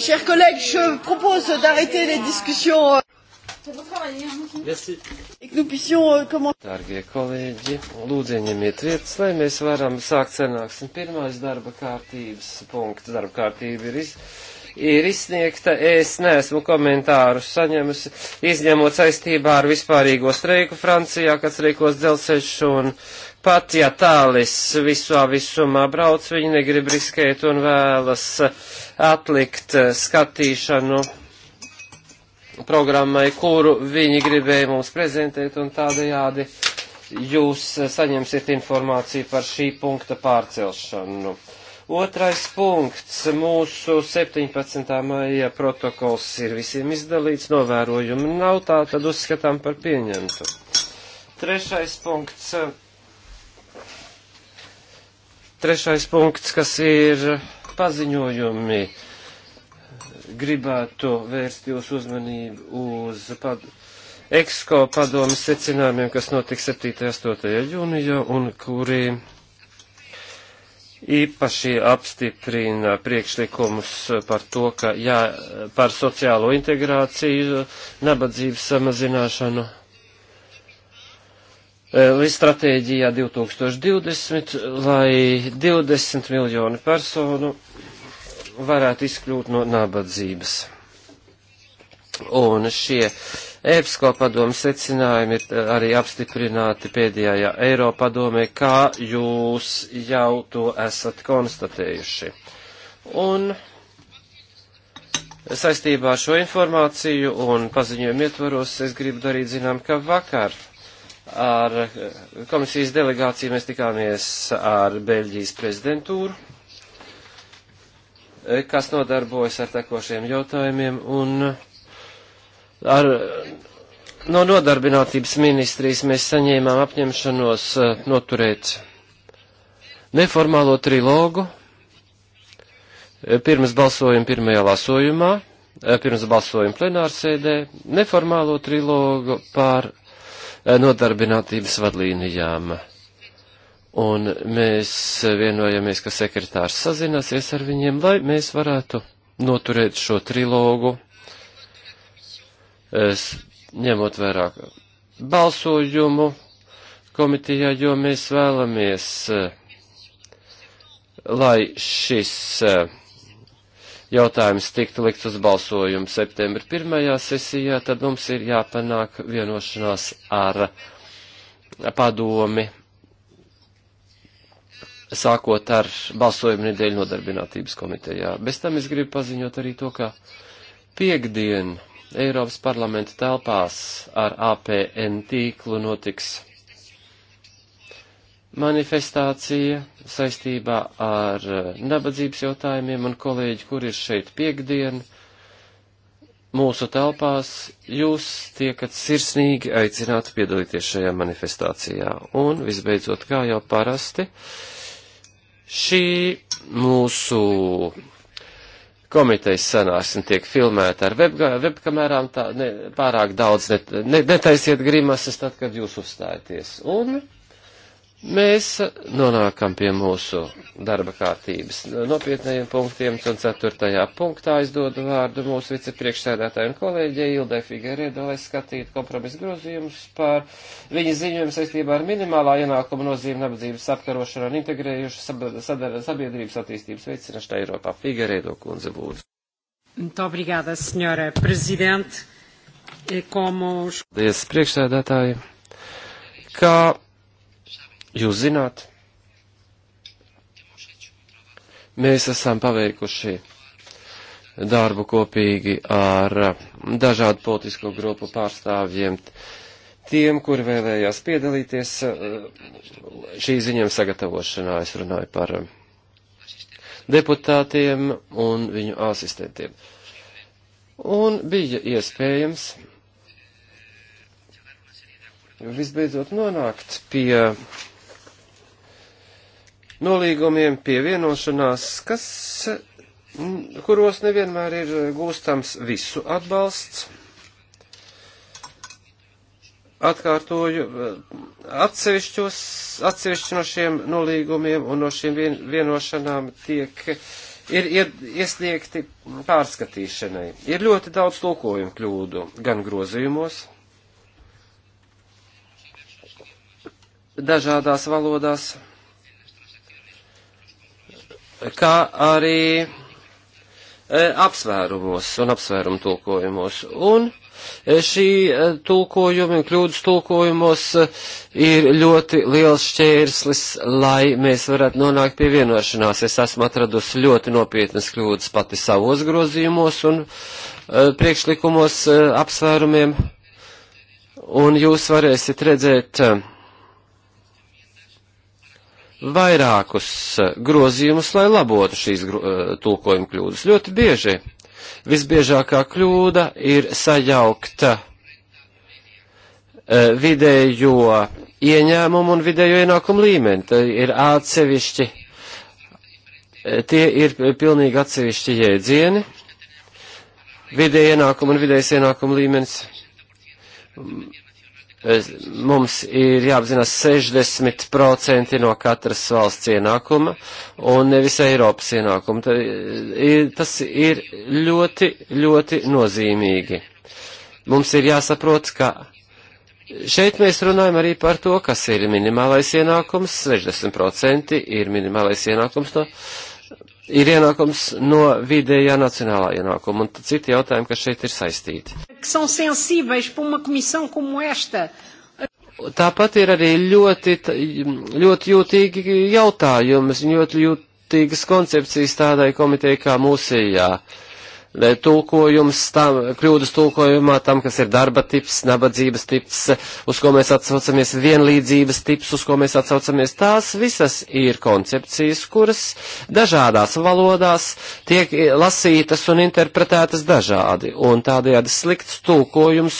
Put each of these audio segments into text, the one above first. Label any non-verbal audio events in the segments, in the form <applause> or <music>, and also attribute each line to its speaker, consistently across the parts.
Speaker 1: Chers collègues, je propose d'arrêter les discussions. Euh, Merci. Et que nous puissions euh, commencer.
Speaker 2: Dārgie kolēģi, lūdzu ieņemiet vietas, lai mēs varam sākt sanāksim. Pirmais darba kārtības punkts, darba kārtība ir, iz, ir izsniegta. Es neesmu komentārus saņemusi, izņemot saistībā ar vispārīgo streiku Francijā, kas rīkos dzelzceļš un pat ja tālis visā visumā brauc, viņi negrib riskēt un vēlas atlikt skatīšanu programmai, kuru viņi gribēja mums prezentēt, un tādējādi jūs saņemsiet informāciju par šī punkta pārcelšanu. Otrais punkts mūsu 17. maija protokols ir visiem izdalīts, novērojumi nav tā, tad uzskatām par pieņemtu. Trešais punkts Trešais punkts, kas ir paziņojumi, gribētu vērst jūsu uzmanību uz pad EXCO padomas secinājumiem, kas notiks 7. 8. jūnijā un kuri īpaši apstiprina priekšlikumus par to, ka jā, par sociālo integrāciju, nabadzības samazināšanu E, līdz stratēģijā 2020, lai 20 miljoni personu varētu izkļūt no nabadzības. Un šie EPSCO padomu secinājumi ir e, arī apstiprināti pēdējā Eiropadomē, kā jūs jau to esat konstatējuši. Un saistībā ar šo informāciju un paziņojumu ietvaros es gribu darīt zinām, ka vakar ar eh, komisijas delegāciju mēs tikāmies ar Beļģijas prezidentūru, eh, kas nodarbojas ar tekošiem jautājumiem un ar, no nodarbinātības ministrijas mēs saņēmām apņemšanos eh, noturēt neformālo trilogu pirms balsojuma pirmajā lasojumā, pirms balsojuma plenārsēdē, neformālo trilogu pār nodarbinātības vadlīnijām. Un mēs vienojamies, ka sekretārs sazināsies ar viņiem, lai mēs varētu noturēt šo trilogu, es, ņemot vērā balsojumu komitijā, jo mēs vēlamies, eh, lai šis eh, jautājums tiktu likt uz balsojumu septembra pirmajā sesijā, tad mums ir jāpanāk vienošanās ar padomi, sākot ar balsojumu nedēļu nodarbinātības komitejā. Bez tam es gribu paziņot arī to, ka piekdien Eiropas parlamenta telpās ar APN tīklu notiks manifestācija saistībā ar eh, nabadzības jautājumiem, un kolēģi, kur ir šeit piekdien, mūsu telpās, jūs tiekat sirsnīgi aicināti piedalīties šajā manifestācijā. Un, visbeidzot, kā jau parasti, šī mūsu komitejas sanāksme tiek filmēta ar webkamerām, web tā ne, pārāk daudz net, ne, netaisiet grimases tad, kad jūs uzstājaties. Un, Mēs nonākam pie mūsu darba kārtības nopietnējiem punktiem, un ceturtajā punktā es dodu vārdu mūsu vicepriekšsēdētāju un kolēģiem Ildai Figueredo, lai skatītu kompromisu grozījumus par viņa ziņojumu saistībā ar minimālā ienākuma nozīme nabadzības apkarošanu un integrējušu sabiedrības attīstības veicināšanu Eiropā. Figueredo kundze būs. Obrigada, senjora prezidente. E como... Paldies, priekšsēdētāji. Kā Jūs zināt, mēs esam paveikuši darbu kopīgi ar dažādu politisko grupu pārstāvjiem, tiem, kuri vēlējās piedalīties eh, šī ziņojuma sagatavošanā. Es runāju par eh, deputātiem un viņu asistentiem. Un bija iespējams visbeidzot nonākt pie nolīgumiem pie vienošanās, kas, kuros nevienmēr ir gūstams visu atbalsts. Atkārtoju, atsevišķos, atsevišķi no šiem nolīgumiem un no šiem vien, vienošanām tiek, ir, ir iesniegti pārskatīšanai. Ir ļoti daudz tulkojumu kļūdu, gan grozījumos, dažādās valodās kā arī e, apsvērumos un apsvērumu tulkojumos. Un e, šī e, tulkojuma un kļūdas tulkojumos ir ļoti liels šķērslis, lai mēs varētu nonākt pie vienošanās. Es esmu atradusi ļoti nopietnas kļūdas pati savos grozījumos un priekšlikumos apsvērumiem. Un jūs varēsiet redzēt, uh, vairākus eh, grozījumus, lai labotu šīs eh, tulkojuma kļūdas. Ļoti bieži visbiežākā kļūda ir sajaukta eh, vidējo ieņēmumu un vidējo ienākumu līmeni. Tā ir atsevišķi, tie ir pilnīgi atsevišķi jēdzieni. Vidēja ienākuma un vidējais ienākuma līmenis mums ir jāapzinās 60% no katras valsts ienākuma un nevis Eiropas ienākuma. E, tas ir ļoti, ļoti nozīmīgi. Mums ir jāsaprot, ka šeit mēs runājam arī par to, kas ir minimālais ienākums. 60% ir minimālais ienākums no. Uh, ir ienākums no vidējā nacionālā ienākuma, un citi jautājumi, kas šeit ir saistīti. Tāpat ir arī ļoti, ļoti jūtīgi jautājumi, ļoti jūtīgas koncepcijas tādai komitejai kā mūsējā. Uh, tulkojums, tam, kļūdas tulkojumā, tam, kas ir darba tips, nabadzības tips, uz ko mēs atsaucamies, vienlīdzības tips, uz ko mēs atsaucamies. Tās visas ir koncepcijas, kuras dažādās valodās tiek lasītas un interpretētas dažādi, un tādējādi slikts tulkojums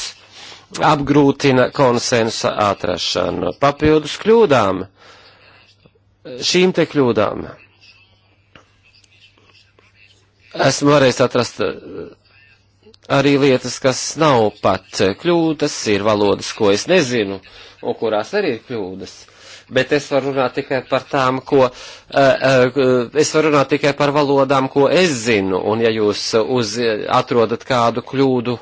Speaker 2: apgrūtina konsensa atrašanu. Papildus kļūdām, šīm te kļūdām esmu varējis atrast eh, arī lietas, kas nav pat eh, kļūdas, ir valodas, ko es nezinu, un kurās arī ir kļūdas. Bet es varu runāt tikai par tām, ko, uh, uh, es varu runāt tikai par valodām, ko es zinu, un ja jūs uz, atrodat kādu kļūdu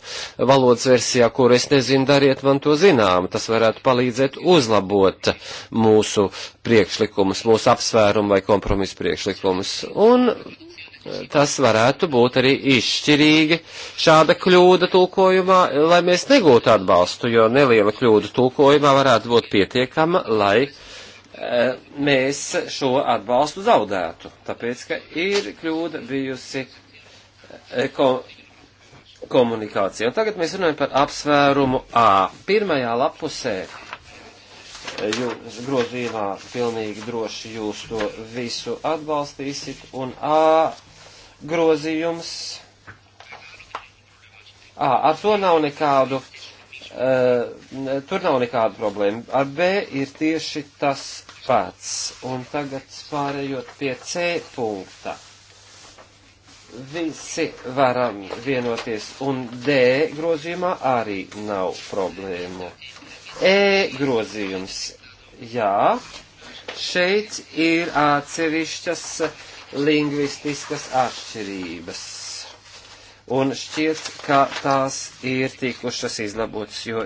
Speaker 2: valodas versijā, kuru es nezinu, dariet man to zinām. Tas varētu palīdzēt uzlabot mūsu priekšlikumus, mūsu apsvērumu vai kompromisu priekšlikumus. Un tas varētu būt arī izšķirīgi šāda kļūda tulkojumā, lai mēs negūtu atbalstu, jo neliela kļūda tulkojumā varētu būt pietiekama, lai e, mēs šo atbalstu zaudētu. Tāpēc, ka ir kļūda bijusi e, ko, komunikācija. Un tagad mēs runājam par apsvērumu A. Pirmajā lapusē e, jūs grozījumā pilnīgi droši jūs to visu atbalstīsit. Un A grozījums. À, ar to nav nekādu, uh, tur nav nekādu problēmu. Ar B ir tieši tas pats. Un tagad pārējot pie C punkta. Visi varam vienoties. Un D grozījumā arī nav problēmu. E grozījums. Jā, šeit ir atsevišķas. Uh, lingvistiskas atšķirības. Un šķiet, ka tās ir tikušas izlabotas, jo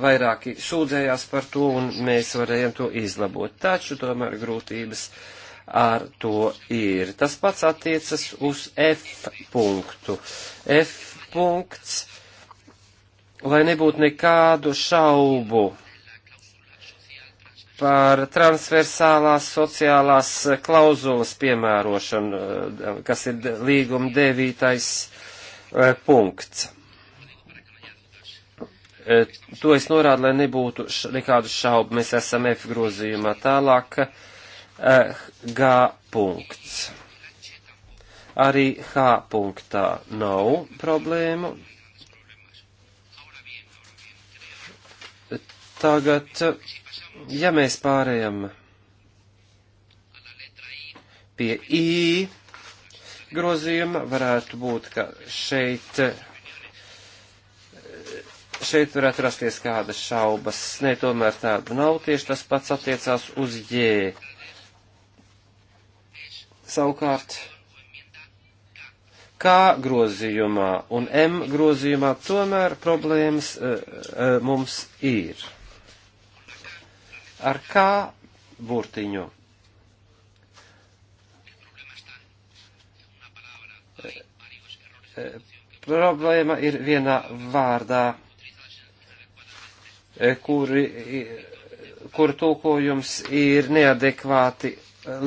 Speaker 2: vairāki sūdzējās par to, un mēs varējām to izlabot. Taču tomēr grūtības ar to ir. Tas pats attiecas uz F punktu. F punkts, lai nebūtu nekādu šaubu par transversālās sociālās klauzulas piemērošanu, eh, kas ir līguma devītais eh, punkts. Eh, to es norādu, lai nebūtu nekādu šaubu. Mēs esam F grozījumā tālāk. G punkts. Arī H punktā nav problēmu. Tagad Ja mēs pārējam pie I grozījuma, varētu būt, ka šeit, šeit varētu rasties kādas šaubas. Nē, tomēr tādu nav, tieši tas pats attiecās uz J. Savukārt, K grozījumā un M grozījumā tomēr problēmas uh, uh, mums ir ar kā burtiņu. Problēma ir vienā vārdā, kuri, kur tulkojums ir neadekvāti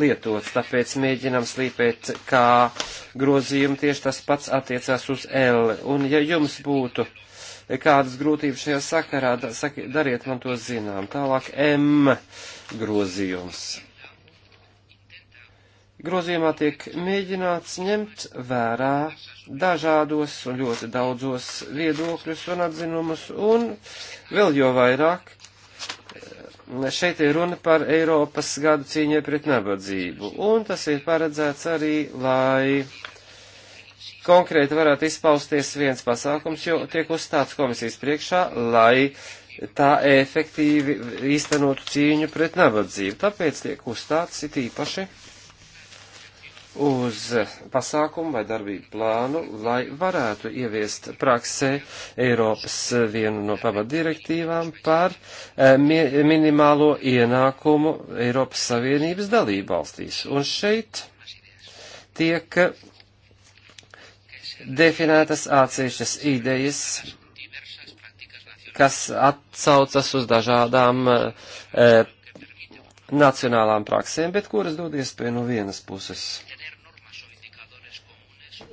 Speaker 2: lietots, tāpēc mēģinam slīpēt kā grozījumu tieši tas pats attiecās uz L. Un ja jums būtu uh, kādas grūtības šajā sakarā, da, saki, dariet man to zinām. Tālāk M grozījums. Grozījumā tiek mēģināts ņemt vērā dažādos un ļoti daudzos viedokļus un atzinumus, un vēl jo vairāk eh, šeit ir runa par Eiropas gadu cīņai pret nabadzību, un tas ir paredzēts arī, lai konkrēti varētu izpausties viens pasākums, jo tiek uzstāts komisijas priekšā, lai tā efektīvi īstenotu cīņu pret nabadzību. Tāpēc tiek uzstāts it īpaši uz pasākumu vai darbību plānu, lai varētu ieviest praksē Eiropas vienu no pamatdirektīvām par eh, mi minimālo ienākumu Eiropas Savienības dalību valstīs. Un šeit tiek definētas atsevišķas idejas, kas atsaucas uz dažādām e, nacionālām praksēm, bet kuras dod iespēju no vienas puses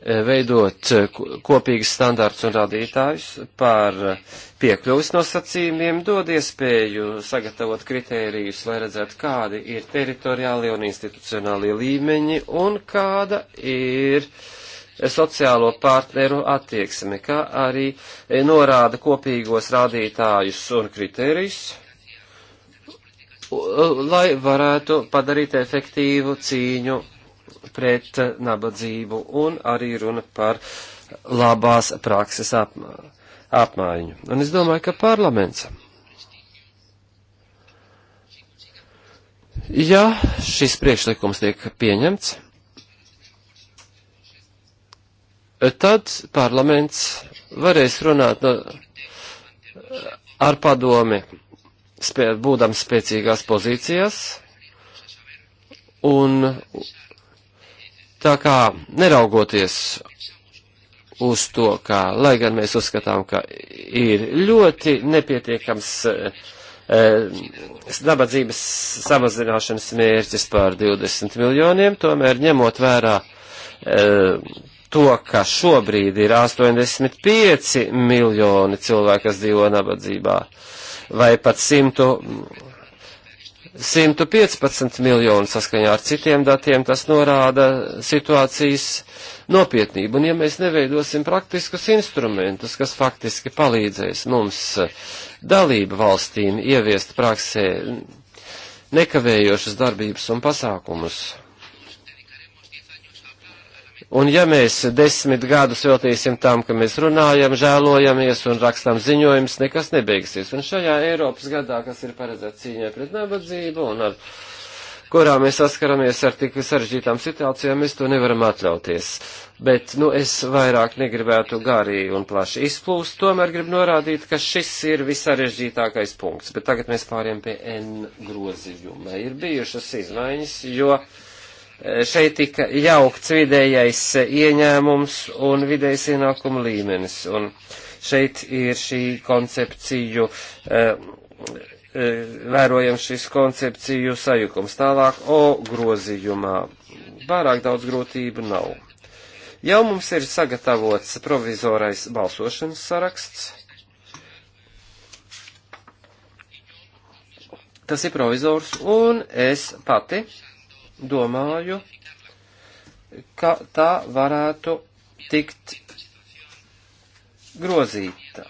Speaker 2: eh, veidot eh, kopīgas standārts un rādītājus par piekļuvis nosacījumiem, dod iespēju sagatavot kritērijus, lai redzētu, kādi ir teritoriālie un institucionālie līmeņi un kāda ir uh, sociālo partneru attieksmi, kā arī norāda kopīgos rādītājus un kriterijus, lai varētu padarīt efektīvu cīņu pret nabadzību un arī runa par labās prakses apmā, apmaiņu. Un es domāju, ka parlaments. Ja šis priekšlikums tiek pieņemts, tad parlaments varēs runāt no, ar padomi, spē, būdams spēcīgās pozīcijās, un tā kā neraugoties uz to, ka, lai gan mēs uzskatām, ka ir ļoti nepietiekams eh, nabadzības samazināšanas mērķis pār 20 miljoniem, tomēr ņemot vērā eh, to, ka šobrīd ir 85 miljoni cilvēku, kas dzīvo nabadzībā, vai pat 100, 115 miljoni saskaņā ar citiem datiem, tas norāda situācijas nopietnību. Un ja mēs neveidosim praktiskus instrumentus, kas faktiski palīdzēs mums dalību valstīm ieviest praksē nekavējošas darbības un pasākumus, Un ja mēs desmit gadus veltīsim tam, ka mēs runājam, žēlojamies un rakstām ziņojumus, nekas nebeigsies. Un šajā Eiropas gadā, kas ir paredzēts cīņai pret nabadzību un ar kurā mēs saskaramies ar tik sarežģītām situācijām, mēs to nevaram atļauties. Bet, nu, es vairāk negribētu garī un plaši izplūst, tomēr gribu norādīt, ka šis ir visarežģītākais punkts. Bet tagad mēs pāriem pie N grozījuma. Ir bijušas izmaiņas, jo. Uh, šeit tika jaukts vidējais ieņēmums un vidējais ienākuma līmenis. Un šeit ir šī koncepciju, e, e, vērojams šis koncepciju sajukums. Tālāk O grozījumā pārāk daudz grūtību nav. Jau mums ir sagatavots provizorais balsošanas saraksts. Tas ir provizors, un es pati domāju, ka tā varētu tikt grozīta.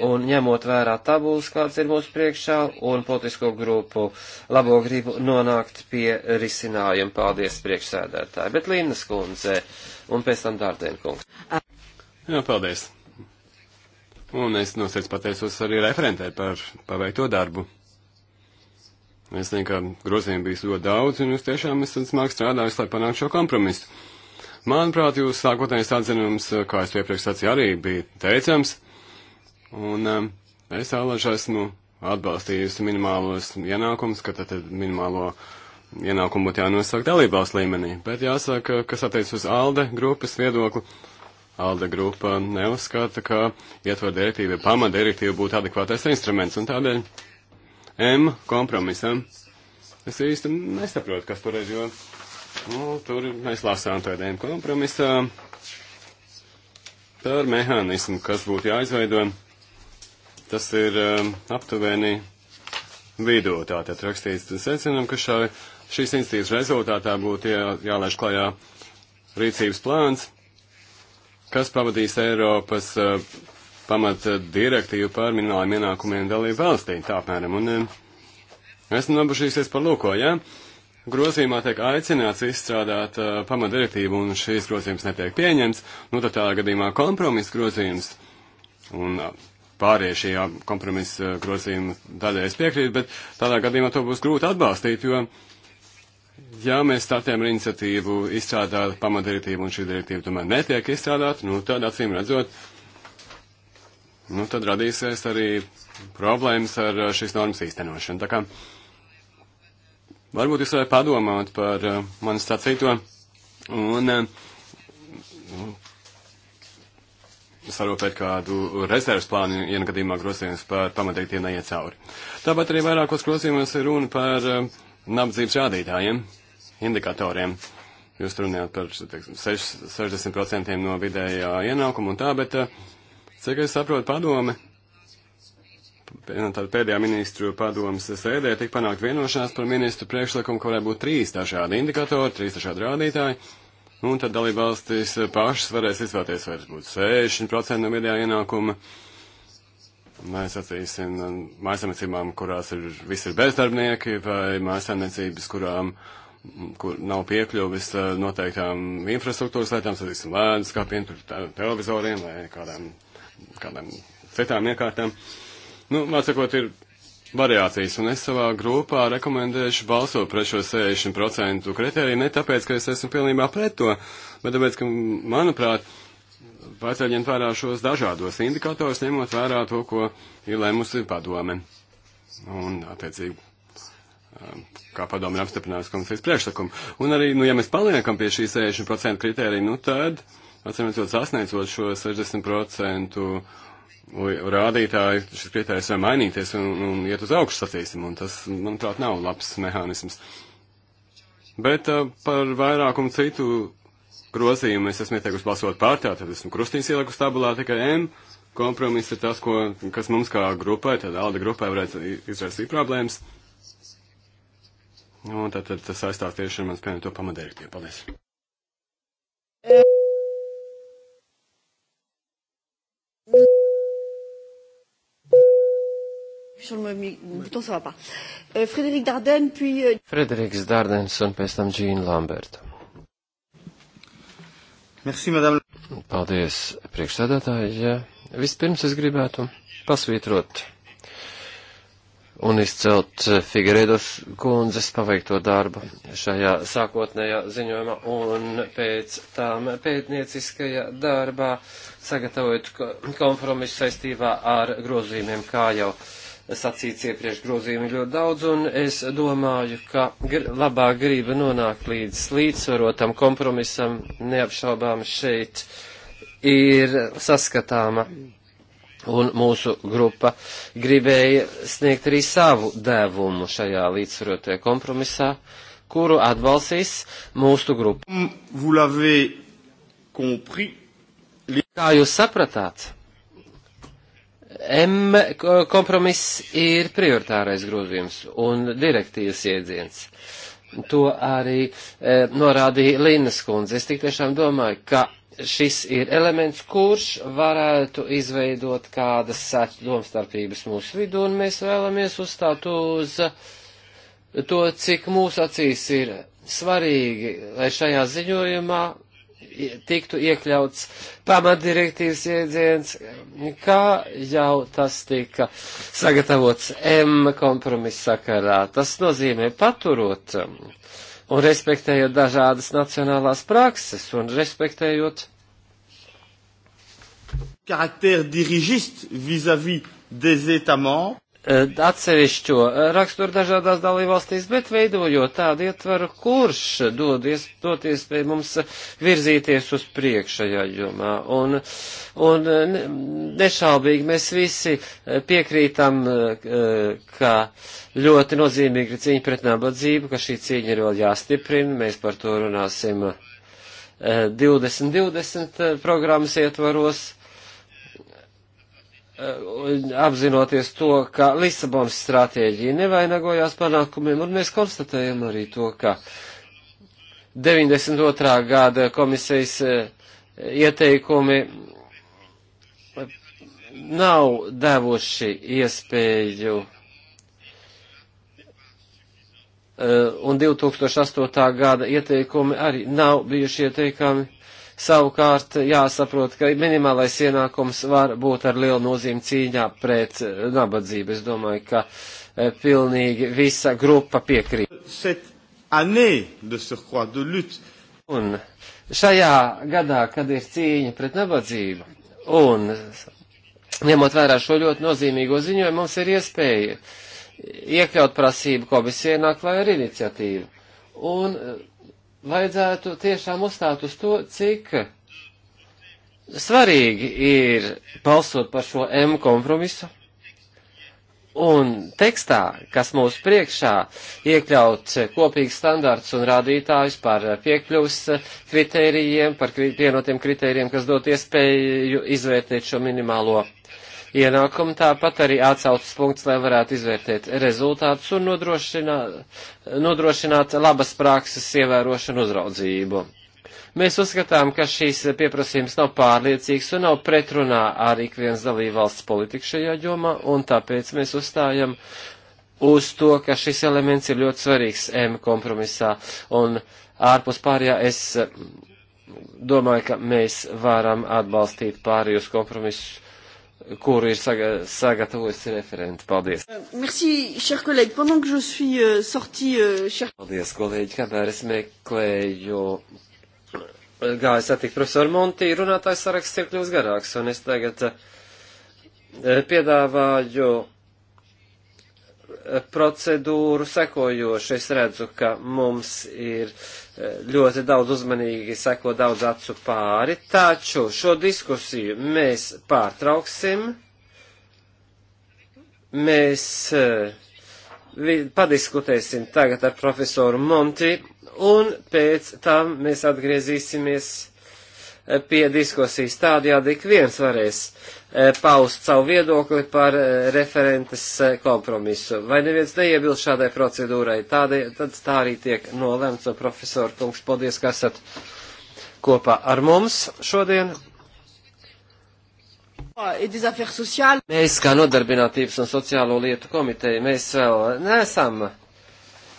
Speaker 2: Un ņemot vērā tabulas, kāds ir mūsu priekšā, un politisko grupu labo gribu nonākt pie risinājuma. Paldies priekšsēdētāji. Bet Līnas kundze
Speaker 3: un pēc tam Dārdēna kungs. Jā, paldies. Un es nosēc pateicos arī referentē par paveikto darbu. Es domāju, ka grozījumu bijis ļoti daudz, un jūs tiešām esat smagi strādājis, lai panāktu šo kompromisu. Manuprāt, jūs sākotnējais atzinums, kā es iepriekš sacīju, arī bija teicams, un um, es vēlreiz esmu atbalstījis minimālos ienākumus, ka tad minimālo ienākumu būtu jānosaka dalībās līmenī, bet jāsaka, kas attiec uz ALDE grupas viedokli, ALDE grupa neuzskata, ka ietver direktīva, pamatdirektīva būtu adekvātais instruments, un tādēļ M kompromisam. Es īsti nesaprotu, kas tur ir, jo nu, tur mēs lasām tādā M kompromisā par mehānismu, kas būtu jāizveido. Tas ir um, aptuveni vidū, tātad rakstīts, secinām, ka šai, šīs institīvas rezultātā būtu jā, jālaiž klajā rīcības plāns, kas pavadīs Eiropas uh, pamata direktīvu par minimāliem ienākumiem dalību valstī, tā apmēram. Un eh, esmu nobušīsies par lūko, jā. Ja? Grozījumā tiek aicināts izstrādāt uh, eh, pamatdirektīvu, un šīs grozījums netiek pieņemts, nu tad tādā gadījumā kompromisa grozījums, un uh, pārējie šī kompromisa grozījuma daļai es piekrītu, bet tādā gadījumā to būs grūti atbalstīt, jo, ja mēs startējam ar iniciatīvu izstrādāt pamatdirektīvu, un šī direktīva tomēr netiek izstrādāta, nu tad acīm redzot, uh, nu, tad radīsies arī problēmas ar šīs normas īstenošanu. Tā kā varbūt jūs varētu padomāt par uh, manis sacīto un uh, sarūpēt kādu rezerves plānu, ja gadījumā grozījums par pamatīgiem neiet cauri. Tāpat arī vairākos grozījumos ir runa par uh, nabadzības rādītājiem, indikatoriem. Jūs runājat par teiksim, 60% no vidējā ienākuma un tā, bet uh, Cik es saprotu padome, tāda pēdējā ministru padomas sēdē tika panākt vienošanās par ministru priekšlikumu, ka varētu būt trīs dažādi indikatori, trīs dažādi rādītāji, un tad dalībvalstis pašas varēs izvēlēties, vai tas būtu 60% no vidējā ienākuma, vai sacīsim, mājasemniecībām, kurās ir, visi ir bezdarbnieki, vai mājasemniecības, kurām kur nav piekļuvis eh, noteiktām infrastruktūras lietām, sacīsim, lēdus, kā piemēram, televizoriem vai kādām kādām citām iekārtām. Nu, mācakot, ir variācijas, un es savā grupā rekomendēšu balsot pret šo 60% kritēriju, ne tāpēc, ka es esmu pilnībā pret to, bet tāpēc, ka, manuprāt, vajadzētu ņemt vērā šos dažādos indikatorus, ņemot vērā to, ko ir lēmusi padome. Un, attiecīgi, um, kā padome ir apstiprinājusi komisijas priekšlikumu. Un arī, nu, ja mēs paliekam pie šī 60% kritērija, nu tad. Uh, atcīmredzot sasniedzot šo 60% rādītāju, šis krietējs var mainīties un, un iet uz augšu sacīsim, un tas, manuprāt, nav labs mehānisms. Bet uh, par vairākumu citu grozījumu es esmu ieteikusi balsot pār, tātad esmu krustīns ielikusi tabulā tikai M. Kompromiss ir tas, ko, kas mums kā grupai, tad alda grupai varētu izraisīt problēmas. Un tātad tas saistās tieši ar manas pieņemto pamatdirektīvu. Paldies!
Speaker 1: Sur le bouton, ça va pas. Euh, Frédéric Dardenne, puis... Euh...
Speaker 2: Frédéric Dardenne, un pēc tam Jean Lambert. Merci, madame. Paldies, priekšsēdētāji. Vispirms es gribētu pasvītrot un izcelt Figueredos kundzes paveikto darbu šajā sākotnējā ziņojumā un pēc tām pētnieciskajā darbā sagatavojot kompromisu saistībā ar grozījumiem, kā jau uh, sacīts iepriekš grozījumi ļoti daudz, un es domāju, ka gr labā grība nonāk līdz līdzsvarotam kompromisam neapšaubām šeit ir saskatāma. Un mūsu grupa gribēja sniegt arī savu devumu šajā līdzsvarotajā kompromisā, kuru atbalstīs mūsu grupa. Kā jūs sapratāt? M kompromiss ir prioritārais grozījums un direktīvas iedziens. To arī e, norādīja Līnas kundze. Es tik tiešām domāju, ka šis ir elements, kurš varētu izveidot kādas sēķu domstarpības mūsu vidū, un mēs vēlamies uzstāt uz to, cik mūsu acīs ir svarīgi, lai šajā ziņojumā tiktu iekļauts pamatdirektīvas iedziens, kā jau tas tika sagatavots M kompromisa sakarā. Tas nozīmē paturot un respektējot dažādas nacionālās prakses un respektējot caractère dirigiste vis-à-vis -vis des États membres. E, atsevišķo e, raksturu dažādās dalībvalstīs, bet veidojot tādu ietvaru, kurš dodies, doties pie mums virzīties uz priekšējā jomā. Un, un nešaubīgi mēs visi e, piekrītam, ka ļoti nozīmīgi ir cīņa pret nabadzību, ka šī cīņa ir vēl jāstiprina, mēs par to runāsim 2020 programmas ietvaros Uh, apzinoties to, ka Lisabonas stratēģija nevainagojās panākumiem, un mēs konstatējam arī to, ka 92. gada komisijas uh, ieteikumi uh, nav devuši iespēju un 2008. gada ieteikumi arī nav bijuši ieteikami Savukārt jāsaprot, ka minimālais ienākums var būt ar lielu nozīmi cīņā pret eh, nabadzību. Es domāju, ka eh, pilnīgi visa grupa piekrīt. Un šajā gadā, kad ir cīņa pret nabadzību un ņemot vērā šo ļoti nozīmīgo ziņojumu, mums ir iespēja iekļaut prasību komisijā nāk vai ar iniciatīvu. Un eh, vajadzētu tiešām uzstāt uz to, cik svarīgi ir balsot par šo M kompromisu. Un tekstā, kas mūsu priekšā iekļaut kopīgs standarts un rādītājus par piekļuvs kritērijiem, par vienotiem kritērijiem, kas dot iespēju izvērtēt šo minimālo ienākumu. Tāpat arī atsaucas punkts, lai varētu izvērtēt rezultātus un nodrošināt, nodrošināt labas prakses ievērošanu uzraudzību. Mēs uzskatām, ka šīs pieprasījums nav pārliecīgs un nav pretrunā ar ikvienas dalībvalsts politiku šajā jomā, un tāpēc mēs uzstājam uz to, ka šis elements ir ļoti svarīgs M kompromisā, un ārpus pārējā es eh, domāju, ka mēs varam atbalstīt pārējus kompromisus kuru ir saga sagatavojusi referenti. Paldies!
Speaker 1: Euh, merci, cher collègue. Pendant que je suis uh, sorti, uh, cher...
Speaker 2: Paldies, kolēģi, kamēr es meklēju euh, gāju satikt profesoru Monti, runātājs saraksts ir kļūst garāks, un es tagad uh, piedāvāju procedūru sekojoši. Es redzu, ka mums ir eh, ļoti daudz uzmanīgi seko daudz acu pāri, taču šo diskusiju mēs pārtrauksim. Mēs eh, padiskutēsim tagad ar profesoru Monti, un pēc tam mēs atgriezīsimies eh, pie diskusijas. Tādējādi ik viens varēs uh, Eh, paust savu viedokli par eh, referentes eh, kompromisu. Vai neviens neiebilst šādai procedūrai? Tādai, tad tā arī tiek nolēmts, un profesor Kungs, paldies, ka esat kopā ar mums šodien.
Speaker 1: Mēs,
Speaker 2: kā Nodarbinātības un sociālo lietu komiteja, mēs vēl neesam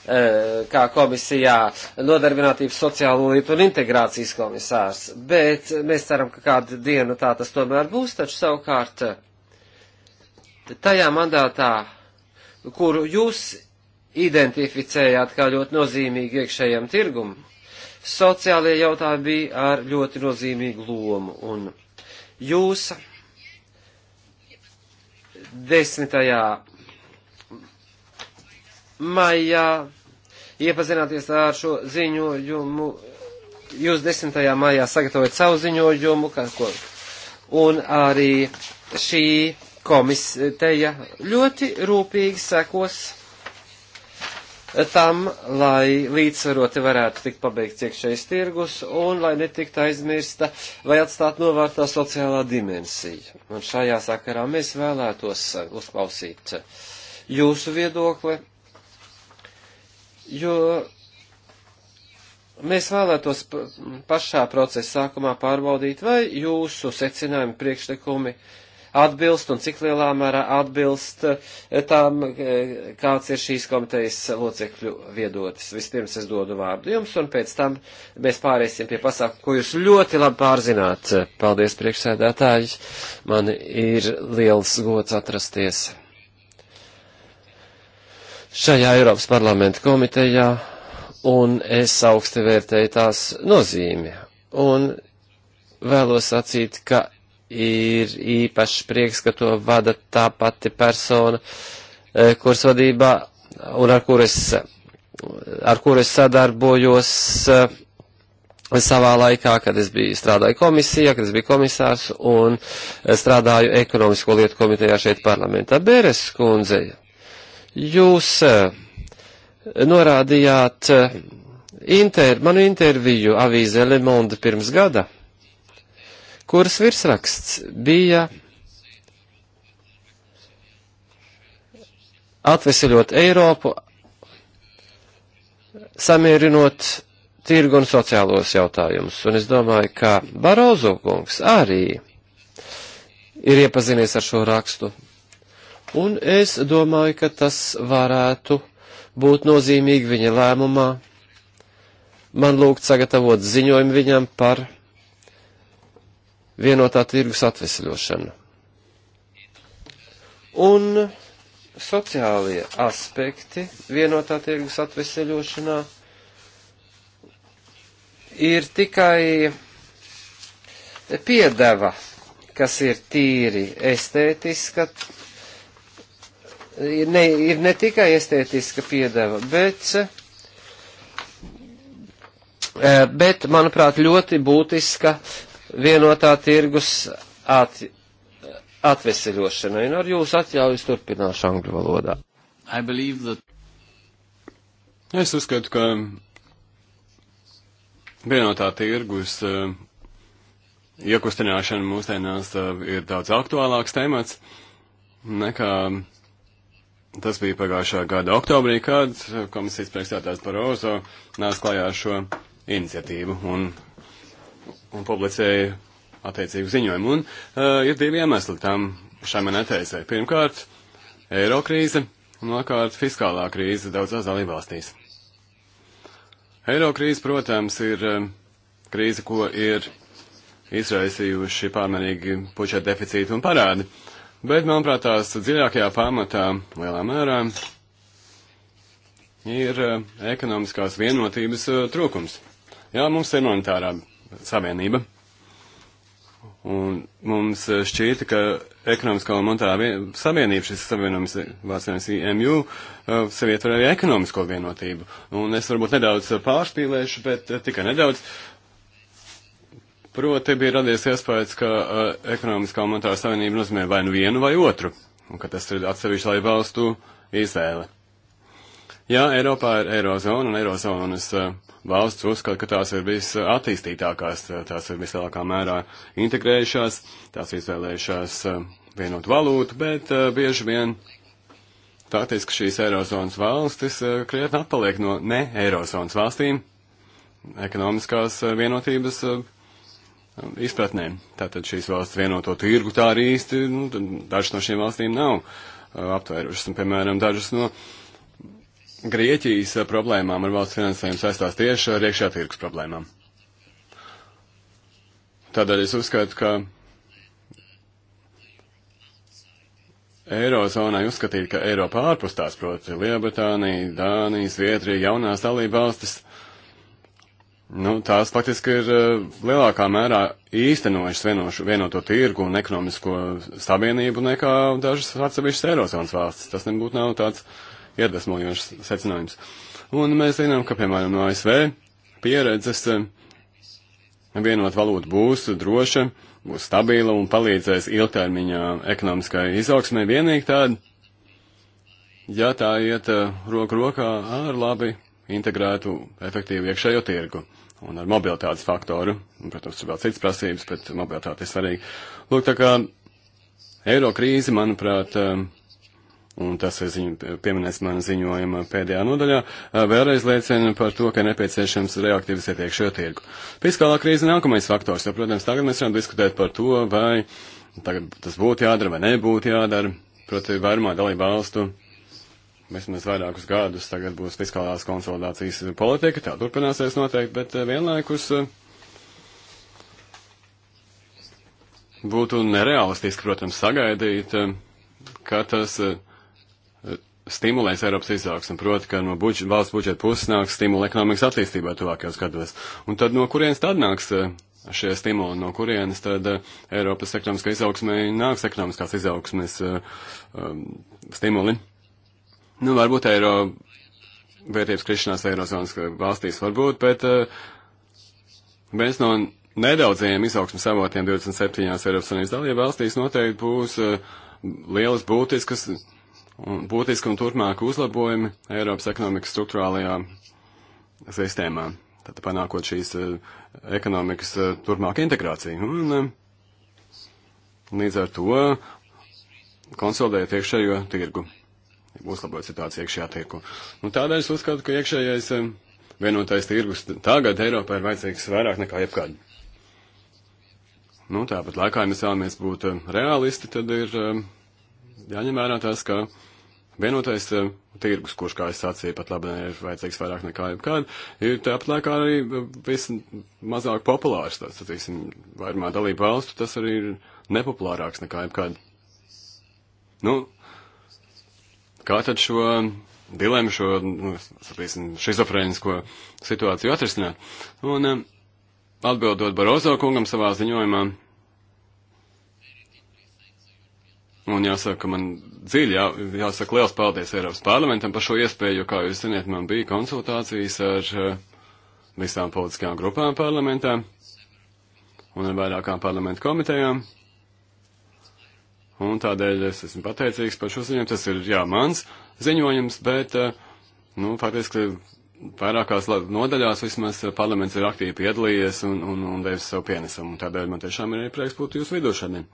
Speaker 2: Eh, kā komisijā nodarbinātības sociālo lietu un integrācijas komisārs, bet mēs ceram, ka kādu dienu tā tas tomēr būs, taču savukārt eh, tajā mandātā, kuru jūs identificējāt kā ļoti nozīmīgu iekšējiem tirgumu, sociālie jautājumi bija ar ļoti nozīmīgu lomu, un jūs desmitajā maijā iepazināties ar šo ziņojumu. Jūs 10. maijā sagatavojat savu ziņojumu, kā, ko, un arī šī komisteja ļoti rūpīgi sekos tam, lai līdzsvaroti varētu tikt pabeigts iekšējais tirgus un lai netiktu aizmirsta vai atstāt novārtā sociālā dimensija. Un šajā sakarā mēs vēlētos uzklausīt jūsu viedokli jo mēs vēlētos pašā procesa sākumā pārbaudīt, vai jūsu secinājumi priekšlikumi atbilst un cik lielā mērā atbilst eh, tām, eh, kāds ir šīs komitejas locekļu viedotis. Vispirms es dodu vārdu jums, un pēc tam mēs pārēsim pie pasākumu, ko jūs ļoti labi pārzināt. Paldies, priekšsēdētāji. Man ir liels gods atrasties šajā Eiropas parlamenta komitejā, un es augsti vērtēju tās nozīmi. Un vēlos sacīt, ka ir īpašs prieks, ka to vada tā pati persona, e, kuras vadībā un ar kuru es, ar kuru es sadarbojos e, savā laikā, kad es biju strādāju komisijā, kad es biju komisārs un e, strādāju ekonomisko lietu komitejā šeit parlamentā. Bēres kundzei Jūs eh, norādījāt eh, inter, manu interviju avīzē Le Monde pirms gada, kuras virsraksts bija atveseļot Eiropu, samierinot tirgu un sociālos jautājumus. Un es domāju, ka Barozo kungs arī ir iepazinies ar šo rakstu. Un es domāju, ka tas varētu būt nozīmīgi viņa lēmumā. Man lūgt sagatavot ziņojumu viņam par vienotā tirgus atvesļošanu. Un sociālie aspekti vienotā tirgus atvesļošanā ir tikai piedeva, kas ir tīri estētiska, ir ne, ir ne tikai estētiska piedeva, bet, eh, bet, manuprāt, ļoti būtiska vienotā tirgus at, atveseļošana. Un ar jūsu atļauju turpināšu angļu valodā.
Speaker 3: That... Es uzskatu, ka vienotā tirgus uh, eh, iekustināšana mūsdienās uh, ir daudz aktuālāks temats nekā Tas bija pagājušā gada oktobrī, kad komisijas priekšstādājs Barozo nāca klajā ar šo iniciatīvu un, un publicēja attiecīgu ziņojumu. Un uh, ir divi iemesli tam šai man atteicēji. Pirmkārt, eiro krīze un otrkārt fiskālā krīze daudzās dalībvalstīs. Eiro krīze, protams, ir uh, krīze, ko ir izraisījuši pārmērīgi pučēt deficīti un parādi. Uh, Bet, manuprāt, tās dziļākajā pamatā lielā mērā ir eh, ekonomiskās vienotības eh, trūkums. Jā, mums ir monetārā savienība. Un mums eh, šķīta, ka ekonomiskā un monetārā savienība, šis savienojums vārds IMU, sev ietver arī ekonomisko vienotību. Un es varbūt nedaudz pārspīlēšu, bet tikai nedaudz. Uh, Proti bija radies iespējas, ka uh, ekonomiskā un monetārā savienība nozīmē vai nu vienu vai otru, un ka tas ir atsevišķi lai valstu izvēle. Jā, Eiropā ir Eirozona, un Eirozonas uh, valsts uzskata, ka tās ir visattīstītākās, eh, tās ir vislielākā mērā integrējušās, tās izvēlējušās uh, vienotu valūtu, bet uh, bieži vien faktiski šīs Eirozonas valstis uh, krietni atpaliek no ne Eirozonas valstīm ekonomiskās vienotības. Uh, izpratnēm. Tātad šīs valsts vienoto tirgu tā arī īsti, nu, dažas no šīm valstīm nav uh, aptvērušas. Un, piemēram, dažas no Grieķijas uh, problēmām ar valsts finansējumu saistās tieši ar iekšā tirgus problēmām. Tādēļ es uzskatu, ka Eirozonai uzskatīt, ka Eiropa ārpus tās, proti Lielbritānija, Dānija, Zviedrija, jaunās dalība valstis – nu, tās faktiski ir eh, lielākā mērā īstenojušas vienošu, vienoto tirgu un ekonomisko savienību nekā dažas atsevišķas Eirozonas valstis. Tas nebūtu nav tāds iedvesmojošs secinājums. Un mēs zinām, ka, piemēram, no ASV pieredzes eh, vienot valūtu būs droša, būs stabila un palīdzēs ilgtermiņā ekonomiskai izaugsmai vienīgi tāda, ja tā iet eh, roku rokā ar labi integrētu efektīvu iekšējo tirgu un ar mobilitātes faktoru. Un, protams, ir vēl citas prasības, bet mobilitāte ir svarīga. Lūk, tā kā eiro krīze, manuprāt, eh, un tas ir ziņu, pieminēts mana ziņojuma pēdējā nodaļā, eh, vēlreiz liecina par to, ka nepieciešams reaktivizēt iekšējo tirgu. Fiskālā krīze nākamais faktors, jo, protams, tagad mēs varam diskutēt par to, vai tagad tas būtu jādara vai nebūtu jādara. Proti, vairumā dalību valstu vismaz vairākus gadus tagad būs fiskālās konsolidācijas politika, tā turpināsies noteikti, bet eh, vienlaikus eh, būtu nerealistiski, protams, sagaidīt, eh, ka tas stimulēs Eiropas izaugsmu, proti, ka no budž valsts budžeta puses nāks stimula ekonomikas attīstībai tuvākajos gados. Un tad no kurienes tad nāks šie stimuli, no kurienes tad Eiropas ekonomiskā izaugsmē nāks ekonomiskās izaugsmes stimuli? Nu, varbūt eiro vērtības krišanās eirozonas valstīs varbūt, bet eh, viens uh, no nedaudziem izaugsmas avotiem 27. Eiropas Savienības dalība valstīs noteikti būs uh, lielas būtiskas un būtiski un turpmāk uzlabojumi Eiropas ekonomikas struktūrālajā sistēmā. Tad panākot šīs uh, ekonomikas turpmāk integrāciju. Un, līdz ar to konsolidēt iekšējo tirgu uzlabot situāciju iekšējā tirku. Un nu, tādēļ es uzskatu, ka iekšējais eh, vienotais tirgus tagad Eiropā ir vajadzīgs vairāk nekā jebkad. Nu, tāpat laikā, ja mēs vēlamies būt eh, realisti, tad ir eh, jāņem vērā tas, ka vienotais tirgus, kurš, kā es sacīju, pat labi ir vajadzīgs vairāk nekā jebkad, ir tāpat laikā arī vismazāk populārs. Tāds, sacīsim, vairumā dalību valstu tas arī ir nepopulārāks nekā jebkad. Nu, kā tad šo dilemmu, šo, nu, saprīsim, šizofrēnisko situāciju atrisināt. Un eh, atbildot Barozo kungam savā ziņojumā, un jāsaka, man dziļi jā, jāsaka liels paldies Eiropas parlamentam par šo iespēju, jo, kā jūs zināt, man bija konsultācijas ar eh, visām politiskajām grupām parlamentā un ar vairākām parlamentu komitejām un tādēļ es esmu pateicīgs par šo ziņojumu. Tas ir, jā, mans ziņojums, bet, eh, nu, faktiski vairākās nodaļās vismaz parlaments ir aktīvi piedalījies un, un, un devis savu pienesumu, un tādēļ man tiešām ir prieks būt jūsu vidū šodien.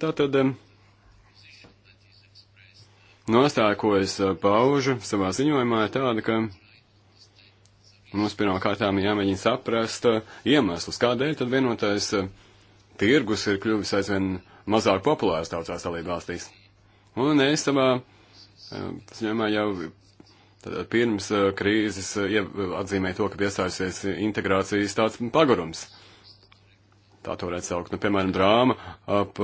Speaker 3: Tātad, eh, nostāja, ko es eh, paužu savā ziņojumā, ir tāda, ka mums pirmkārtām ir jāmēģina saprast iemeslus, kādēļ tad vienotais tirgus ir kļuvis aizvien mazāk populārs daudzās dalībvalstīs. Un es savā eh, ziņojumā jau tātad, pirms eh, krīzes eh, atzīmēju to, ka iestājusies integrācijas tāds pagarums. Tā to varētu saukt. Nu, piemēram, drāma ap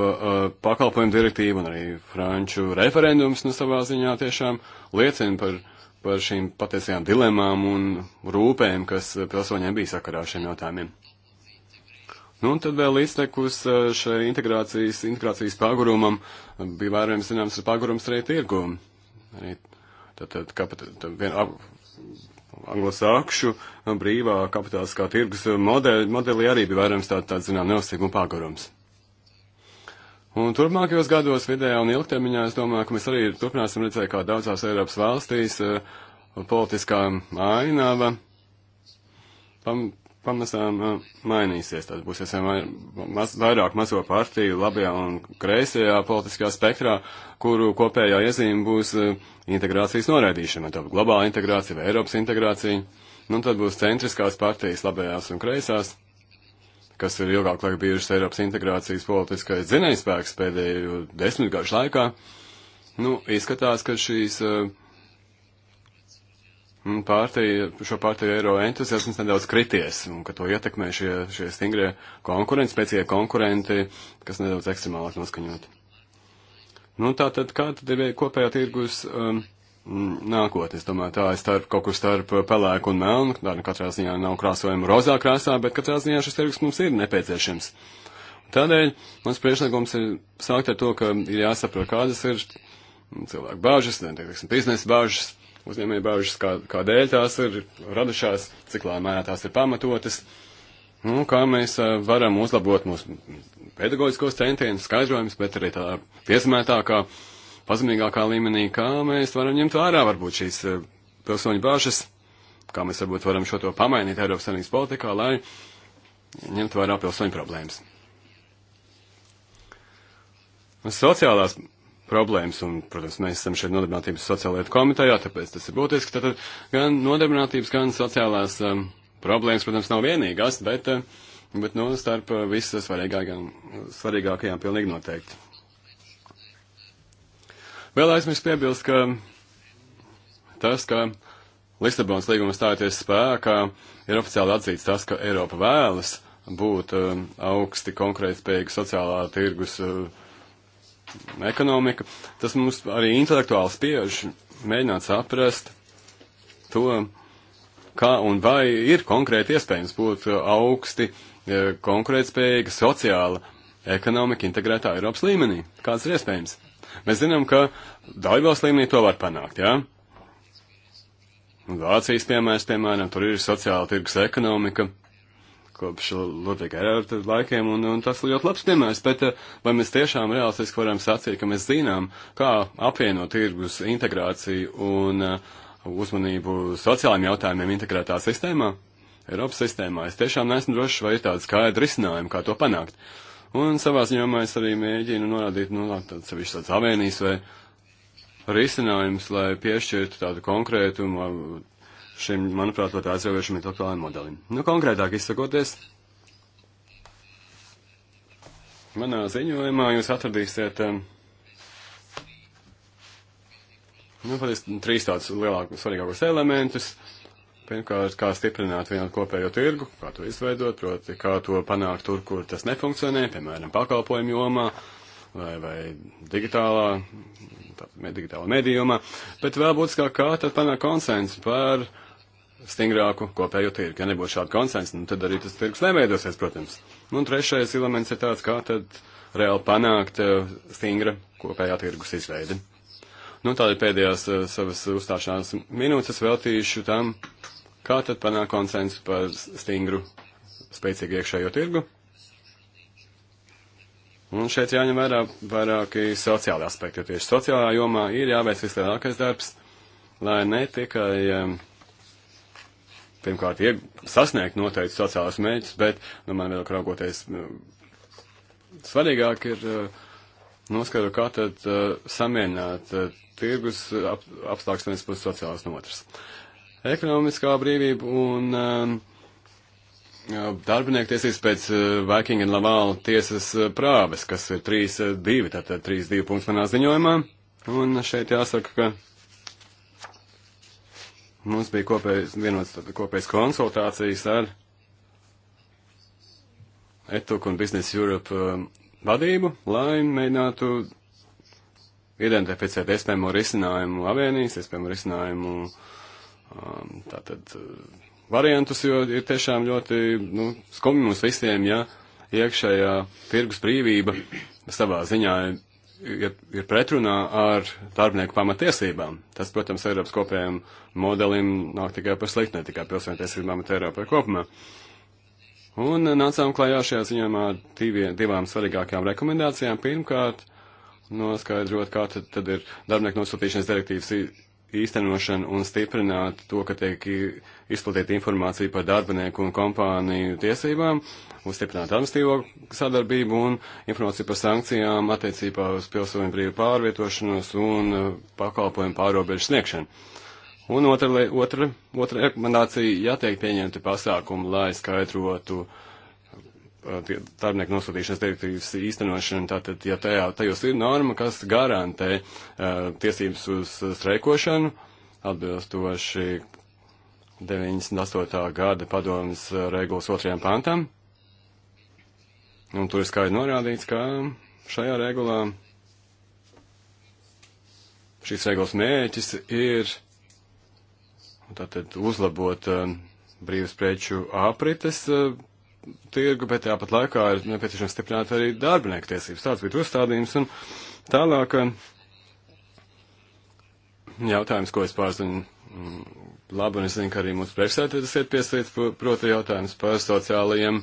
Speaker 3: pakalpojumu direktīvu un arī franču referendums nu, savā ziņā tiešām liecina par par šīm patiesajām dilemām un rūpēm, kas pilsoņiem bija sakarā ar šiem jautājumiem. Nu, un tad vēl iztekus eh, šai integrācijas, integrācijas pagurumam bija vairāk zināms ar pagurums arī tirgu. Arī tad, tad, kapat, tad vien, anglosākšu brīvā kapitāliskā tirgus modeļi, modelī arī bija vairāk tāds, tāds zinām, neuzsīguma pagurums. Un turpmākajos gados vidējā un ilgtermiņā es domāju, ka mēs arī turpināsim redzēt, kā daudzās Eiropas valstīs eh, politiskā ainava pam, pamazām mainīsies. Tad būs esam maz, vairāk mazo partiju labajā un kreisajā politiskajā spektrā, kuru kopējā iezīme būs integrācijas noraidīšana. Tā būs globāla integrācija vai Eiropas integrācija. Nu, tad būs centriskās partijas labajās un kreisās, kas ir ilgāk laika bijušas Eiropas integrācijas politiskais dzinējspēks pēdējo desmitgažu laikā. Nu, izskatās, ka šīs uh, pārtiju, šo pārtiju eiro entuziasms nedaudz krities, un ka to ietekmē šie, šie stingrie konkurenti, spēcīgie konkurenti, kas nedaudz ekstremālāk noskaņot. Nu, tā tad kā tad ir kopējā tirgus um, nākotnes, domāju, tā ir starp, kaut kur starp pelēku un melnu, tā nu katrā ziņā nav krāsojama rozā krāsā, bet katrā ziņā šis tirgus mums ir nepieciešams. Tādēļ mans priekšlikums ir sākt ar to, ka ir jāsaprot, kādas ir cilvēku bāžas, ne, teiksim, biznesa bāžas, uzņēmēju bāžas, kā, kādēļ tās ir radušās, cik lā mērā tās ir pamatotas, nu, kā mēs varam uzlabot mūsu pedagoģiskos centienus, skaidrojumus, bet arī tā piesmētākā, pazemīgākā līmenī, kā mēs varam ņemt vērā varbūt šīs pilsoņu bāžas, kā mēs varbūt varam šo to pamainīt Eiropas Savienības politikā, lai ņemtu vērā pilsoņu problēmas. Sociālās problēmas, un, protams, mēs esam šeit nodarbinātības sociālajā komitejā, tāpēc tas ir būtiski. Tātad gan nodarbinātības, gan sociālās um, problēmas, protams, nav vienīgās, bet, uh, bet no nu, starp uh, visas svarīgākajām, svarīgākajām pilnīgi noteikti. Vēl aizmirst piebilst, ka tas, ka Lisabonas līguma stājoties spēkā, ir oficiāli atzīts tas, ka Eiropa vēlas būt um, augsti konkrētspējīga sociālā tirgus uh, ekonomika, tas mums arī intelektuāli spiež mēģināt saprast to, kā un vai ir konkrēti iespējams būt augsti e, konkurētspējīga sociāla ekonomika integrētā Eiropas līmenī. Kāds ir iespējams? Mēs zinām, ka dalībvalsts līmenī to var panākt, jā? Ja? Vācijas piemērs, piemēram, tur ir sociāla tirgus ekonomika, kopš Ludviga Erārta laikiem, un, un tas ir ļoti labs piemērs, bet eh, vai mēs tiešām realistiski varam sacīt, ka mēs zinām, kā apvienot tirgus integrāciju un eh, uzmanību sociālajiem jautājumiem integrētā sistēmā, Eiropas sistēmā? Es tiešām neesmu drošs, vai ir tāda skaidra risinājuma, kā to panākt. Un savā ziņā es arī mēģinu norādīt, nu, tāds sevišķi tāds avēnijas vai risinājums, lai piešķirtu tādu konkrētumu šim, manuprāt, ļoti aizraujošam intelektuālajam modelim. Nu, konkrētāk izsakoties, manā ziņojumā jūs atradīsiet, um, nu, patiesi trīs tādus lielākus, svarīgākus elementus. Pirmkārt, kā stiprināt vienu kopējo tirgu, kā to izveidot, proti, kā to panākt tur, kur tas nefunkcionē, piemēram, pakalpojumu jomā vai, vai digitālā, digitālā medijumā, bet vēl būtiskāk, kā tad panākt konsensu par uh, stingrāku kopējo tirgu. Ja nebūs šāda konsensa, nu, tad arī tas tirgus neveidosies, protams. Un trešais elements ir tāds, kā tad reāli panākt eh, stingra kopējā tirgus izveidi. Nu, tādi pēdējās eh, savas uzstāšanās minūtes veltīšu tam, kā tad panākt konsensu par stingru, spēcīgu iekšējo tirgu. Un šeit jāņem vērā vairāki sociāli aspekti, jo tieši sociālā jomā ir jāveic vislielākais darbs, lai ne tikai um, pirmkārt, ieg, sasniegt noteikti sociālus mērķus, bet, nu, man vēl raugoties, nu, svarīgāk ir eh, noskaidrot, kā tad eh, samienāt eh, tirgus ap, apstākļus viens puses sociālas no otras. Ekonomiskā brīvība un um, Darbinieku tiesības pēc Viking un Lavāla tiesas prāves, kas ir 3-2, tātad 3-2 punkts manā ziņojumā. Un šeit jāsaka, ka Mums bija kopējas, vienots kopējas konsultācijas ar ETUK un Business Europe um, vadību, lai mēģinātu identificēt iespējamo risinājumu avienijas, iespējamo risinājumu um, tātad uh, variantus, jo ir tiešām ļoti nu, skumji mums visiem, ja iekšējā tirgus brīvība savā ziņā ir pretrunā ar darbinieku pamatiesībām. Tas, protams, Eiropas kopējiem modelim nāk tikai par sliktu, ne tikai pilsēņu tiesībām, bet Eiropai kopumā. Un nācām klajā šajā ziņojumā divie, divām svarīgākajām rekomendācijām. Pirmkārt, noskaidrot, kā tad, tad ir darbinieku nosūtīšanas direktīvas īstenošanu un stiprināt to, ka tiek izplatīta informācija par darbinieku un kompāniju tiesībām, uzstiprināt administīvo sadarbību un informāciju par sankcijām attiecībā uz pilsoņu brīvu pārvietošanos un uh, pakalpojumu pārobežu sniegšanu. Un otra, otra, otra rekomendācija jātiek pieņemti pasākumi, lai skaidrotu uh, Uh, darbinieku nosūtīšanas direktīvas īstenošana, tātad, ja tajā, tajos ir norma, kas garantē uh, tiesības uz streikošanu, atbilstoši 98. gada padomas uh, regulas otrajam pantam, un tur ir skaidri norādīts, ka šajā regulā šīs regulas mērķis ir tātad uzlabot uh, brīvas preču aprites uh, tirgu, bet tāpat laikā ir nepieciešams stiprināt arī darbinieku tiesības. Tāds bija uzstādījums. Un tālāk mm, jautājums, ko es pārzinu mm, labi, un es zinu, ka arī mūsu priekšsēdētājs ir piesaistīts, proti jautājums par sociālajiem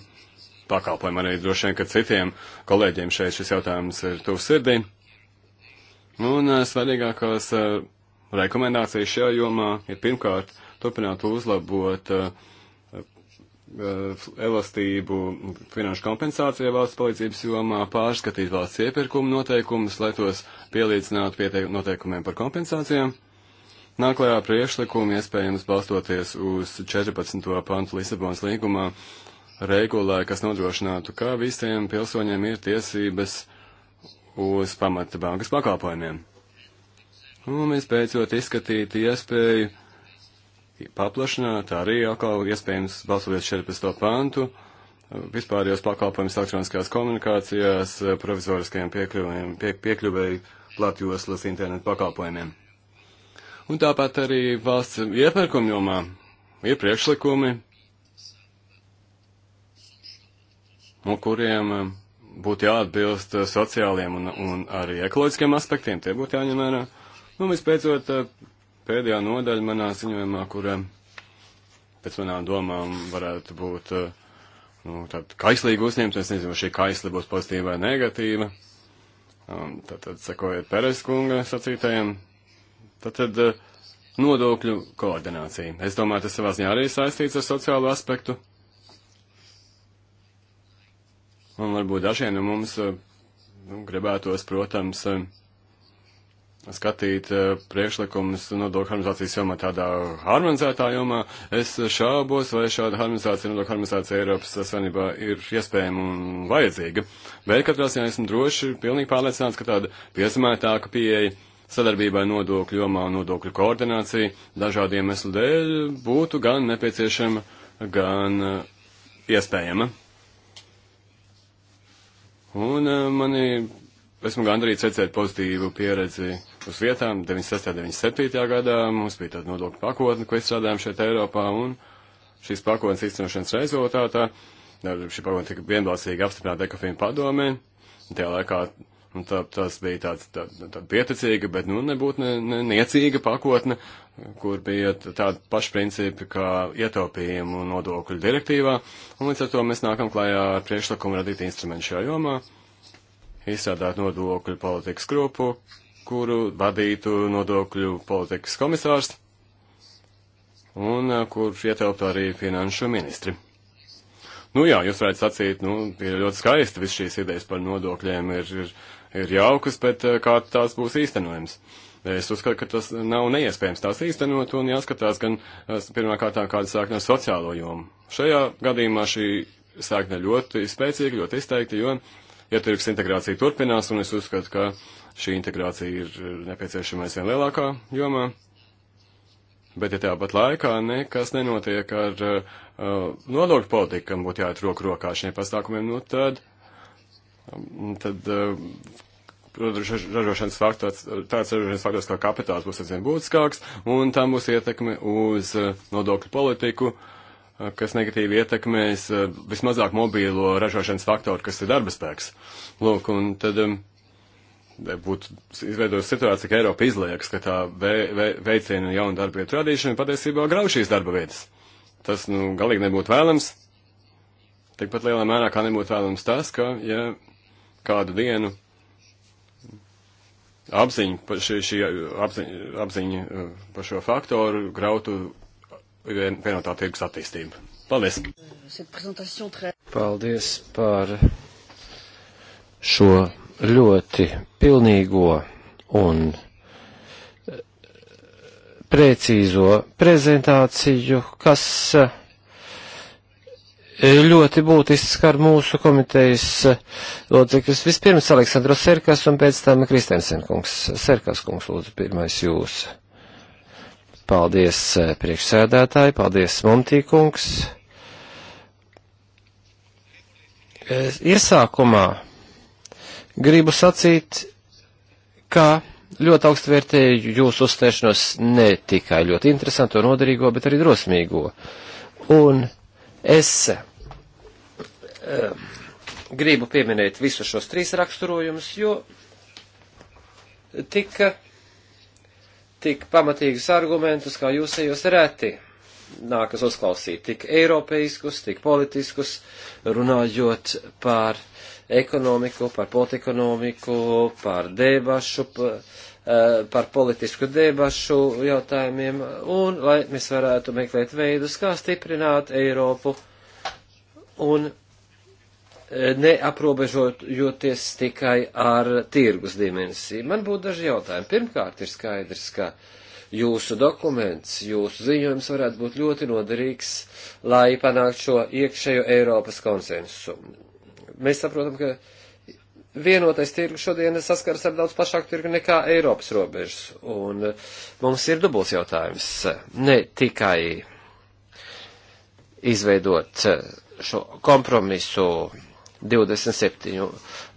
Speaker 3: pakalpojumiem. Arī droši vien, ka citiem kolēģiem šeit šis jautājums ir tuvs sirdī. Un eh, svarīgākās eh, rekomendācijas šajā jomā ir pirmkārt turpināt uzlabot uh, Eh, elastību finanšu kompensācijai valsts palīdzības jomā, pārskatīt valsts iepirkuma noteikumus, lai tos pielīdzinātu pie noteikumiem par kompensācijām. Nākamajā priekšlikumā iespējams balstoties uz 14. pantu Lisabonas līgumā regulē, kas nodrošinātu, ka visiem pilsoņiem ir tiesības uz pamata bankas pakalpojumiem. Un mēs beidzot izskatīt iespēju paplašināt, arī atkal iespējams balsoties 14. pantu, vispārējos pakalpojumus elektroniskās komunikācijās, provizoriskajiem piekļuvējiem, pie, piekļuvēju platjoslas internetu pakalpojumiem. Un tāpat arī valsts iepirkuma jomā ir priekšlikumi, no kuriem eh, būtu jāatbilst sociāliem un, un arī ekoloģiskiem aspektiem, tie būtu jāņem vērā. Nu, vispēcot, eh, pēdējā nodaļa manā ziņojumā, kur pēc manām domām varētu būt eh, nu, tāda kaislīga uzņemta. Es nezinu, vai šī kaisli būs pozitīva vai negatīva. Um, tad, tad sekojiet Peres kunga sacītajiem. Tad, tad eh, nodokļu koordinācija. Es domāju, tas savā ziņā arī saistīts ar sociālo aspektu. Un varbūt dažiem no mums eh, nu, gribētos, protams, skatīt eh, priekšlikumus nodokļu harmonizācijas jomā tādā harmonizētā jomā. Es šaubos, vai šāda harmonizācija, nodokļu harmonizācija Eiropas Savienībā ir iespējama un vajadzīga. Bet katrā ziņā esmu droši, pilnīgi pārliecināts, ka tāda piesamētāka pieeja sadarbībai nodokļu jomā un nodokļu koordinācija dažādiem eslu dēļ būtu gan nepieciešama, gan eh, iespējama. Un eh, mani esmu gandrīz secēt pozitīvu pieredzi uh, uz vietām. 96. un 97. gadā mums bija tāda nodokļu pakotne, ko izstrādājām šeit Eiropā, un šīs pakotnes īstenošanas rezultātā šī pakotne tika vienbalsīgi apstiprināta Ekofina padomē. Tajā laikā un tā, tas bija tāds tā, tā pieticīga, bet nu nebūtu ne, ne, niecīga pakotne, kur bija tādi paši principi kā ietaupījumu nodokļu direktīvā, un līdz ar to mēs nākam klājā ar priekšlikumu radīt instrumentu šajā jomā, izstrādāt nodokļu politikas grupu, kuru vadītu nodokļu politikas komisārs un eh, kur ietelptu arī finanšu ministri. Nu jā, jūs varētu sacīt, nu, ir ļoti skaisti, viss šīs idejas par nodokļiem ir, ir, ir jaukas, bet eh, kā tās būs īstenojams? Es uzskatu, ka tas nav neiespējams tās īstenot un jāskatās gan eh, pirmā kārtā, kāda sākna ar sociālo jomu. Šajā gadījumā šī sākna ļoti spēcīga, ļoti izteikta, jo, ja tirgus integrācija turpinās, un es uzskatu, ka šī integrācija ir eh, nepieciešama aizvien lielākā jomā. Bet, ja tāpat laikā nekas nenotiek ar uh, nodokļu politiku, kam būtu jāiet roku rokā šiem pasākumiem, nu tad, um, tad uh, ražošanas faktors, tāds ražošanas faktors kā kapitāls būs aizvien būtiskāks, un tam būs ietekme uz uh, nodokļu politiku, uh, kas negatīvi ietekmēs uh, vismazāk mobīlo ražošanas faktoru, kas ir darba spēks. Lūk, un tad. Um, būtu izveidojusi situācija, ka Eiropa izliekas, ka tā ve, ve, veicina jaunu darba vietu radīšanu, patiesībā grauj šīs darba vietas. Tas, nu, galīgi nebūtu vēlams. Tikpat lielā mērā kā nebūtu vēlams tas, ka, ja kādu dienu apziņa, šī, šī apziņa, apziņa uh, par šo faktoru grautu vienotā tirgus attīstību. Paldies! Paldies par
Speaker 2: šo ļoti pilnīgo un
Speaker 4: eh,
Speaker 2: precīzo prezentāciju, kas eh, ļoti būtisks skar mūsu komitejas eh, locekļus. Vispirms Aleksandro Serkas un pēc tam Kristensen kungs. Serkas kungs, lūdzu, pirmais jūs. Paldies priekšsēdētāji, paldies Montī kungs. Iesākumā gribu sacīt, ka ļoti augstu vērtēju jūsu uzstāšanos ne tikai ļoti interesanto, noderīgo, bet arī drosmīgo. Un es um, gribu pieminēt visus šos trīs raksturojumus, jo tika tik pamatīgus argumentus, kā jūs ejos reti nākas uzklausīt, tik eiropeiskus, tik politiskus, runājot par uh, ekonomiku, par politikonomiku, par debašu, par, eh, par politisku debašu jautājumiem, un lai mēs varētu meklēt veidus, kā stiprināt Eiropu un eh, neaprobežojoties tikai ar tirgus dimensiju. Man būtu daži jautājumi. Pirmkārt, ir skaidrs, ka jūsu dokuments, jūsu ziņojums varētu būt ļoti noderīgs, lai panāktu šo iekšējo Eiropas konsensu. Mēs saprotam, ka vienotais tirgus šodien saskaras ar daudz plašāku tirgu nekā Eiropas robežas, un eh, mums ir dubls jautājums. Ne tikai izveidot eh, šo kompromisu 27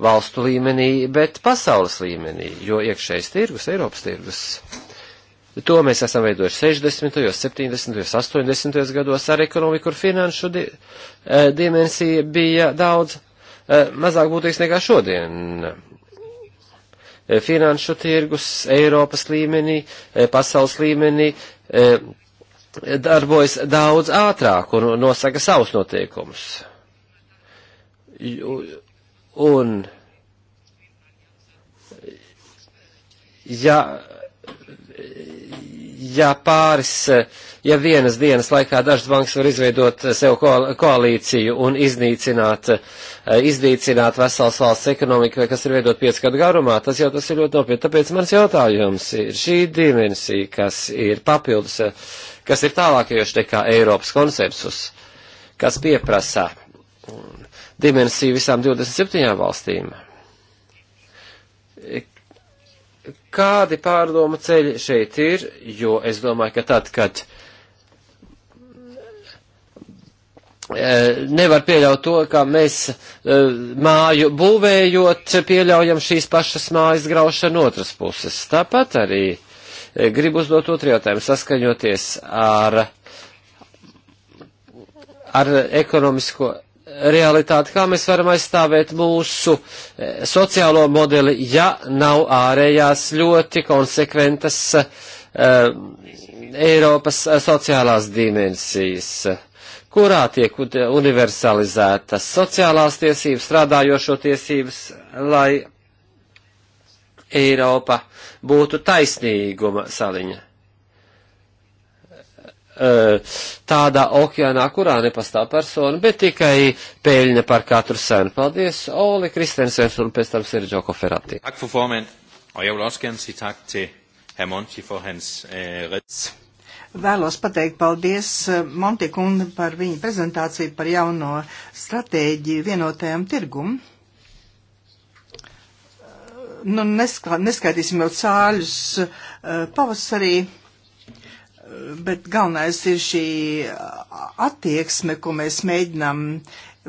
Speaker 2: valstu līmenī, bet pasaules līmenī, jo iekšējais tirgus, Eiropas tirgus, to mēs esam veidojuši 60., 70., 80. gados ar ekonomiku, kur finanšu di eh, dimensija bija daudz Eh, mazāk būtisks nekā šodien. Eh, finanšu tirgus Eiropas līmenī, eh, pasaules līmenī darbojas daudz ātrāk un nosaka savus noteikumus. Un ja ja pāris, ja vienas dienas laikā dažas bankas var izveidot sev koalīciju un iznīcināt, iznīcināt veselas valsts ekonomiku, kas ir veidot piecu gadu garumā, tas jau tas ir ļoti nopietni. Tāpēc mans jautājums ir šī dimensija, kas ir papildus, kas ir tālākajoši nekā Eiropas konsensus, kas pieprasa dimensiju visām 27 valstīm kādi pārdomu ceļi šeit ir, jo es domāju, ka tad, kad e, nevar pieļaut to, ka mēs e, māju būvējot pieļaujam šīs pašas mājas graušanu otras puses. Tāpat arī e, gribu uzdot otru jautājumu saskaņoties ar, ar ekonomisko realitāti, kā mēs varam aizstāvēt mūsu eh, sociālo modeli, ja nav ārējās ļoti konsekventas uh, Eiropas eh, sociālās dimensijas, kurā tiek universalizētas sociālās tiesības, strādājošo tiesības, lai Eiropa būtu taisnīguma saliņa. Eh, tādā okeānā, kurā nepastāv persona, bet tikai pēļņa par katru senu. Paldies, Oli Kristensens un pēc tam Sergio Koferati.
Speaker 4: Tak for formand, og jeg vil også gerne sige tak til hr. Monti for hans eh, reds. Vēlos pateikt paldies eh, Montikundu par viņa prezentāciju par jauno stratēģiju vienotajam tirgum. Eh, nu, neska, neskaitīsim jau cāļus pavasarī. Uh, bet galvenais ir šī attieksme, ko mēs mēģinām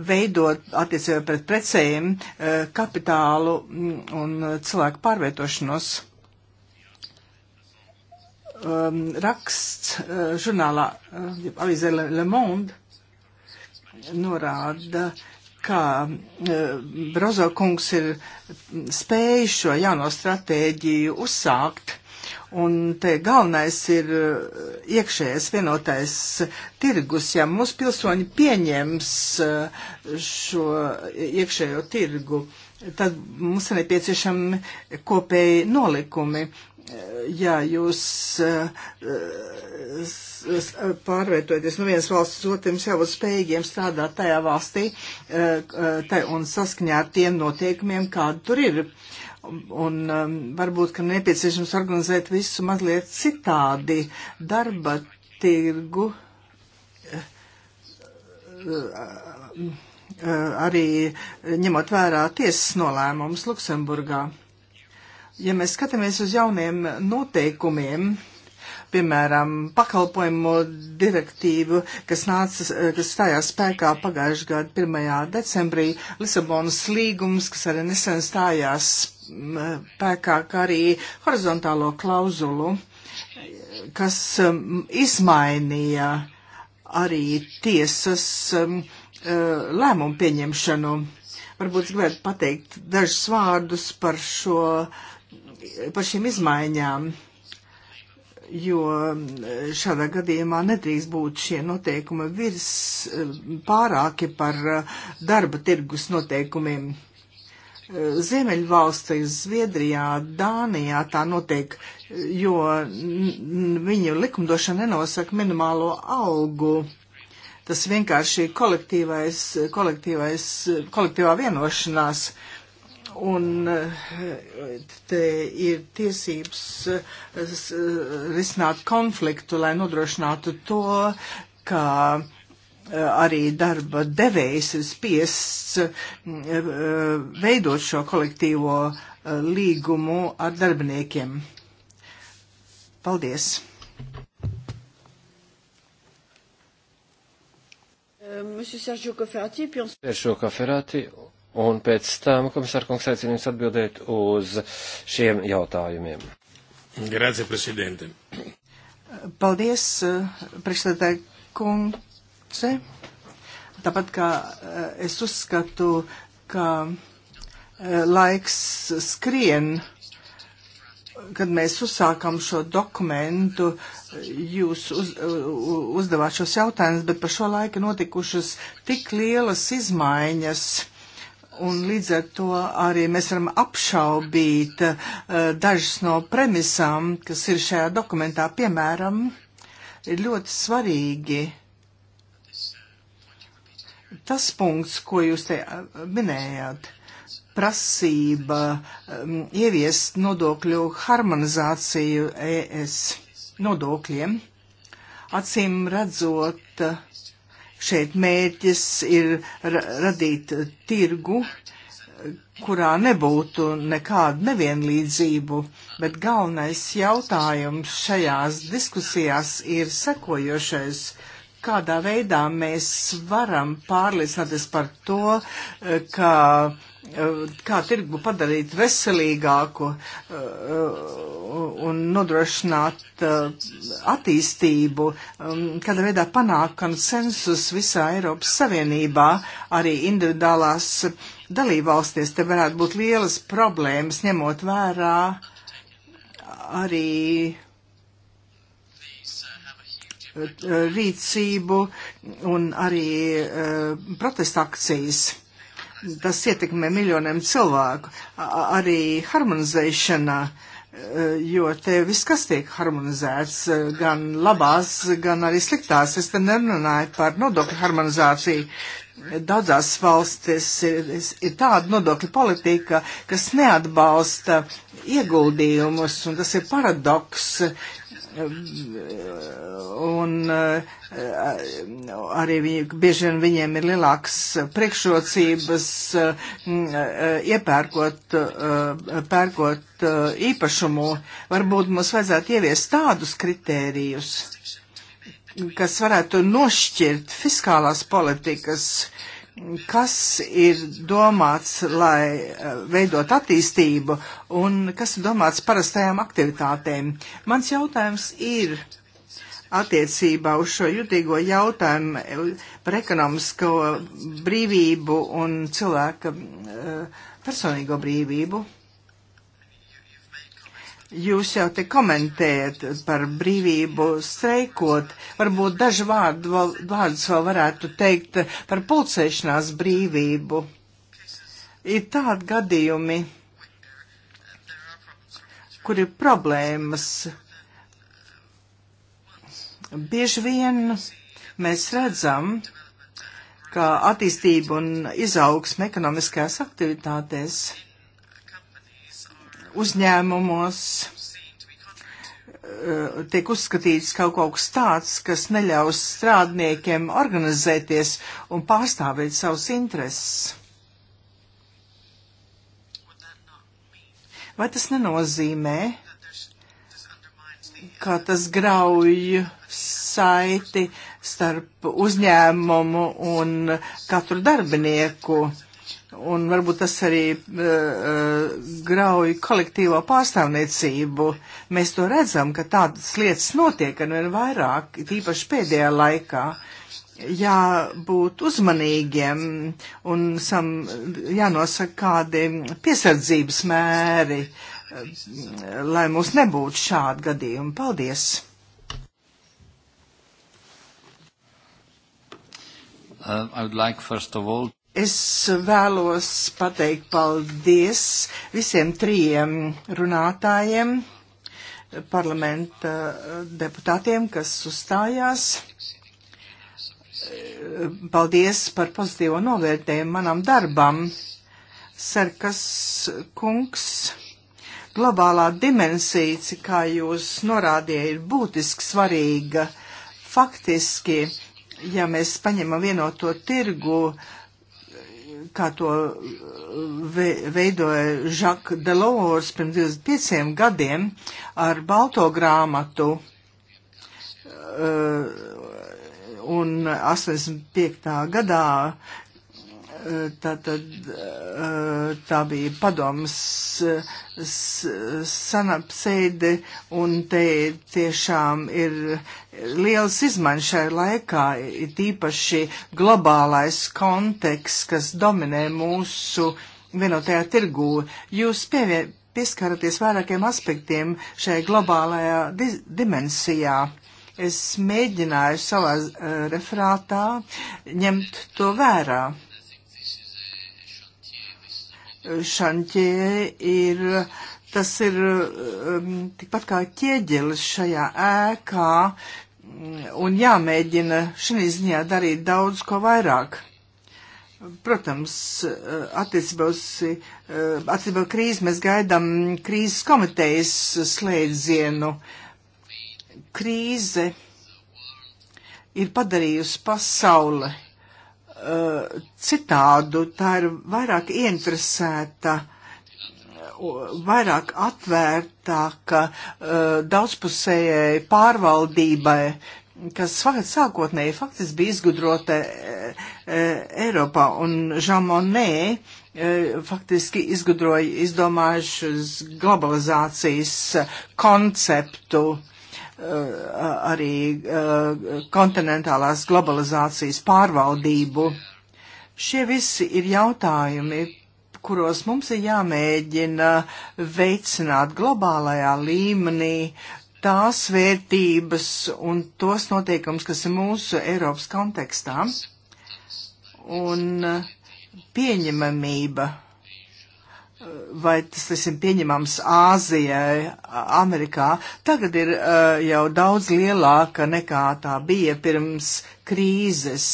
Speaker 4: veidot attiecībā pret precēm, eh, kapitālu un cilvēku pārvietošanos. Um, raksts eh, žurnālā eh, Avizē Le Monde norāda, kā Brozo kungs ir spējis šo jauno stratēģiju uzsākt Un te galvenais ir eh, iekšējais vienotais tirgus. Ja mūsu pilsoņi pieņems eh, šo iekšējo tirgu, tad mums ir nepieciešami kopēji nolikumi. Eh, ja jūs pārvietojaties no nu vienas valsts uz otru, jums jābūt spējīgiem strādāt tajā valstī un saskaņā ar tiem noteikumiem, kādi tur ir. Uh, un um, varbūt, ka nepieciešams organizēt visu mazliet citādi darba tirgu. Uh, uh, uh, arī ņemot vērā tiesas nolēmumus Luksemburgā. Ja mēs skatāmies uz jauniem noteikumiem, piemēram, pakalpojumu direktīvu, kas nāca, kas stājās spēkā pagājušajā gadā 1. decembrī, Lisabonas līgums, kas arī nesen stājās spēkā spēkā, kā arī horizontālo klauzulu, kas um, izmainīja arī tiesas um, uh, lēmumu pieņemšanu. Varbūt gribētu pateikt dažus vārdus par, šo, par šīm izmaiņām jo um, šādā gadījumā nedrīkst būt šie noteikumi virs uh, pārāki par uh, darba tirgus noteikumiem. Ziemeļvalstīs, Zviedrijā, Dānijā tā notiek, jo viņu likumdošana nenosaka minimālo algu. Tas vienkārši ir kolektīvais, kolektīvais, kolektīvā vienošanās. Un te ir tiesības risināt konfliktu, lai nodrošinātu to, ka uh, arī darba devējs ir spiests eh, veidot šo kolektīvo eh, līgumu ar darbiniekiem. Paldies!
Speaker 1: Euh, monsieur Sergio Koferati, puis on...
Speaker 2: Sergio Koferati, un pēc tam komisārkungs aicinu jums atbildēt uz šiem jautājumiem.
Speaker 3: Grazie, prezidente.
Speaker 4: Paldies, eh, priekšstādāja kungs Šķe. Tāpat kā eh, es uzskatu, ka eh, laiks skrien, kad mēs uzsākam šo dokumentu, jūs uz, uzdevāt šos jautājumus, bet par šo laiku notikušas tik lielas izmaiņas. Un līdz ar to arī mēs varam apšaubīt uh, dažas no premisām, kas ir šajā dokumentā. Piemēram, ir ļoti svarīgi uh, tas punkts, ko jūs te minējāt, prasība um, ieviest nodokļu harmonizāciju ES nodokļiem, acīm redzot, šeit mērķis ir ra radīt tirgu, kurā nebūtu nekādu nevienlīdzību, bet galvenais jautājums šajās diskusijās ir sekojošais. Uh, kādā veidā mēs varam pārliecināties par to, eh, ka eh, kā tirgu padarīt veselīgāku eh, un nodrošināt attīstību, um, kādā veidā panākt konsensus visā Eiropas Savienībā, arī individuālās dalībvalstīs. Te varētu būt lielas problēmas, ņemot vērā arī rīcību un arī e, protestakcijas. Tas ietekmē miljoniem cilvēku, arī harmonizēšana e, jo te viss, kas tiek harmonizēts, e, gan labās, gan arī sliktās, es te nerunāju par nodokļu harmonizāciju. Daudzās valstis ir, ir tāda nodokļa politika, kas neatbalsta ieguldījumus, un tas ir paradoks, Un eh, arī viņi, bieži vien viņiem ir lielāks priekšrocības eh, iepērkot, eh, pērkot īpašumu. Varbūt mums vajadzētu ieviest tādus kritērijus, kas varētu nošķirt fiskālās politikas uh, kas ir domāts, lai eh, veidot attīstību un kas ir domāts parastajām aktivitātēm. Mans jautājums ir attiecībā uz šo jutīgo jautājumu eh, par ekonomisko brīvību un cilvēka eh, personīgo brīvību. Jūs jau te komentējat par brīvību streikot. Varbūt daži vārdu, vārdus vēl varētu teikt par pulcēšanās brīvību. Ir tādi gadījumi, kur ir problēmas. Bieži vien mēs redzam, ka attīstība un izaugsme ekonomiskajās aktivitātēs uzņēmumos eh, tiek uzskatīts kaut kas tāds, kas neļaus strādniekiem organizēties un pārstāvēt savus intereses. Vai tas nenozīmē, ka tas grauj saiti starp uzņēmumu un katru darbinieku? un varbūt tas arī uh, grauj kolektīvo pārstāvniecību. Mēs to redzam, ka tādas lietas notiek ar vien vairāk, tīpaši pēdējā laikā. Jābūt uzmanīgiem un sam, jānosaka kādi piesardzības mēri, uh, lai mums nebūtu šādi gadījumi. Paldies!
Speaker 2: Uh, I would like first of all
Speaker 4: Es vēlos pateikt paldies visiem trījiem runātājiem, parlamenta deputātiem, kas uzstājās. Paldies par pozitīvo novērtējumu manam darbam. Sarkas kungs, globālā dimensija, kā jūs norādījāt, ir būtiski svarīga. Faktiski, ja mēs paņemam vienoto tirgu, uh, kā to uh, veidoja Žaka Delors pirms 25 gadiem ar balto grāmatu uh, un 85. gadā tā, tad, eh, tā bija padomas eh, sanapsēde, un te tiešām ir liels izmaiņas šai laikā, ir tīpaši globālais konteksts, kas dominē mūsu vienotajā tirgū. Jūs pievien, pieskaraties vairākiem aspektiem šajā globālajā di dimensijā. Es mēģināju savā uh, referātā ņemt to vērā šanķie ir, tas ir um, tikpat kā ķieģelis šajā ēkā un jāmēģina šī ziņā darīt daudz ko vairāk. Protams, attiecībā uz uh, attiecībā krīzi mēs gaidām krīzes komitejas slēdzienu. Krīze ir padarījusi pasauli uh, citādu, tā ir vairāk interesēta, vairāk atvērtāka uh, eh, daudzpusējai pārvaldībai, kas sākotnēji faktiski bija izgudrota e, e, Eiropā, un Žamonē e, faktiski izgudroja, izdomājušas globalizācijas konceptu. E, Eh, arī eh, kontinentālās globalizācijas pārvaldību. Šie visi ir jautājumi, kuros mums ir jāmēģina veicināt globālajā līmenī tās vērtības un tos noteikums, kas ir mūsu Eiropas kontekstā. Un eh, pieņemamība vai tas, teiksim, pieņemams Āzijai, Amerikā, tagad ir uh, jau daudz lielāka nekā tā bija pirms krīzes.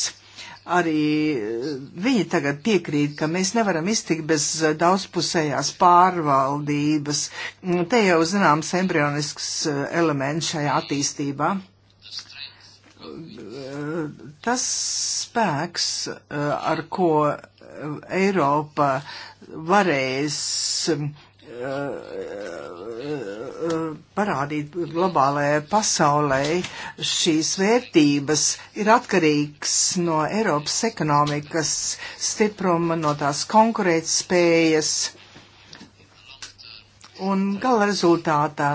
Speaker 4: Arī uh, viņi tagad piekrīt, ka mēs nevaram iztikt bez uh, daudzpusējās pārvaldības. Mm, te jau zināms embrionisks uh, elements šajā attīstībā. Tas spēks, ar ko Eiropa varēs um, uh, uh, parādīt globālajai pasaulē šīs vērtības ir atkarīgs no Eiropas ekonomikas stipruma, no tās konkurētspējas. Un gala rezultātā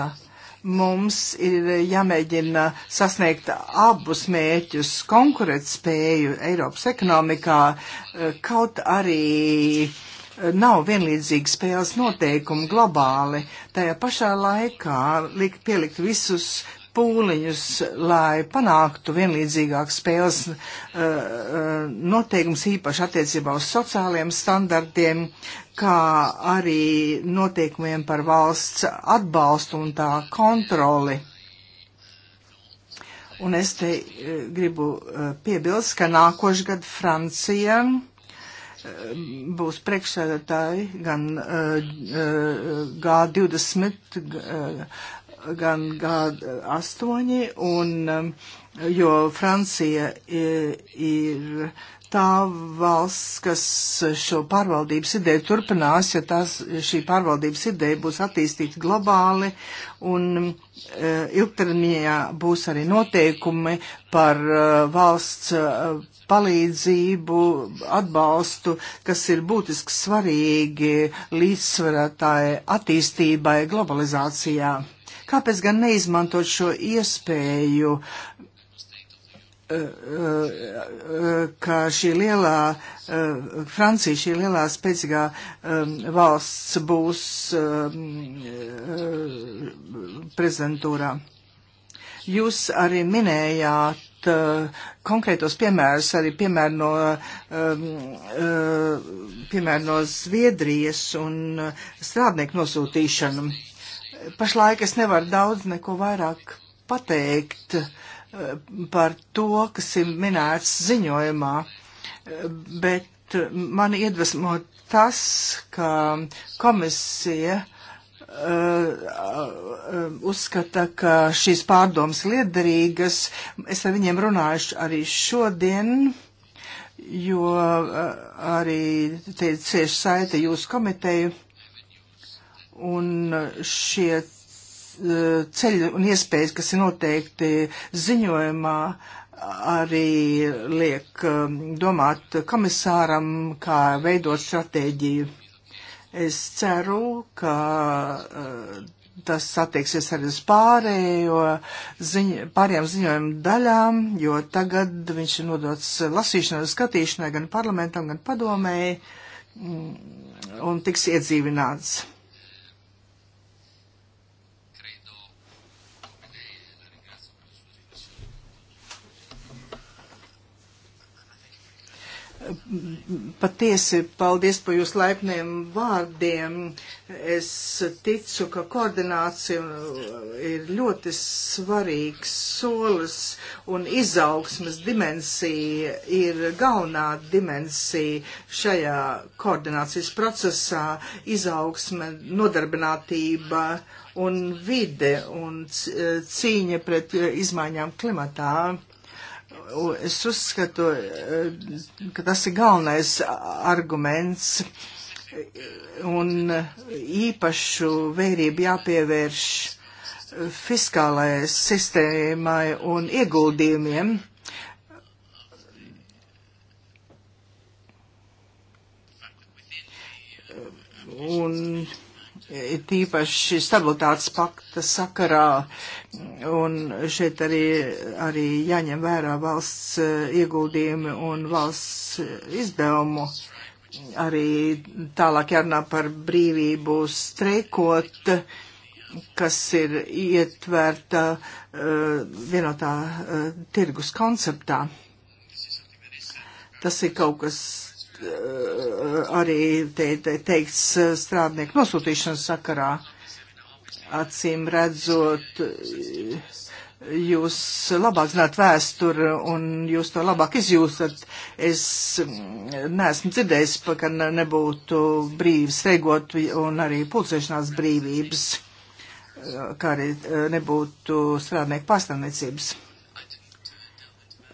Speaker 4: mums ir jāmēģina sasniegt abus mērķus - konkurēt spēju Eiropas ekonomikā, eh, kaut arī eh, nav vienlīdzīgi spēles noteikumi globāli, tajā pašā laikā likt pielikt visus pūliņus, lai panāktu vienlīdzīgāk spēles uh, noteikums īpaši attiecībā uz sociāliem standartiem, kā arī noteikumiem par valsts atbalstu un tā kontroli. Un es te eh, gribu eh, piebilst, ka nākošu gadu Francija eh, būs priekšsēdētāji gan G20, gan G8, un, jo Francija ir tā valsts, kas šo pārvaldības ideju turpinās, ja tās, šī pārvaldības ideja būs attīstīta globāli un e, ilgtermiņā būs arī noteikumi par e, valsts e, palīdzību, atbalstu, kas ir būtiski svarīgi līdzsvaratāji attīstībai globalizācijā. Kāpēc gan neizmantot šo iespēju ka šī lielā, eh, Francija, šī lielā spēcīgā eh, valsts būs eh, prezidentūrā. Jūs arī minējāt konkrētos piemērus, arī piemēru no, piemēru no Zviedrijas un strādnieku nosūtīšanu. Pašlaik es nevaru daudz neko vairāk pateikt. Uh, par to, kas ir minēts ziņojumā, bet man iedvesmo tas, ka komisija uh, uzskata, ka šīs pārdomas liederīgas. Es ar viņiem runājuši arī šodien, jo uh, arī te cieši saita jūsu komiteju. Un šie Eh, ceļi un iespējas, kas ir noteikti ziņojumā, arī liek eh, domāt komisāram, kā veidot stratēģiju. Es ceru, ka eh, tas attieksies arī uz pārējo ziņ, pārējām ziņojumu daļām, jo tagad viņš ir nodots lasīšanai un skatīšanai gan parlamentam, gan padomēji mm, un tiks iedzīvināts. patiesi paldies par jūsu laipniem vārdiem. Es ticu, ka koordinācija ir ļoti svarīgs solis un izaugsmas dimensija ir galvenā dimensija šajā koordinācijas procesā - izaugsme, nodarbinātība un vide un cīņa pret izmaiņām klimatā Es uzskatu, eh, ka tas ir galvenais arguments un īpašu vērību jāpievērš fiskālajai sistēmai un ieguldījumiem. Un tīpaši stabilitātes pakta sakarā, un šeit arī, arī jāņem vērā valsts eh, ieguldījumi un valsts izdevumu. Arī tālāk jārunā par brīvību streikot, kas ir ietverta uh, vienotā uh, tirgus konceptā. Tas ir kaut kas Eh, arī te, te, teikts eh, strādnieku nosūtīšanas sakarā. Acīm redzot, eh, jūs labāk zināt vēsturi un jūs to labāk izjūstat. Es mm, neesmu dzirdējis, ka nebūtu brīvi streigot un arī pulcēšanās brīvības, kā arī nebūtu strādnieku pastāvniecības.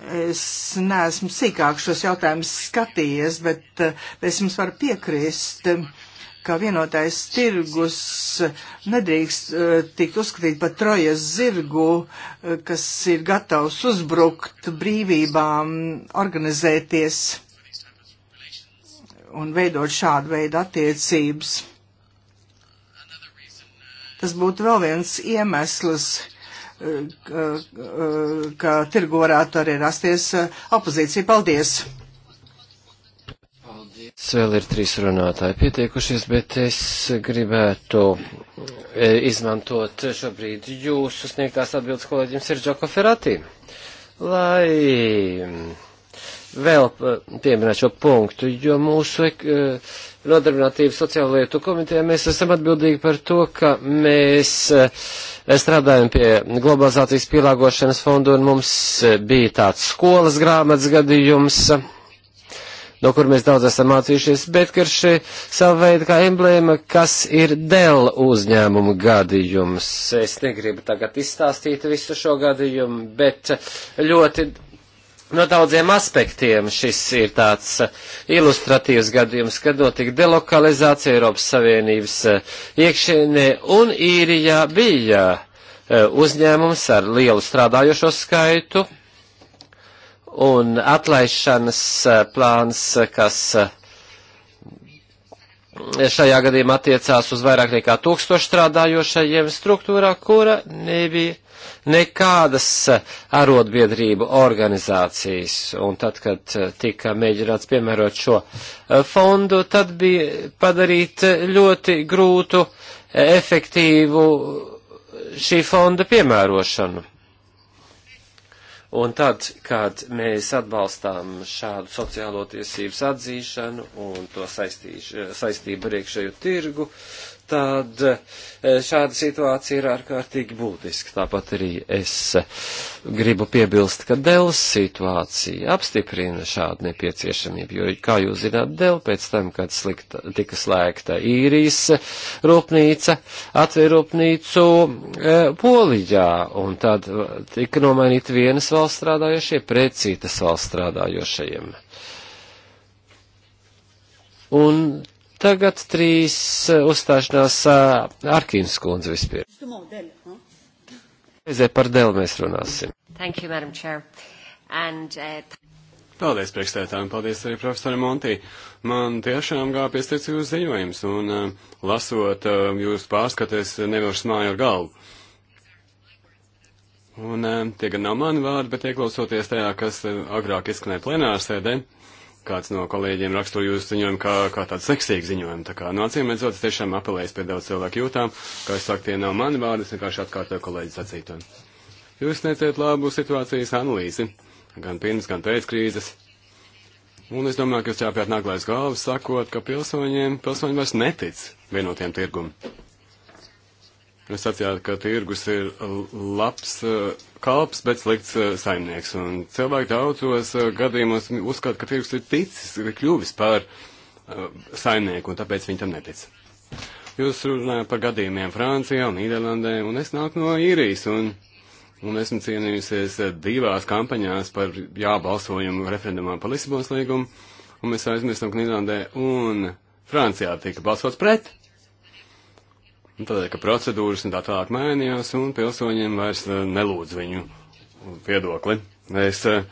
Speaker 4: Es neesmu sīkāk šos jautājumus skatījies, bet eh, es jums varu piekrist, ka vienotais tirgus nedrīkst eh, tikt uzskatīt par trojas zirgu, eh, kas ir gatavs uzbrukt brīvībām, organizēties un veidot šādu veidu attiecības. Tas būtu vēl viens iemesls, ka tirgu varētu arī rasties eh, opozīcija. Paldies!
Speaker 2: Paldies! Vēl ir trīs runātāji pietiekušies, bet es gribētu eh, izmantot šobrīd jūsu sniegtās atbildes kolēģim Sergio Koferati, lai mm, vēl eh, pieminēt šo punktu, jo mūsu. Uh, nodarbinātības sociālo lietu komitē, mēs esam atbildīgi par to, ka mēs eh, strādājam pie globalizācijas pielāgošanas fondu un mums eh, bija tāds skolas grāmatas gadījums no kur mēs daudz esam mācījušies, bet ka šī sava veida kā emblēma, kas ir Dell uzņēmumu gadījums. Es negribu tagad izstāstīt visu šo gadījumu, bet eh, ļoti No daudziem aspektiem šis ir tāds eh, ilustratīvs gadījums, kad notika delokalizācija Eiropas Savienības eh, iekšēnē un īrijā bija eh, uzņēmums ar lielu strādājošo skaitu un atlaišanas plāns, kas šajā gadījumā attiecās uz vairāk nekā tūkstošu strādājošajiem struktūrā, kura nebija nekādas eh, arotbiedrību organizācijas. Un tad, kad eh, tika mēģināts piemērot šo eh, fondu, tad bija padarīt ļoti grūtu efektīvu šī fonda piemērošanu. Un tad, kad mēs atbalstām šādu sociālo tiesības atzīšanu un to saistīšu, saistību ar iekšējo tirgu, uh, tad eh, šāda situācija ir ārkārtīgi būtiska. Tāpat arī es gribu piebilst, ka Dēls situācija apstiprina šādu nepieciešamību, jo, kā jūs zināt, Dēl pēc tam, kad slikta, tika slēgta īrijas rūpnīca, atvēra rūpnīcu e, eh, Polijā, un tad eh, tika nomainīti vienas valsts strādājošie pret citas valsts strādājošajiem. Un Tagad trīs eh, uzstāšanās eh, Arkīnas kundze vispirms. Reizē par dēlu mēs runāsim. Thank you, Madam Chair. And, uh,
Speaker 3: Paldies priekšstētājiem, paldies arī profesoram Montī. Man tiešām gāja piesticīgi jūsu ziņojums, un uh, lasot uh, jūsu pārskaties, nevaru smāju ar galvu. Un uh, tie gan nav mani vārdi, bet ieklausoties tajā, kas uh, agrāk izskanēja plenārsēdē, uh, kāds no kolēģiem raksturo jūsu ziņojumu kā, kā tādu seksīgu ziņojumu. Tā kā, nu, acīm redzot, tas tiešām apelējas pie daudz cilvēku jūtām, kā es saku, tie nav mani vārdi, es vienkārši atkārtoju kolēģi sacīto. Jūs snieciet labu situācijas analīzi, gan pirms, gan pēc krīzes. Un es domāju, ka jūs ķāpjāt naglais galvas, sakot, ka pilsoņiem, pilsoņi vairs netic vienotiem tirgumam. Jūs sacījāt, ka tirgus ir labs uh, kalps, bet slikts eh, saimnieks. Un cilvēki daudzos eh, gadījumos uzskata, ka tirgus ir ticis, ir kļuvis par uh, saimnieku, un tāpēc viņi tam netic. Jūs runājat par gadījumiem Francijā un Nīderlandē, un es nāku no īrijas, un, un esmu cienījusies divās kampaņās par jābalsojumu referendumā par Lisabonas līgumu, un mēs aizmirstam, ka Nīderlandē un Francijā tika balsots pret. Nu, Tādēļ, ka procedūras un tā tālāk mainījās, un pilsoņiem vairs eh, nelūdz viņu viedokli. Es eh,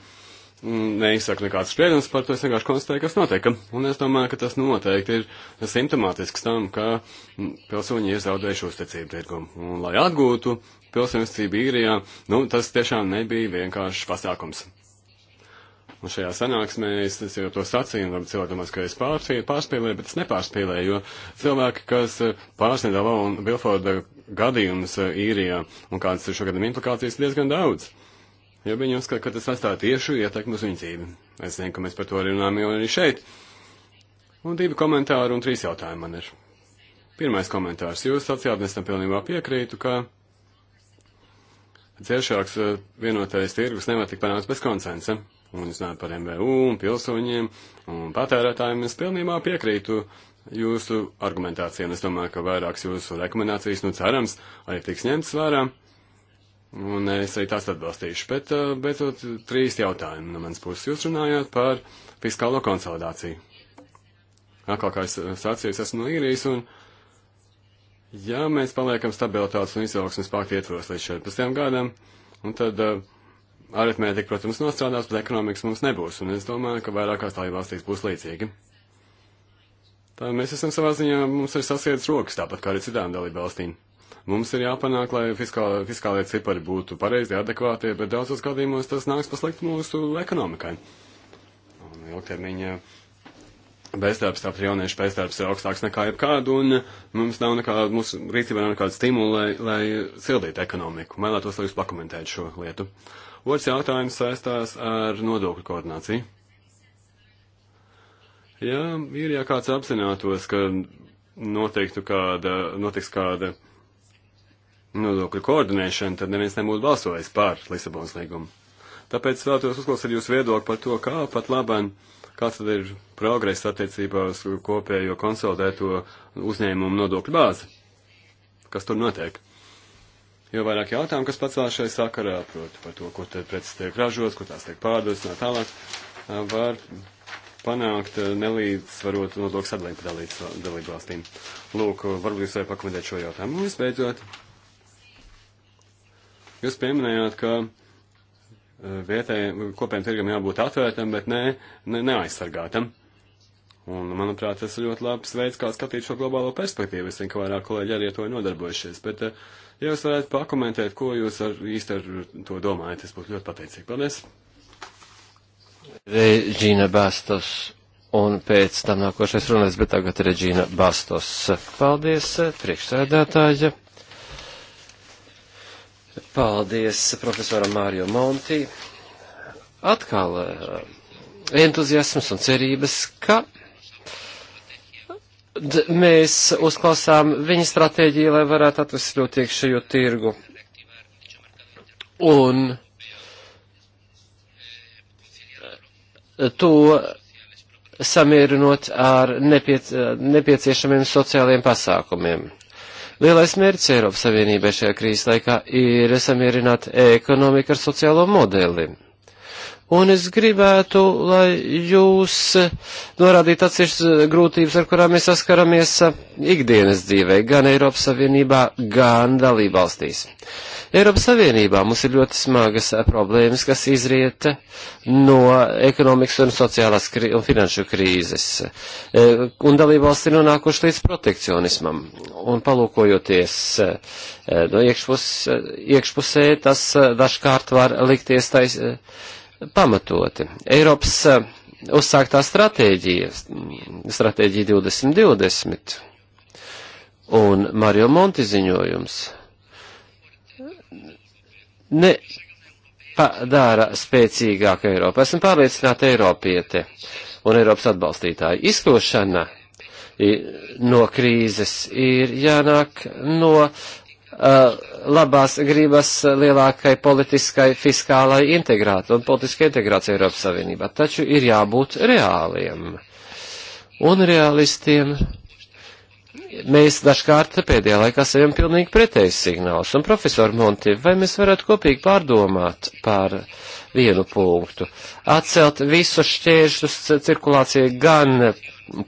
Speaker 3: neizsaku nekādas spriedumus par to, es vienkārši konstatēju, kas notiek. Un es domāju, ka tas noteikti ir simptomātisks tam, ka mm, pilsoņi ir zaudējuši uzticību tirgumu. Un, lai atgūtu pilsoņu uzticību īrijā, nu, tas tiešām nebija vienkārši pasākums. Un šajā sanāksmē es, es jau to sacīju, labi, cilvēki domās, ka es pārspīlēju, bet es nepārspīlēju, jo cilvēki, kas eh, pārsniedz Lava un Bilforda gadījumus eh, īrijā, un kādas ir šogadam implikācijas, diezgan daudz. Jo viņi uzskata, ka tas atstāja tiešu ietekmi uz viņu dzīvi. Es zinu, ka mēs par to arī runājam jau arī šeit. Un divi komentāri un trīs jautājumi man ir. Pirmais komentārs. Jūs sacījāt, es tam pilnībā piekrītu, ka ciešāks eh, vienotais tirgus nevar tik panākt bez konsensa un es runāju par MVU un pilsoņiem un patērētājiem, es pilnībā piekrītu jūsu argumentācijai, un es domāju, ka vairākas jūsu rekomendācijas, nu cerams, arī tiks ņemts vērā, un es arī tās atbalstīšu. Bet uh, beidzot, trīs jautājumi no manas puses. Jūs runājāt par fiskālo konsolidāciju. Atkal, kā es uh, sacīju, es esmu no īrijas, un. Ja mēs paliekam stabilitātes un izaugsmes paktu ietvaros līdz 14 gadam, un tad uh, Aritmētika, protams, nostrādās, bet ekonomikas mums nebūs, un es domāju, ka vairākās tālība valstīs būs līdzīgi. Tā mēs esam savā ziņā, mums ir sasietas rokas, tāpat kā arī citām dalību valstīm. Mums ir jāpanāk, lai fiskālā, fiskālie cipari būtu pareizi, adekvātie, bet daudzos gadījumos tas nāks paslikt mūsu ekonomikai. Un ilgtermiņa bezdarbs, tāpat jauniešu bezdarbs ir augstāks nekā jebkādu, un mums nav nekāda, mūsu rīcībā nav nekāda stimula, lai, lai sildītu ekonomiku. Mēlētos, lai jūs pakomentētu šo lietu. Otrs jautājums saistās ar nodokļu koordināciju. Ja ir, ja kāds apzinātos, ka noteiktu kāda, notiks kāda nodokļu koordinēšana, tad neviens nebūtu balsojis par Lisabonas līgumu. Tāpēc vēlētos uzklausīt jūsu viedokli par to, kā pat labāk kāds tad ir progress attiecībā uz kopējo konsolidēto uzņēmumu nodokļu bāzi? Kas tur notiek? jo vairāk jautājumu, kas pacēlās šai sakarā, proti par to, kur tad preces tiek ražotas, kur tās tiek pārdotas, no tālāk, var panākt nelīdzsvarot nodokļu sadalījumu pa dalību valstīm. Lūk, varbūt jūs varat pakomentēt šo jautājumu. Un visbeidzot, jūs pieminējāt, ka vietējiem kopējiem tirgam jābūt atvērtam, bet ne, ne neaizsargātam. Un, manuprāt, tas ir ļoti labs veids, kā skatīt šo globālo perspektīvu. Es zinu, ka vairāk kolēģi arī ar to ir nodarbojušies. Bet uh, Ja jūs varētu pakomentēt, ko jūs ar īsti ar to domājat, es būtu ļoti pateicīgi. Paldies!
Speaker 2: Reģīna Bastos un pēc tam nākošais runās, bet tagad Reģīna Bastos. Paldies, priekšsēdētāja! Paldies profesoram Mārio Monti. Atkal eh, entuziasms un cerības, ka mēs uzklausām viņa stratēģiju, lai varētu atvesļot iekšējo tirgu. Un to samierinot ar nepiec nepieciešamiem sociāliem pasākumiem. Lielais mērķis Eiropas Savienībai šajā krīzes laikā ir samierināt ekonomiku ar sociālo modeli un es gribētu, lai jūs norādītu atsevišķas grūtības, ar kurām mēs saskaramies uh, ikdienas dzīvē, gan Eiropas Savienībā, gan dalībvalstīs. Eiropas Savienībā mums ir ļoti smagas uh, problēmas, kas izriet uh, no ekonomikas un sociālās krī un finanšu krīzes, un dalībvalsts ir nonākuši līdz protekcionismam. Un palūkojoties no iekšpus, iekšpusē, tas dažkārt var likties taisnība pamatoti. Eiropas eh, uzsāktā stratēģija, stratēģija 2020 un Mario Monti ziņojums ne padara spēcīgāku Eiropu. Esmu pārliecināta Eiropiete un Eiropas atbalstītāji. Izkrošana no krīzes ir jānāk no Eh, labās gribas lielākai politiskai fiskālai integrācijai un politiskai integrācijai Eiropas Savienībā. Taču ir jābūt reāliem un realistiem. Mēs dažkārt pēdējā laikā saņem pilnīgi pretējs signāls. Un profesor Monti, vai mēs varētu kopīgi pārdomāt par vienu punktu? Atcelt visus šķēršļus cirkulācijai gan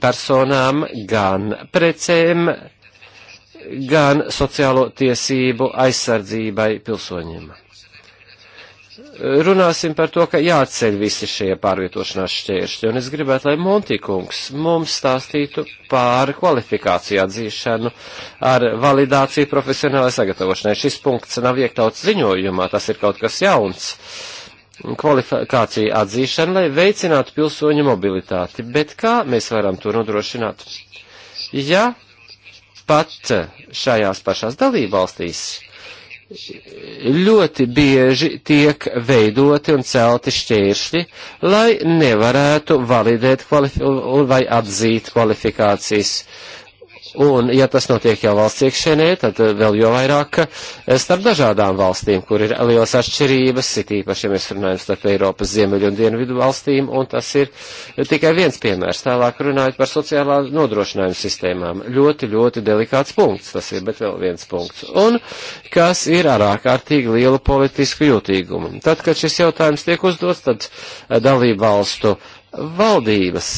Speaker 2: personām, gan precēm, gan sociālo tiesību aizsardzībai pilsoņiem. Runāsim par to, ka jāceļ visi šie pārvietošanās šķēršļi, un es gribētu, lai Montikungs mums stāstītu par kvalifikāciju atzīšanu ar validāciju profesionālai sagatavošanai. Šis punkts nav iekļauts ziņojumā, tas ir kaut kas jauns. Uh, kvalifikāciju atzīšanu, lai veicinātu pilsoņu mobilitāti. Bet kā mēs varam to nodrošināt? Ja pat šajās pašās dalībvalstīs ļoti bieži tiek veidoti un celti šķēršļi, lai nevarētu validēt vai atzīt kvalifikācijas. Uh, Un, ja tas notiek jau valsts iekšēnē, tad eh, vēl jo vairāk eh, starp dažādām valstīm, kur ir lielas atšķirības, it īpaši, ja mēs runājam starp Eiropas ziemeļu un dienvidu valstīm, un tas ir tikai viens piemērs. Tālāk runājot par sociālā nodrošinājuma sistēmām. Ļoti, ļoti delikāts punkts tas ir, bet vēl viens punkts. Un kas ir ar ārkārtīgi lielu politisku jūtīgumu. Tad, kad šis jautājums tiek uzdots, tad eh, dalību valstu valdības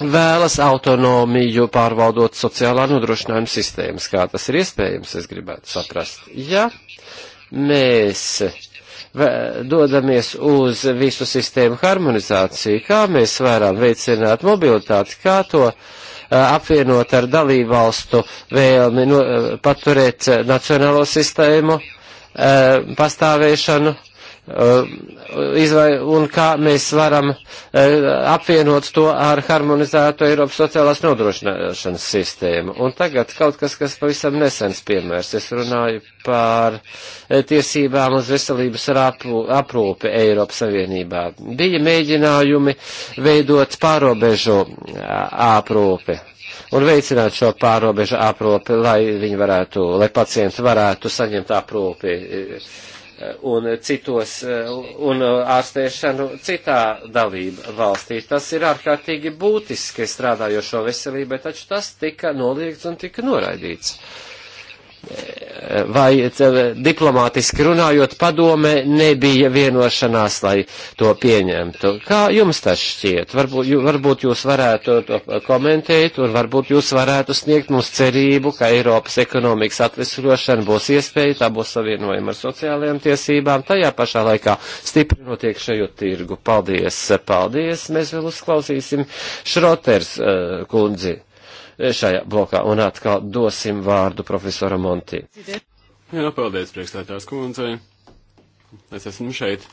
Speaker 2: vēlas autonomiju pārvaldot sociālā nodrošinājuma sistēmas. Kā tas ir iespējams, es gribētu saprast. Ja mēs dodamies uz visu sistēmu harmonizāciju, kā mēs varam veicināt mobilitāti, kā to apvienot ar dalībvalstu vēlmi no, paturēt nacionālo sistēmu pastāvēšanu Uh, izvai, un kā mēs varam uh, apvienot to ar harmonizēto Eiropas sociālās nodrošināšanas sistēmu. Un tagad kaut kas, kas pavisam nesens piemērs. Es runāju par uh, tiesībām uz veselības aprūpi Eiropas Savienībā. Bija mēģinājumi veidot pārobežu aprūpi un veicināt šo pārobežu aprūpi, lai viņi varētu, lai pacienti varētu saņemt aprūpi Uh, un citos, uh, un uh, ārstēšanu citā dalība valstī. Tas ir ārkārtīgi būtiski strādājošo veselībai, taču tas tika noliegts un tika noraidīts. Uh, vai diplomātiski runājot, padome nebija vienošanās, lai to pieņemtu. Kā jums tas šķiet? Varbūt, jū, varbūt jūs varētu to komentēt un varbūt jūs varētu sniegt mums cerību, ka Eiropas ekonomikas atvesļošana būs iespēja, tā būs savienojama ar sociālajām tiesībām, tajā pašā laikā stiprinot iekšējo tirgu. Paldies, paldies, mēs vēl uzklausīsim Šroters eh, kundzi šajā blokā. Un atkal dosim vārdu profesoram Monti.
Speaker 3: Jā, paldies, priekšstādās kundzei. Es esmu šeit.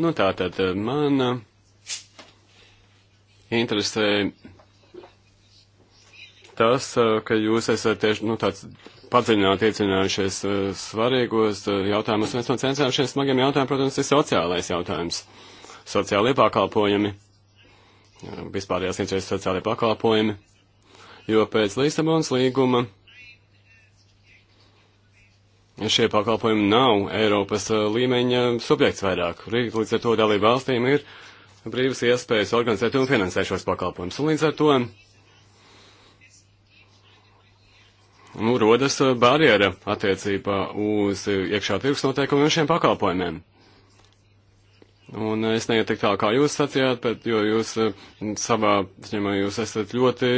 Speaker 3: Nu, tā tad eh, man eh, interesē tas, eh, ka jūs esat tieši, nu, tāds padziļināti iecinājušies svarīgos jautājumus. Viens no censājušies smagiem jautājumiem, protams, ir sociālais jautājums. Sociālie pakalpojumi vispārējās intereses sociālajie pakalpojumi, jo pēc Lisabonas līguma šie pakalpojumi nav Eiropas uh, līmeņa subjekts vairāk. Līdz ar to dalību valstīm ir brīvas iespējas organizēt un finansēt šos pakalpojumus. Un līdz ar to nu, rodas uh, barjera attiecībā uz iekšā tirgus noteikumiem šiem pakalpojumiem. Un es neiet tik tālu, kā jūs sacījāt, bet, jo jūs eh, savā, ņemā, jūs esat ļoti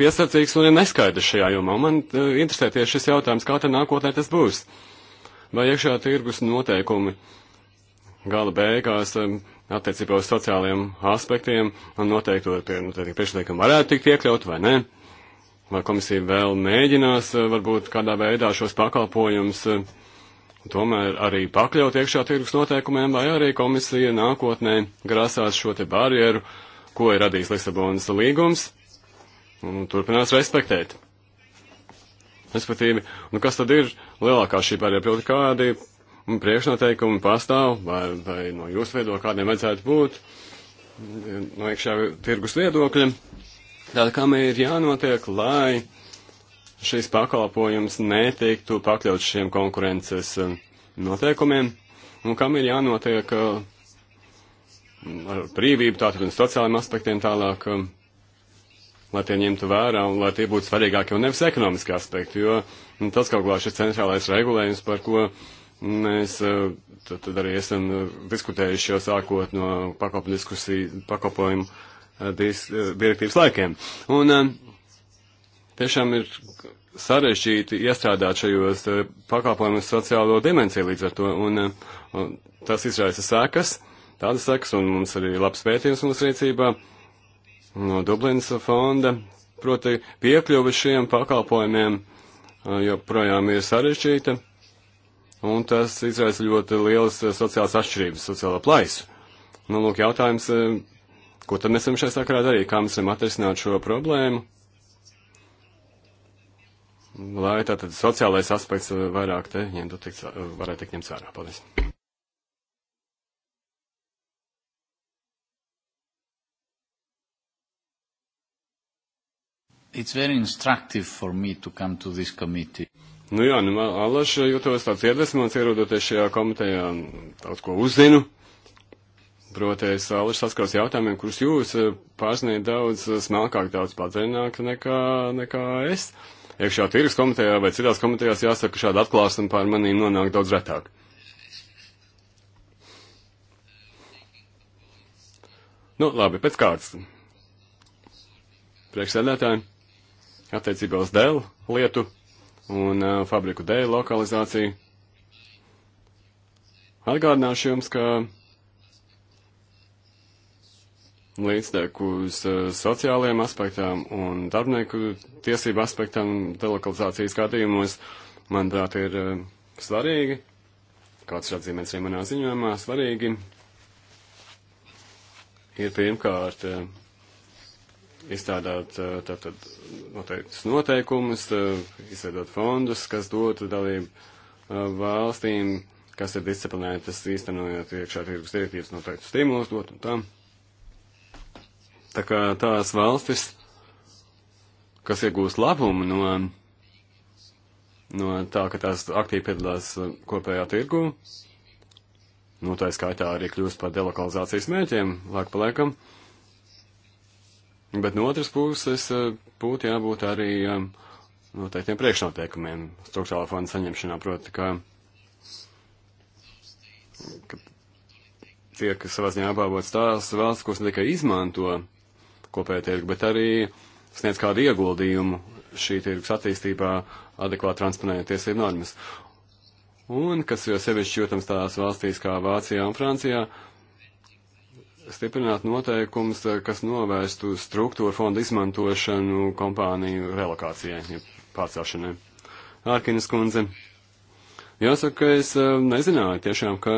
Speaker 3: piesacīgs un neskaidrs šajā jomā. Man eh, interesē tieši šis jautājums, kā te nākotnē tas būs. Vai iekšā tirgus noteikumi gala beigās eh, attiecībā uz sociālajiem aspektiem un noteikto nu, priekšliekumu varētu tikt iekļaut vai nē? Vai komisija vēl mēģinās varbūt kādā veidā šos pakalpojumus uh, tomēr arī pakļaut iekšā tirgus noteikumiem, vai arī komisija nākotnē grasās šo te barjeru, ko ir radījis Lisabonas līgums, un turpinās respektēt. Respektīvi, nu kas tad ir lielākā šī barjera, proti kādi priekšnoteikumi pastāv, vai, vai no jūsu viedokļa kādiem vajadzētu būt, no iekšā tirgus viedokļa, tāda kam ir jānotiek, lai šis pakalpojums netiktu pakļauts šiem konkurences um, noteikumiem, un kam ir jānotiek uh, ar brīvību, tātad un sociālajiem aspektiem tālāk, um, lai tie ņemtu vērā un lai tie būtu svarīgākie un nevis ekonomiski aspekti, jo nu, tas kaut kā šis centrālais regulējums, par ko mēs uh, tad, tad arī esam uh, diskutējuši jau sākot no pakalpojumu diskusiju, pakalpojumu dis, direktīvas laikiem. Un um, tiešām ir sarežģīti iestrādāt šajos eh, pakalpojumus sociālo dimensiju līdz ar to, un, eh, un tas izraisa sēkas, tādas sēkas, un mums arī labs pētījums mūsu rīcībā no Dublinas fonda, proti piekļuva šiem pakalpojumiem eh, joprojām ir sarežģīta, un tas izraisa ļoti lielas sociālas atšķirības, sociāla plaisu. Nu, lūk, jautājums, ko tad mēs varam šai sakarā darīt, kā mēs varam atrisināt šo problēmu? lai tātad sociālais aspekts uh, vairāk te ņemtu, tikt, uh, varētu tikt ņemts vērā. Paldies. It's very instructive for me to come to this committee. Nu jā, nu, allaž eh, jūtos tāds iedvesmots, ierodoties šajā komitejā, daudz ko uzzinu. Proti, es allaž saskaros jautājumiem, kurus jūs eh, pārzniet daudz eh, smalkāk, daudz padziļināk nekā, nekā es. Uh, iekšā tirgus komitejā vai citās komitejās jāsaka, ka šāda atklāsme pār manīm nonāk daudz retāk. Nu, labi, pēc kārtas. Priekšsēdētāji, attiecībā uz dēlu lietu un uh, fabriku dēlu lokalizāciju. Atgādināšu jums, ka līdzteku uz uh, sociālajiem aspektām un darbinieku tiesību aspektam delokalizācijas gadījumos, manuprāt, ir uh, svarīgi, kāds ir atzīmēts arī manā ziņojumā, svarīgi ir pirmkārt uh, izstrādāt tātad noteiktus noteikumus, izveidot fondus, kas dotu dalību valstīm, kas ir disciplinētas īstenojot iekšā tirgus direktīvas noteiktus stimulus dot un tam. Tā kā tās valstis, kas iegūst labumu no, no tā, ka tās aktīvi piedalās kopējā tirgu, nu tā skaitā arī kļūst par delokalizācijas mēķiem, laik pa laikam. Bet no otras puses būtu jābūt arī um, noteiktiem priekšnoteikumiem struktūrālā fonda saņemšanā, proti, ka, ka tie, kas savā ziņā apbalvots tās valsts, kuras ne tikai izmanto kopēja tirgu, bet arī sniedz kādu ieguldījumu šī tirgus attīstībā, adekvāti transponējot tiesību normas. Un, kas jau sevišķi jūtams tādās valstīs kā Vācijā un Francijā, stiprināt noteikums, kas novērstu struktūra fonda izmantošanu kompāniju relokācijai, ja pārcelšanai. Ārkinas kundze, jāsaka, ka es eh, nezināju tiešām, ka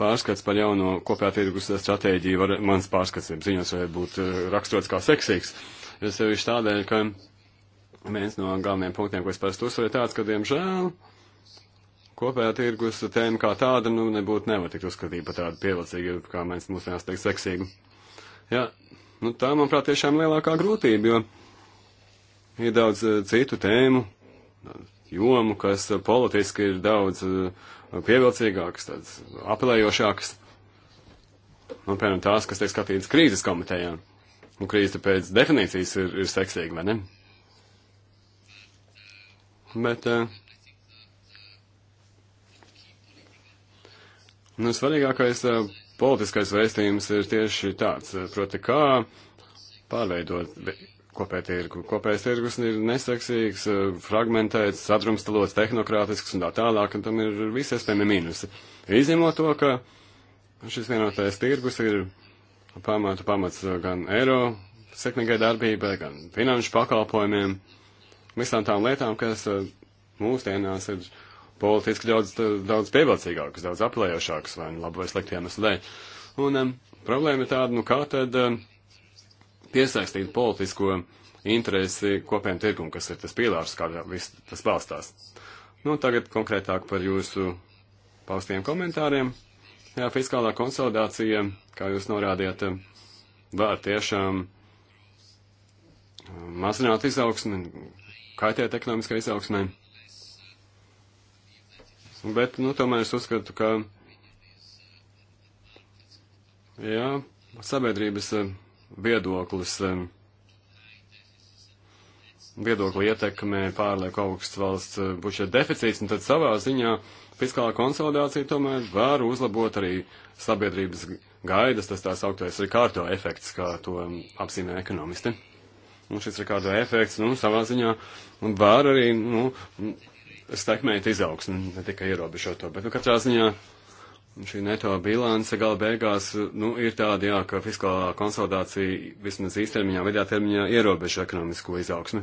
Speaker 3: pārskats par jauno kopējā tirgus stratēģiju, var, mans pārskats ziņos varētu būt eh, raksturots kā seksīgs. Es sevišķi tādēļ, ka viens no galvenajiem punktiem, ko es parasti uzsveru, ir tāds, ka, diemžēl, kopējā tirgus tēma kā tāda, nu, nebūtu nevar tikt uzskatīta par tādu pievilcīgu, kā mēs mūsdienās teikt, seksīgu. Jā, nu, tā, manuprāt, tiešām lielākā grūtība, jo ir daudz eh, citu tēmu, jomu, kas politiski ir daudz uh, pievilcīgākas, tādas apelējošākas. Un, nu, piemēram, tās, kas tiek skatītas krīzes komitejām. Un krīze pēc definīcijas ir, ir seksīga, vai ne? Bet, eh, nu, svarīgākais eh, politiskais vēstījums ir tieši tāds, eh, proti, kā pārveidot kopēja tirgu. Kopējais tirgus ir neseksīgs, eh, fragmentēts, sadrumstalots, tehnokrātisks un tā tālāk, un tam ir visi iespējami mīnusi. Izņemot to, ka šis vienotais tirgus ir pamatu pamats eh, gan eiro sekmīgai darbībai, gan finanšu pakalpojumiem, visām tām lietām, kas eh, mūsdienās ir politiski daudz, daudz pievilcīgākas, daudz aplējošākas, vai nu labu vai sliktu iemeslu dēļ. Un um, problēma ir tāda, nu kā tad. Um, piesaistīt politisko interesi kopējiem tirgum, kas ir tas pīlārs, kādā viss tas balstās. Nu, tagad konkrētāk par jūsu paustiem komentāriem. Jā, fiskālā konsolidācija, kā jūs norādījāt, var tiešām um, mazināt izaugsmi, kaitēt ekonomiskai izaugsmai. Bet, nu, tomēr es uzskatu, ka, jā, sabiedrības viedoklis, viedokli ietekmē pārlieku augsts valsts eh, budžeta deficīts, un tad savā ziņā fiskālā konsolidācija tomēr var uzlabot arī sabiedrības gaidas, tas tās augtais Rikārdo efekts, kā to apzīmē ekonomisti. Un šis Rikārdo efekts, nu, savā ziņā var arī, nu, stekmēt izaugsmi, ne tikai ierobežot to, bet, nu, katrā ziņā šī neto bilance gala beigās nu, ir tāda, jā, ka fiskālā konsolidācija vismaz īstermiņā, vidējā termiņā ierobežo ekonomisko izaugsmi.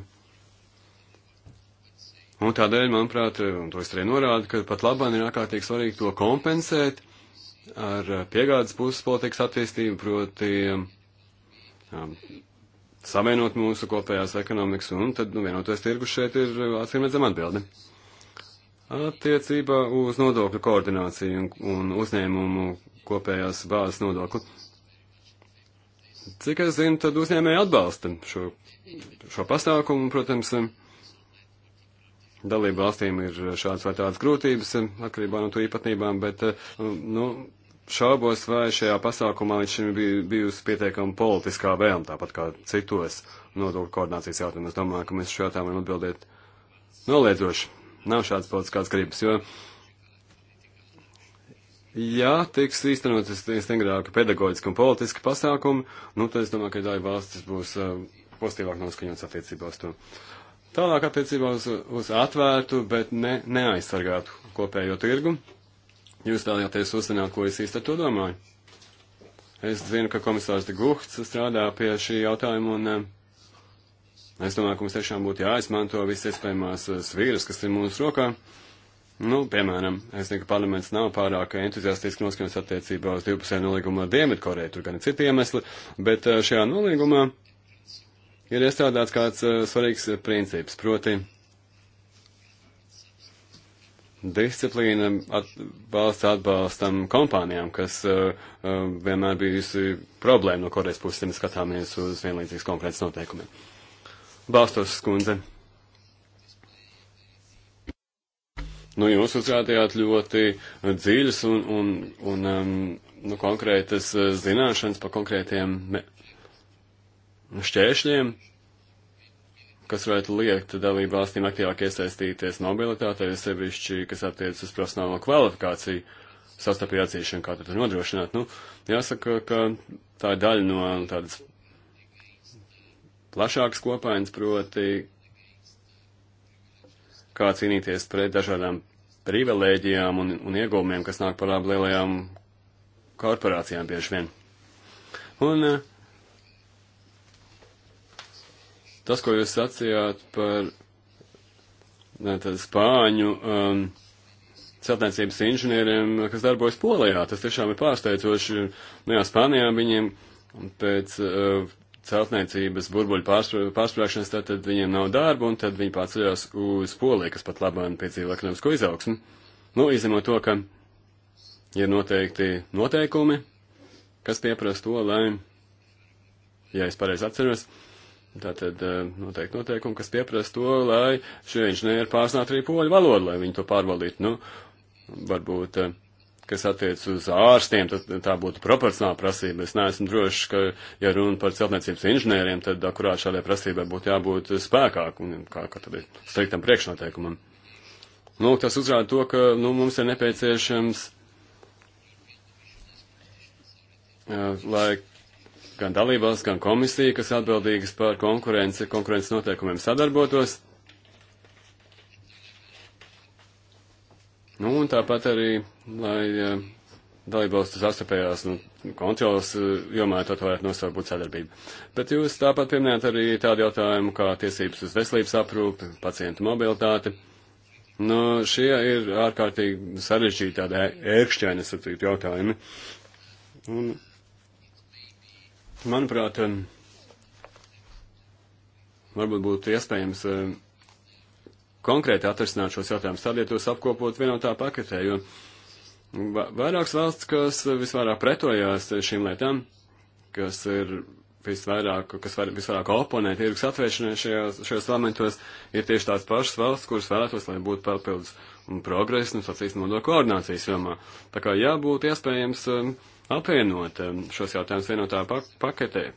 Speaker 3: Un tādēļ, manuprāt, un to es arī norādu, ka pat labāk ir ārkārtīgi svarīgi to kompensēt ar piegādes puses politikas attīstību, proti um, savienot mūsu kopējās ekonomikas, un tad nu, vienoties tirgus šeit ir atsimredzama atbildi attiecībā uz nodokļu koordināciju un, un uzņēmumu kopējās bāzes nodokli. Cik es zinu, tad uzņēmēji atbalsta šo, šo pasākumu, protams, dalību valstīm ir šāds vai tāds grūtības atkarībā no to īpatnībām, bet, nu, šaubos, vai šajā pasākumā līdz šim bija bijusi pietiekama politiskā vēlme, tāpat kā citos nodokļu koordinācijas jautājumos. Domāju, ka mēs šo jautājumu varam atbildēt noliedzoši. Nav šāds politiskās gribas, jo, ja tiks īstenotas stingrāka pedagoģiska un politiska pasākumi, nu, tad es domāju, ka daļa valstis būs uh, pozitīvāk noskaņots attiecībā uz to. Tālāk attiecībā uz, uz atvērtu, bet ne, neaizsargātu kopējo tirgu. Jūs vēlējāties uzzināt, ko es īsti ar to domāju. Es zinu, ka komisārs de Guhts strādā pie šī jautājuma un uh, Es domāju, ka mums tiešām būtu jāizmanto visas iespējamās eh, svīras, kas ir mūsu rokā. Nu, piemēram, es domāju, ka parlaments nav pārāk entuziastiski noskaņots attiecībā uz divpusēju nolīgumu ar Dienvidkoreju, tur gan ir citi iemesli, bet eh, šajā nolīgumā ir iestrādāts kāds eh, svarīgs princips, proti disciplīna at, valsts atbalstam kompānijām, kas uh, vienmēr bijusi problēma no Korejas puses, ja mēs skatāmies uz vienlīdzīgas konkurences noteikumiem. Balstos skundze. Nu, jūs uzrādījāt ļoti dziļas un, un, un um, nu, konkrētas uh, zināšanas par konkrētiem šķēršļiem, kas varētu liekt dalību valstīm aktīvāk iesaistīties mobilitātē, jo sevišķi, kas attiecas uz profesionālo kvalifikāciju, sastapīja atzīšanu, kā to nodrošināt. Nu, jāsaka, ka tā ir daļa no tādas plašāks kopainas, proti, kā cīnīties pret dažādām privilēģijām un, un iegūmiem, kas nāk par labu lielajām korporācijām bieži vien. Un eh, tas, ko jūs sacījāt par ne, spāņu um, celtniecības inženieriem, kas darbojas Polijā, tas tiešām ir pārsteidzoši. Nu jā, Spānijā viņiem pēc uh, celtniecības burbuļu pārsprāgšanas, tad, tad viņiem nav darba, un tad viņi pārceļās uz Poliju, kas pat labāk piedzīvo ekonomisko izaugsmu. Nu, izņemot to, ka ir noteikti noteikumi, kas pieprasa to, lai, ja es pareizi atceros, tātad eh, noteikti noteikumi, kas pieprasa to, lai šie inženieri pārzinātu arī poļu valodu, lai viņi to pārvaldītu. Nu, varbūt uh, kas attiec uz ārstiem, tad tā būtu proporcionāla prasība. Es neesmu drošs, ka, ja runa par celtniecības inženieriem, tad akurāt šādai prasībai būtu jābūt spēkāk un kā, kā tad ir striktam priekšnoteikumam. Nu, tas uzrāda to, ka, nu, mums ir nepieciešams, lai gan dalībās, gan komisija, kas atbildīgas par konkurenci, konkurences noteikumiem sadarbotos Nu, un tāpat arī, lai eh, dalībvalstu sastapējās nu, kontrolas eh, jomā, tad varētu nosaukt būt sadarbība. Bet jūs tāpat pieminējāt arī tādu jautājumu kā tiesības uz veselības aprūpi, pacientu mobilitāti. Nu, šie ir ārkārtīgi sarežģīti tādi ērkšķaini, sacīt, jautājumi. Un, manuprāt, eh, varbūt būtu iespējams konkrēti atrisināt šos jautājumus, tad, ja tos apkopot vienotā paketē, jo vairākas valsts, kas visvairāk pretojās šīm lietām, kas ir visvairāk, kas var, visvairāk oponē tirgus atvēršanai šajās, šajos lamentos, ir tieši tās pašas valsts, kuras vēlētos, lai būtu papildus progresa un sacīs nodokļu koordinācijas jomā. Tā kā jābūt iespējams um, apvienot um, šos jautājumus vienotā pa paketē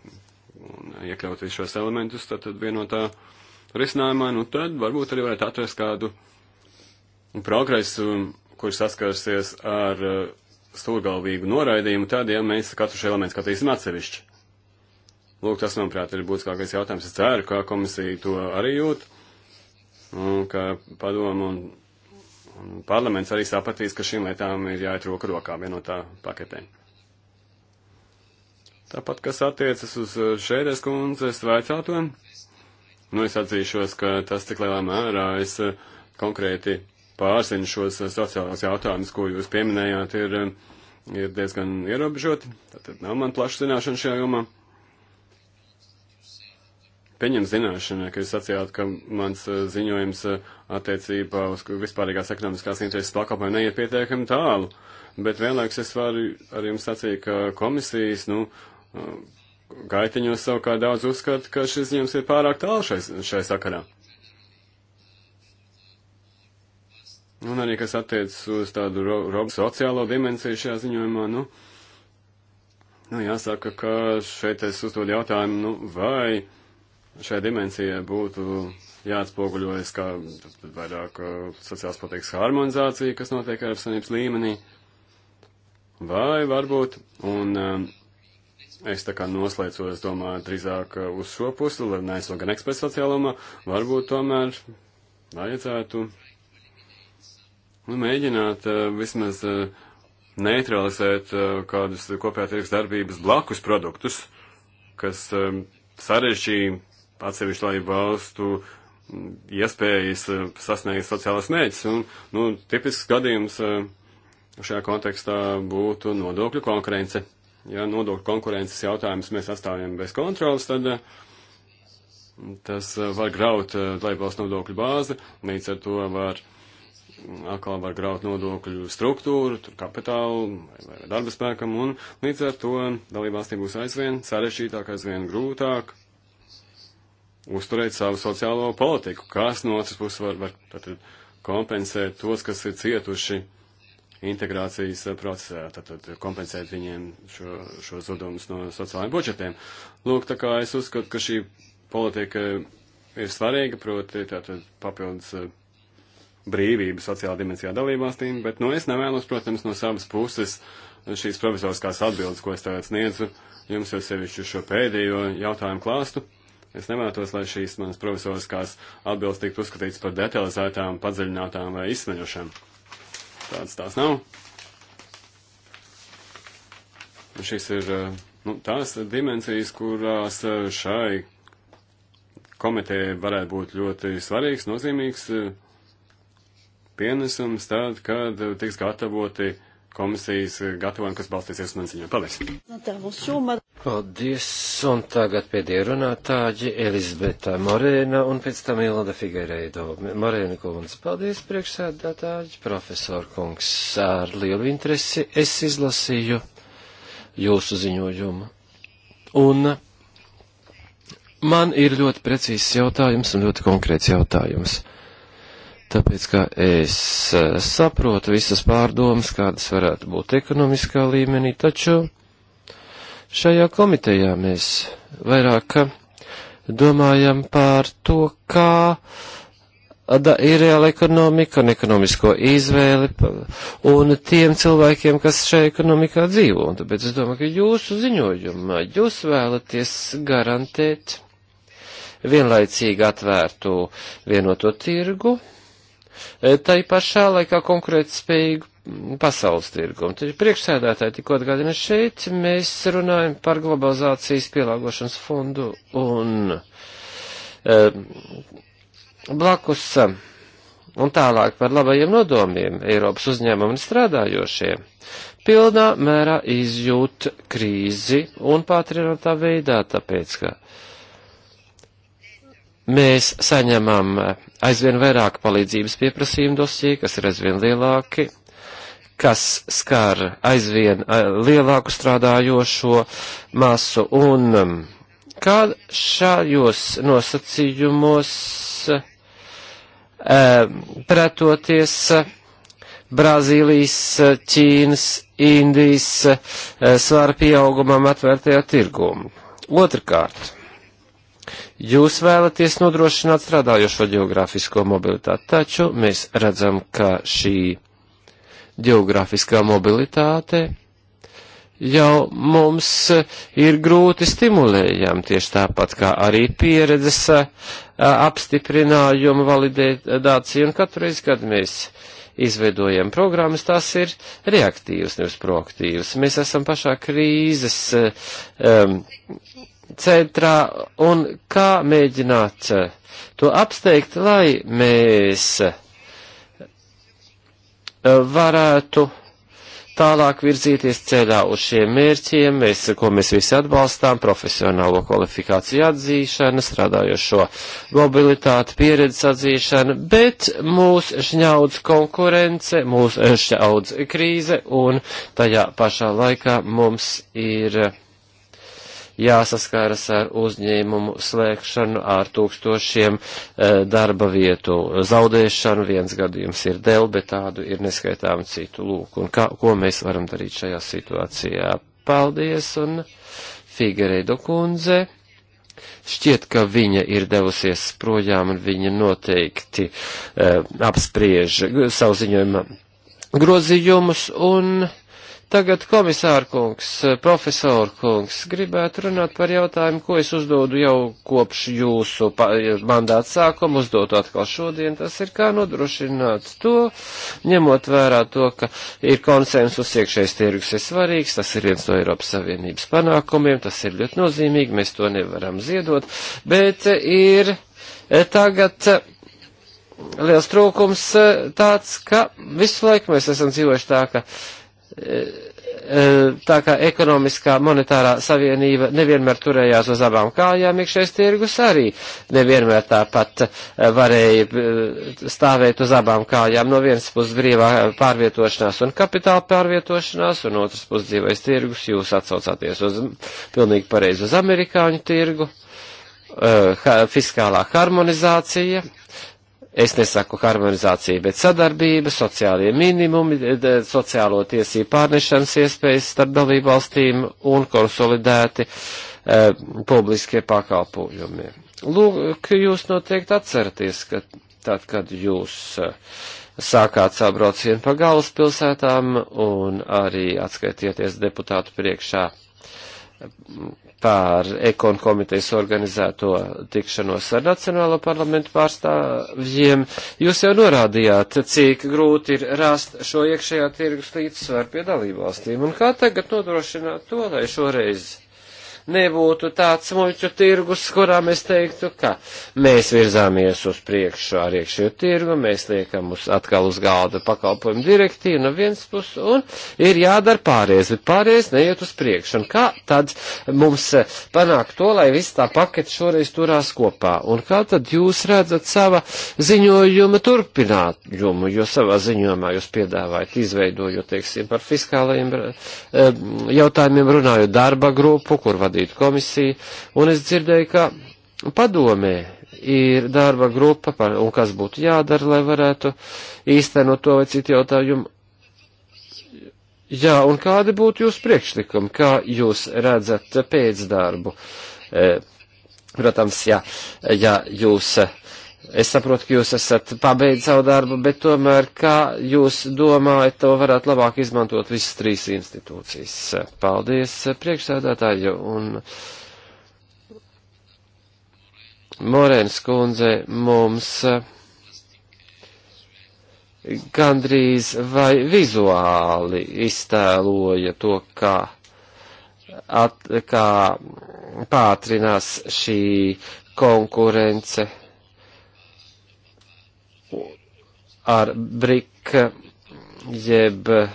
Speaker 3: un iekļaut visus šos elementus, tad, tad vienotā. No risinājumā, nu tad varbūt arī varētu atrast kādu progresu, kurš saskarsies ar uh, stūrgalvīgu noraidījumu, tad, ja mēs katru šo elementu skatīsim atsevišķi. Lūk, tas, manuprāt, ir būtiskākais jautājums. Es ceru, ka komisija to arī jūt, un nu, ka padomu un, un parlaments arī sapratīs, ka šīm lietām ir jāiet roka rokā vienotā paketē. Tāpat, kas attiecas uz uh, šeides kundzes vaicāto, Nu, es atzīšos, ka tas tik lielā mērā es eh, konkrēti pārzinu šos eh, sociālos jautājumus, ko jūs pieminējāt, ir, eh, ir diezgan ierobežoti. Tātad nav man plaša zināšana šajā jomā. Pieņem zināšana, ka jūs sacījāt, ka mans ziņojums attiecībā uz vispārīgās ekonomiskās intereses pakalpojumu neiet pietiekami tālu, bet vienlaiks es varu ar jums sacīt, ka komisijas, nu, Gaitiņos savukārt daudz uzskata, ka šis ziņojums ir pārāk tālu šai, šai sakarā. Un arī, kas attiecas uz tādu ro, ro, sociālo dimensiju šajā ziņojumā, nu, nu, jāsaka, ka šeit es uzdodu jautājumu, nu, vai šai dimensijai būtu jāatspoguļojas kā vairāk uh, sociāls pateiks harmonizācija, kas notiek Eiropas Savienības līmenī, vai varbūt, un um, Es tā kā noslēdzos, domāju, drīzāk uh, uz šo pusi, lai neesmu gan eksperts sociālumā, varbūt tomēr vajadzētu nu, mēģināt uh, vismaz uh, neutralizēt uh, kādus kopējā tirgus darbības blakus produktus, kas uh, um, sarežģīja atsevišķu laivu valstu mm, iespējas uh, sasniegt sociālas mēģis. Un, nu, tipisks gadījums uh, šajā kontekstā būtu nodokļu konkurence ja nodokļu konkurences jautājumus mēs atstājam bez kontrolas, tad eh, tas eh, var graut eh, laibvalsts nodokļu bāzi, līdz ar to var mm, atkal var graut nodokļu struktūru, kapitālu vai, vai darba spēkam, un līdz ar to dalībvalstī būs aizvien sarešķītāk, aizvien grūtāk uzturēt savu sociālo politiku, kas no otras puses var, var tātad, kompensēt tos, kas ir cietuši uh, integrācijas eh, procesā, tātad kompensēt viņiem šo, šo zudumus no sociālajiem budžetiem. Lūk, tā kā es uzskatu, ka šī politika ir svarīga, proti, tātad papildus eh, brīvība sociāla dimensijā dalībvalstīm, bet, nu, es nevēlos, protams, no savas puses šīs provizoriskās atbildes, ko es tagad sniedzu, jums jau sevišķi šo pēdējo jautājumu klāstu. Es nevētos, lai šīs manas provizoriskās atbildes tiktu uzskatītas par detalizētām, padziļinātām vai izsmeļošām tādas tās nav. Un šis ir eh, nu, tās dimensijas, kurās eh, šai komitejai varētu būt ļoti svarīgs, nozīmīgs eh, pienesums tad, kad tiks gatavoti uh, komisijas gatavojumu, kas balstīsies man ziņā. Paldies! Paldies!
Speaker 2: Un tagad pēdējie runātāji Elizabeta Morēna un pēc tam Ilda Figueiredo. Morēna kundze, paldies priekšsēdētāji, profesor kungs, ar lielu interesi es izlasīju jūsu ziņojumu. Un man ir ļoti precīzs jautājums un ļoti konkrēts jautājums. Tāpēc, kā es eh, saprotu visas pārdomas, kādas varētu būt ekonomiskā līmenī, taču šajā komitejā mēs vairāk eh, domājam par to, kā ir reāla ekonomika un ekonomisko izvēli un tiem cilvēkiem, kas šajā ekonomikā dzīvo. Un tāpēc es domāju, ka jūsu ziņojumā jūs vēlaties garantēt vienlaicīgi atvērtu vienoto tirgu E, tai pašā laikā konkurētspējīgu mm, pasaules tirgu. Un taču priekšsēdētāji tikko atgādina šeit, mēs runājam par globalizācijas pielāgošanas fondu un um, blakus e, un tālāk par labajiem nodomiem Eiropas uzņēmumiem strādājošiem. Pilnā mērā izjūt krīzi un pātrinātā veidā, tāpēc, ka Mēs saņemam eh, aizvien vairāk palīdzības pieprasījumu dosiju, kas ir aizvien lielāki, kas skar aizvien eh, lielāku strādājošo masu un um, kā šajos nosacījumos eh, pretoties Brazīlijas, Ķīnas, Indijas svāra pieaugumam atvērtajā tirgumā. Otrkārt, Jūs vēlaties nodrošināt strādājošo geogrāfisko mobilitāti, taču mēs redzam, ka šī geogrāfiskā mobilitāte jau mums ir grūti stimulējama, tieši tāpat kā arī pieredzes apstiprinājuma validācija, un katru reizi, kad mēs izveidojam programmas, tās ir reaktīvas, nevis proaktīvas. Mēs esam pašā krīzes um, centrā un kā mēģināt eh, to apsteigt, lai mēs eh, varētu tālāk virzīties ceļā uz šiem mērķiem, mēs, ko mēs visi atbalstām, profesionālo kvalifikāciju atzīšana, strādājošo mobilitāti, pieredzes atzīšana, bet mūs šņaudz konkurence, mūs šņaudz krīze un tajā pašā laikā mums ir jāsaskaras ar uzņēmumu slēgšanu, ar tūkstošiem e, darba vietu zaudēšanu. Viens gadījums ir Dell, bet tādu ir neskaitām citu lūk. Un kā, ko mēs varam darīt šajā situācijā? Paldies un Figereido kundze. Šķiet, ka viņa ir devusies projām un viņa noteikti uh, apspriež savu ziņojumu grozījumus un Tagad komisāra kungs, profesora kungs, gribētu runāt par jautājumu, ko es uzdodu jau kopš jūsu mandāta sākuma, uzdotu atkal šodien. Tas ir kā nodrošināt to, ņemot vērā to, ka ir konsensus iekšējais tirgus ir svarīgs, tas ir viens no Eiropas Savienības panākumiem, tas ir ļoti nozīmīgi, mēs to nevaram ziedot, bet ir tagad liels trūkums tāds, ka visu laiku mēs esam dzīvojuši tā, ka Eh, eh, tā kā ekonomiskā monetārā savienība nevienmēr turējās uz abām kājām, iekšējais tirgus arī nevienmēr tāpat eh, varēja stāvēt uz abām kājām. No vienas puses brīvā pārvietošanās un kapitāla pārvietošanās, un otras puses dzīvais tirgus, jūs atsaucāties uz pilnīgi pareizi uz amerikāņu tirgu, fiskālā harmonizācija es nesaku harmonizācija, bet sadarbība, sociālie minimumi, sociālo tiesību pārnešanas iespējas starp dalību valstīm un konsolidēti eh, publiskie pakalpojumi. Lūk, jūs noteikti atceraties, ka tad, kad jūs e, sākāt savu braucienu pa galvaspilsētām un arī atskaitieties deputātu priekšā pār ekonu komitejas organizēto tikšanos ar Nacionālo parlamentu pārstāvjiem. Jūs jau norādījāt, cik grūti ir rast šo iekšējā tirgus līdzsvaru pie dalībvalstīm, un kā tagad nodrošināt to, lai šoreiz nebūtu tāds muļķu tirgus, kurā mēs teiktu, ka mēs virzāmies uz priekšu ar iekšējo tirgu, mēs liekam uz atkal uz galda pakalpojumu direktīvu no viens puses un ir jādara pārējais, bet pārējais neiet uz priekšu. Un kā tad mums panāk to, lai viss tā paketi šoreiz turās kopā? Un kā tad jūs redzat sava ziņojuma turpinājumu, jo savā ziņojumā jūs piedāvājat izveidojot, teiksim, par fiskālajiem eh, jautājumiem runājot darba grupu, kur vadīt nosūtītu komisiju, un es dzirdēju, ka padomē ir darba grupa, par, un kas būtu jādara, lai varētu īstenot to vai citu jautājumu. Jā, un kādi būtu jūsu priekšlikumi, kā jūs redzat pēcdarbu? E, protams, jā, ja jūs. E, Es saprotu, ka jūs esat pabeidz savu darbu, bet tomēr, kā jūs domājat, to varētu labāk izmantot visas trīs institūcijas. Paldies priekšsēdētāju un Morēns kundze mums gandrīz vai vizuāli iztēloja to, kā, at, kā pātrinās šī konkurence ar BRIK jeb eh,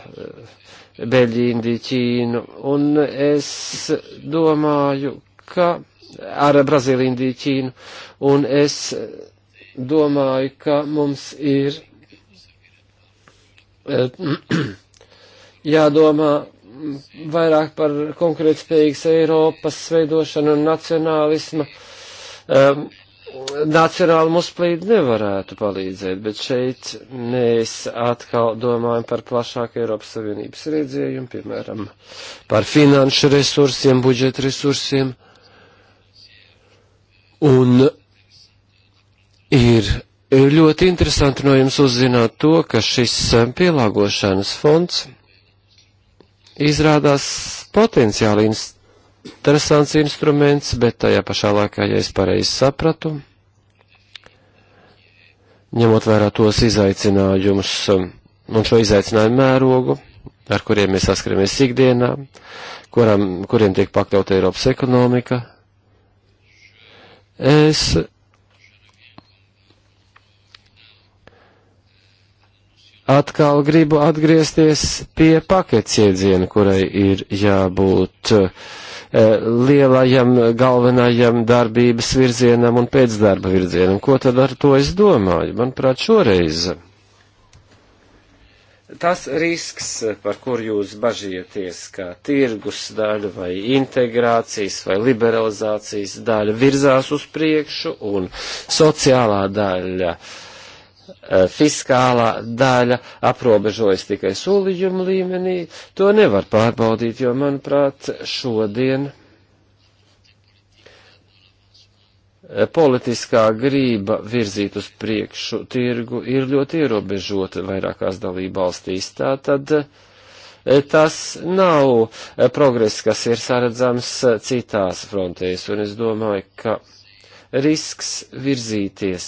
Speaker 2: Beļģīndi, Ķīnu, un es domāju, ka ar Brazīliju, Indiju, Ķīnu, un es domāju, ka mums ir eh, <clears throat> jādomā vairāk par konkurētspējīgas Eiropas veidošanu un nacionālismu. Um, eh, nacionāli musplīdi nevarētu palīdzēt, bet šeit mēs atkal domājam par plašāku Eiropas Savienības redzējumu, piemēram, par finanšu resursiem, budžeta resursiem. Un ir ļoti interesanti no jums uzzināt to, ka šis pielāgošanas fonds izrādās potenciāli institūts interesants instruments, bet tajā pašā laikā, ja es pareizi sapratu, ņemot vērā tos izaicinājumus um, un šo izaicinājumu mērogu, ar kuriem mēs saskaramies ikdienā, kuram, kuriem tiek pakļauta Eiropas ekonomika, es atkal gribu atgriezties pie paketes iedziena, kurai ir jābūt uh, Eh, lielajam galvenajam darbības virzienam un pēcdarba virzienam. Ko tad ar to es domāju? Manuprāt, šoreiz tas risks, par kur jūs bažieties, kā tirgus daļa vai integrācijas vai liberalizācijas daļa virzās uz priekšu un sociālā daļa uh, Eh, fiskālā daļa aprobežojas tikai solījuma līmenī, to nevar pārbaudīt, jo, manuprāt, šodien eh, politiskā grība virzīt uz priekšu tirgu ir ļoti ierobežota vairākās dalība valstīs. Tātad eh, tas nav progress, kas ir saredzams citās frontēs, un es domāju, ka risks virzīties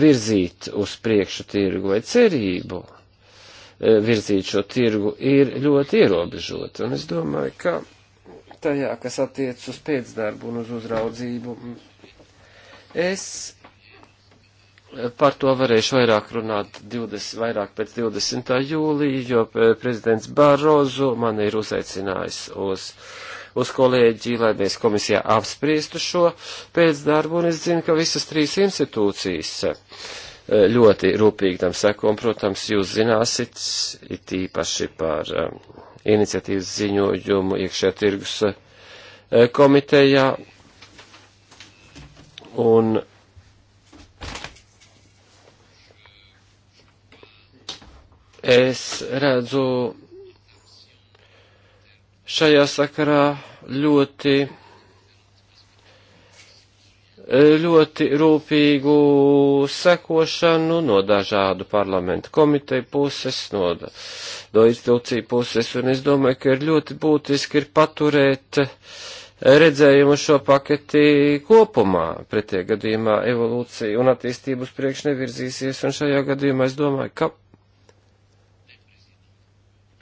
Speaker 2: virzīt uz priekšu tirgu vai cerību e, virzīt šo tirgu ir ļoti ierobežota. Un es domāju, ka tajā, kas attiec uz pēcdarbu un uz uzraudzību, es par to varēšu vairāk runāt 20, vairāk pēc 20. jūlija, jo e, prezidents Barozu man ir uzaicinājis uz uz kolēģi, lai mēs komisijā apspriestu šo pēcdarbu, un es zinu, ka visas trīs institūcijas eh, ļoti rūpīgi tam seko, un, protams, jūs zināsit, it īpaši par eh, iniciatīvas ziņojumu iekšē tirgus eh, komitejā, un es redzu šajā sakarā ļoti, ļoti rūpīgu sekošanu no dažādu parlamentu komiteju puses, no, no institūciju puses, un es domāju, ka ir ļoti būtiski ir paturēt redzējumu šo paketi kopumā, pretie gadījumā evolūcija un attīstības priekš nevirzīsies, un šajā gadījumā es domāju, ka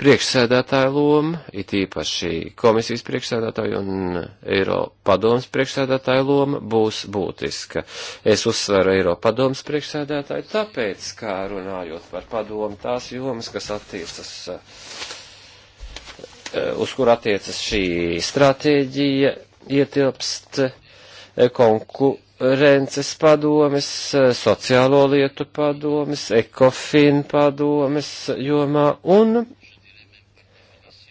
Speaker 2: priekšsēdētāja loma, it īpaši komisijas priekšsēdētāja un Eiropadomas priekšsēdētāja loma būs būtiska. Es uzsveru Eiropadomas priekšsēdētāju, tāpēc, kā runājot par padomu, tās jomas, kas attiecas, eh, uz kur attiecas šī stratēģija, ietilpst eh, konkurence Rences padomes, eh, sociālo lietu padomes, ekofin padomes jomā un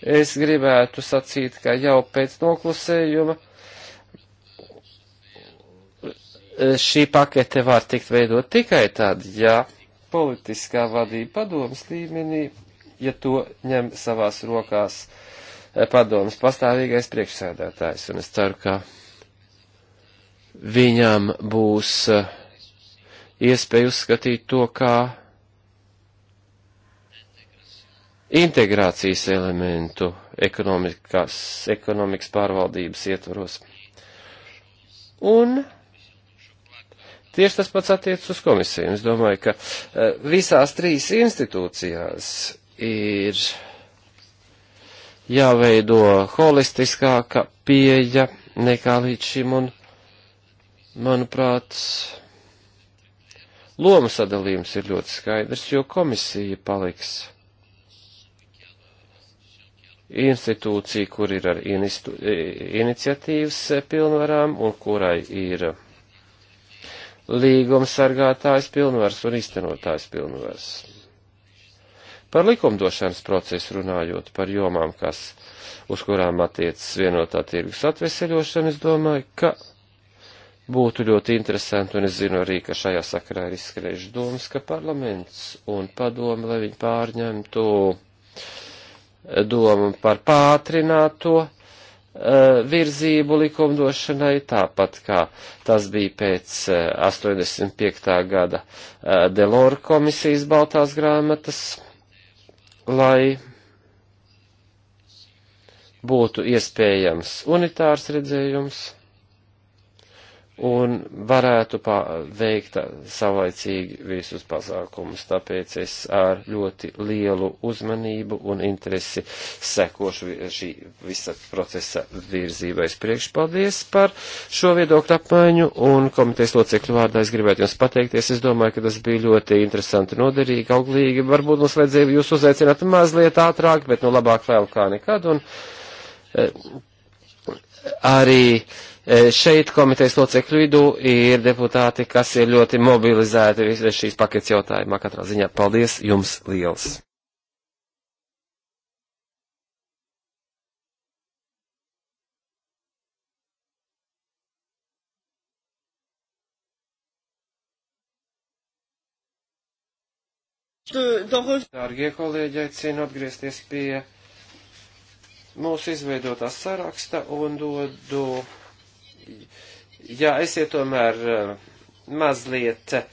Speaker 2: Es gribētu sacīt, ka jau pēc noklusējuma šī pakete var tikt veidot tikai tad, ja politiskā vadība padomas līmenī, ja to ņem savās rokās padomas pastāvīgais priekšsēdētājs. Un es ceru, ka viņam būs iespēja uzskatīt to kā integrācijas elementu ekonomikas, ekonomikas pārvaldības ietvaros. Un tieši tas pats attiec uz komisiju. Es domāju, ka eh, visās trīs institūcijās ir jāveido holistiskāka pieeja nekā līdz šim, un, manuprāt, loma sadalījums ir ļoti skaidrs, jo komisija paliks institūcija, kur ir ar inistu, e, iniciatīvas pilnvarām un kurai ir līguma sargātājs pilnvars un iztenotājs pilnvars. Par likumdošanas procesu runājot par jomām, kas, uz kurām attiecas vienotā tirgus atveseļošana, es domāju, ka būtu ļoti interesanti, un es zinu arī, ka šajā sakarā ir izskrējuši domas, ka parlaments un padomi, lai viņi pārņemtu domu par pātrināto uh, virzību likumdošanai, tāpat kā tas bija pēc uh, eh, 85. gada uh, eh, Delora komisijas baltās grāmatas, lai būtu iespējams unitārs redzējums un varētu veikt savlaicīgi visus pasākumus. Tāpēc es ar ļoti lielu uzmanību un interesi sekošu šī visa procesa virzībais priekš. Paldies par šo viedokļu apmaiņu un komitejas locekļu vārdā es gribētu jums pateikties. Es domāju, ka tas bija ļoti interesanti, noderīgi, auglīgi. Varbūt mums vajadzēja jūs uzaicināt mazliet ātrāk, bet nu labāk vēl kā nekad. Un, e, arī E, šeit komitejas locekļu vidū ir deputāti, kas ir ļoti mobilizēti visai šīs paketes jautājumā. Katrā ziņā paldies jums liels! Dārgie kolēģi, aicinu atgriezties pie mūsu izveidotā saraksta un dodu. Do jā, esiet tomēr eh, mazliet eh,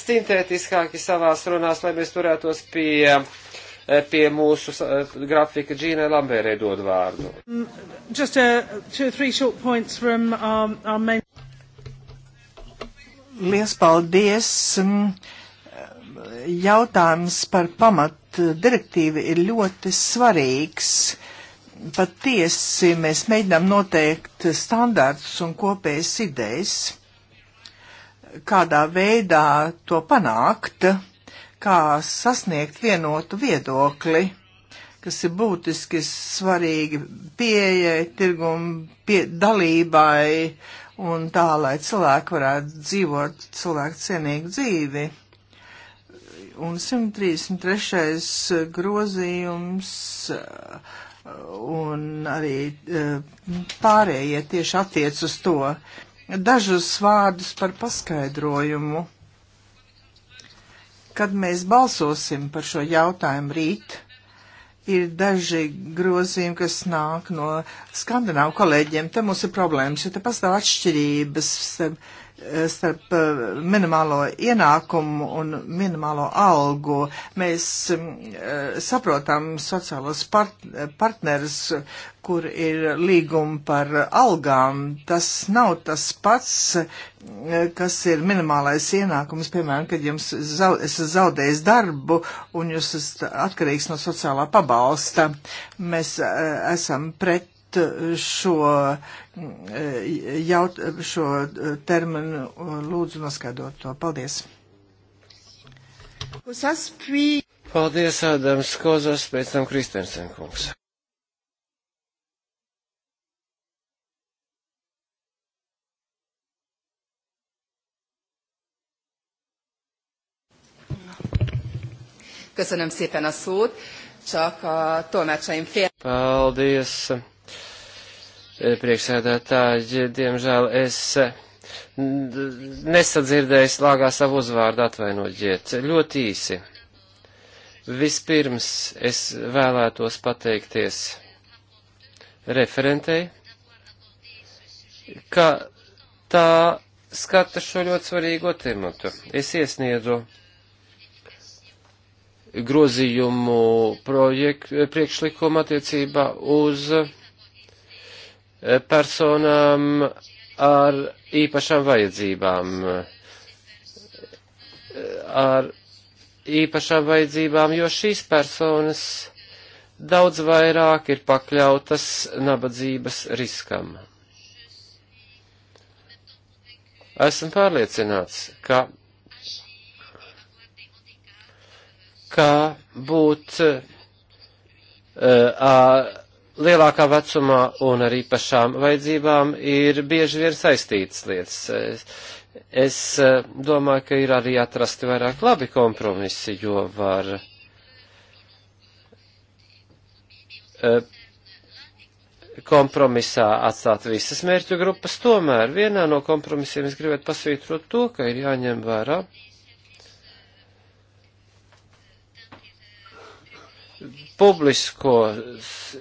Speaker 2: sintētiskāki savās runās, lai mēs turētos pie, eh, pie mūsu grafika Džīnai Lambērē dod vārdu.
Speaker 4: Mm, just a, uh, two, three short points from um, our, our main... Lies paldies. Mm, jautājums par pamat direktīvu ir ļoti svarīgs. Uh, patiesi mēs mēģinām noteikt standārtus un kopējas idejas, kādā veidā to panākt, kā sasniegt vienotu viedokli, kas ir būtiski svarīgi pieejai, tirgumu pie, dalībai un tā, lai cilvēki varētu dzīvot cilvēku cienīgu dzīvi un 133. grozījums un arī e, pārējie tieši attiec uz to. Dažus vārdus par paskaidrojumu. Kad mēs balsosim par šo jautājumu rīt, ir daži grozījumi, kas nāk no skandināvu kolēģiem. Te mums ir problēmas, jo te pastāv atšķirības starp eh, minimālo ienākumu un minimālo algu. Mēs mm, eh, saprotam sociālos part partnerus, kur ir līgumi par algām. Tas nav tas pats, eh, kas ir minimālais ienākums, piemēram, kad jums zaud, esat zaudējis darbu un jūs esat atkarīgs no sociālā pabalsta. Mēs esam pret šo, eh, jaut, šo terminu lūdzu noskaidrot to. Paldies!
Speaker 2: Paldies, Ādams Kozas, pēc tam Kristensen kungs.
Speaker 4: Köszönöm szépen a szót, csak a tolmácsaim fél.
Speaker 2: Paldies. Eh, priekšsēdētāji, diemžēl es eh, nesadzirdēju slāgā savu uzvārdu atvainojiet. Ļoti īsi. Vispirms es vēlētos pateikties referentei, ka tā skata šo ļoti svarīgo tematu. Es iesniedzu grozījumu projektu priekšlikumu attiecībā uz uh, personām ar īpašām vajadzībām, ar īpašām vajadzībām, jo šīs personas daudz vairāk ir pakļautas nabadzības riskam. Esmu pārliecināts, ka, ka būt uh, uh, lielākā vecumā un ar īpašām vajadzībām ir bieži vien saistītas lietas. Es eh, domāju, ka ir arī atrasti vairāk labi kompromisi, jo var eh, kompromisā atstāt visas mērķu grupas. Tomēr vienā no kompromisiem es gribētu pasvītrot to, ka ir jāņem vērā, publisko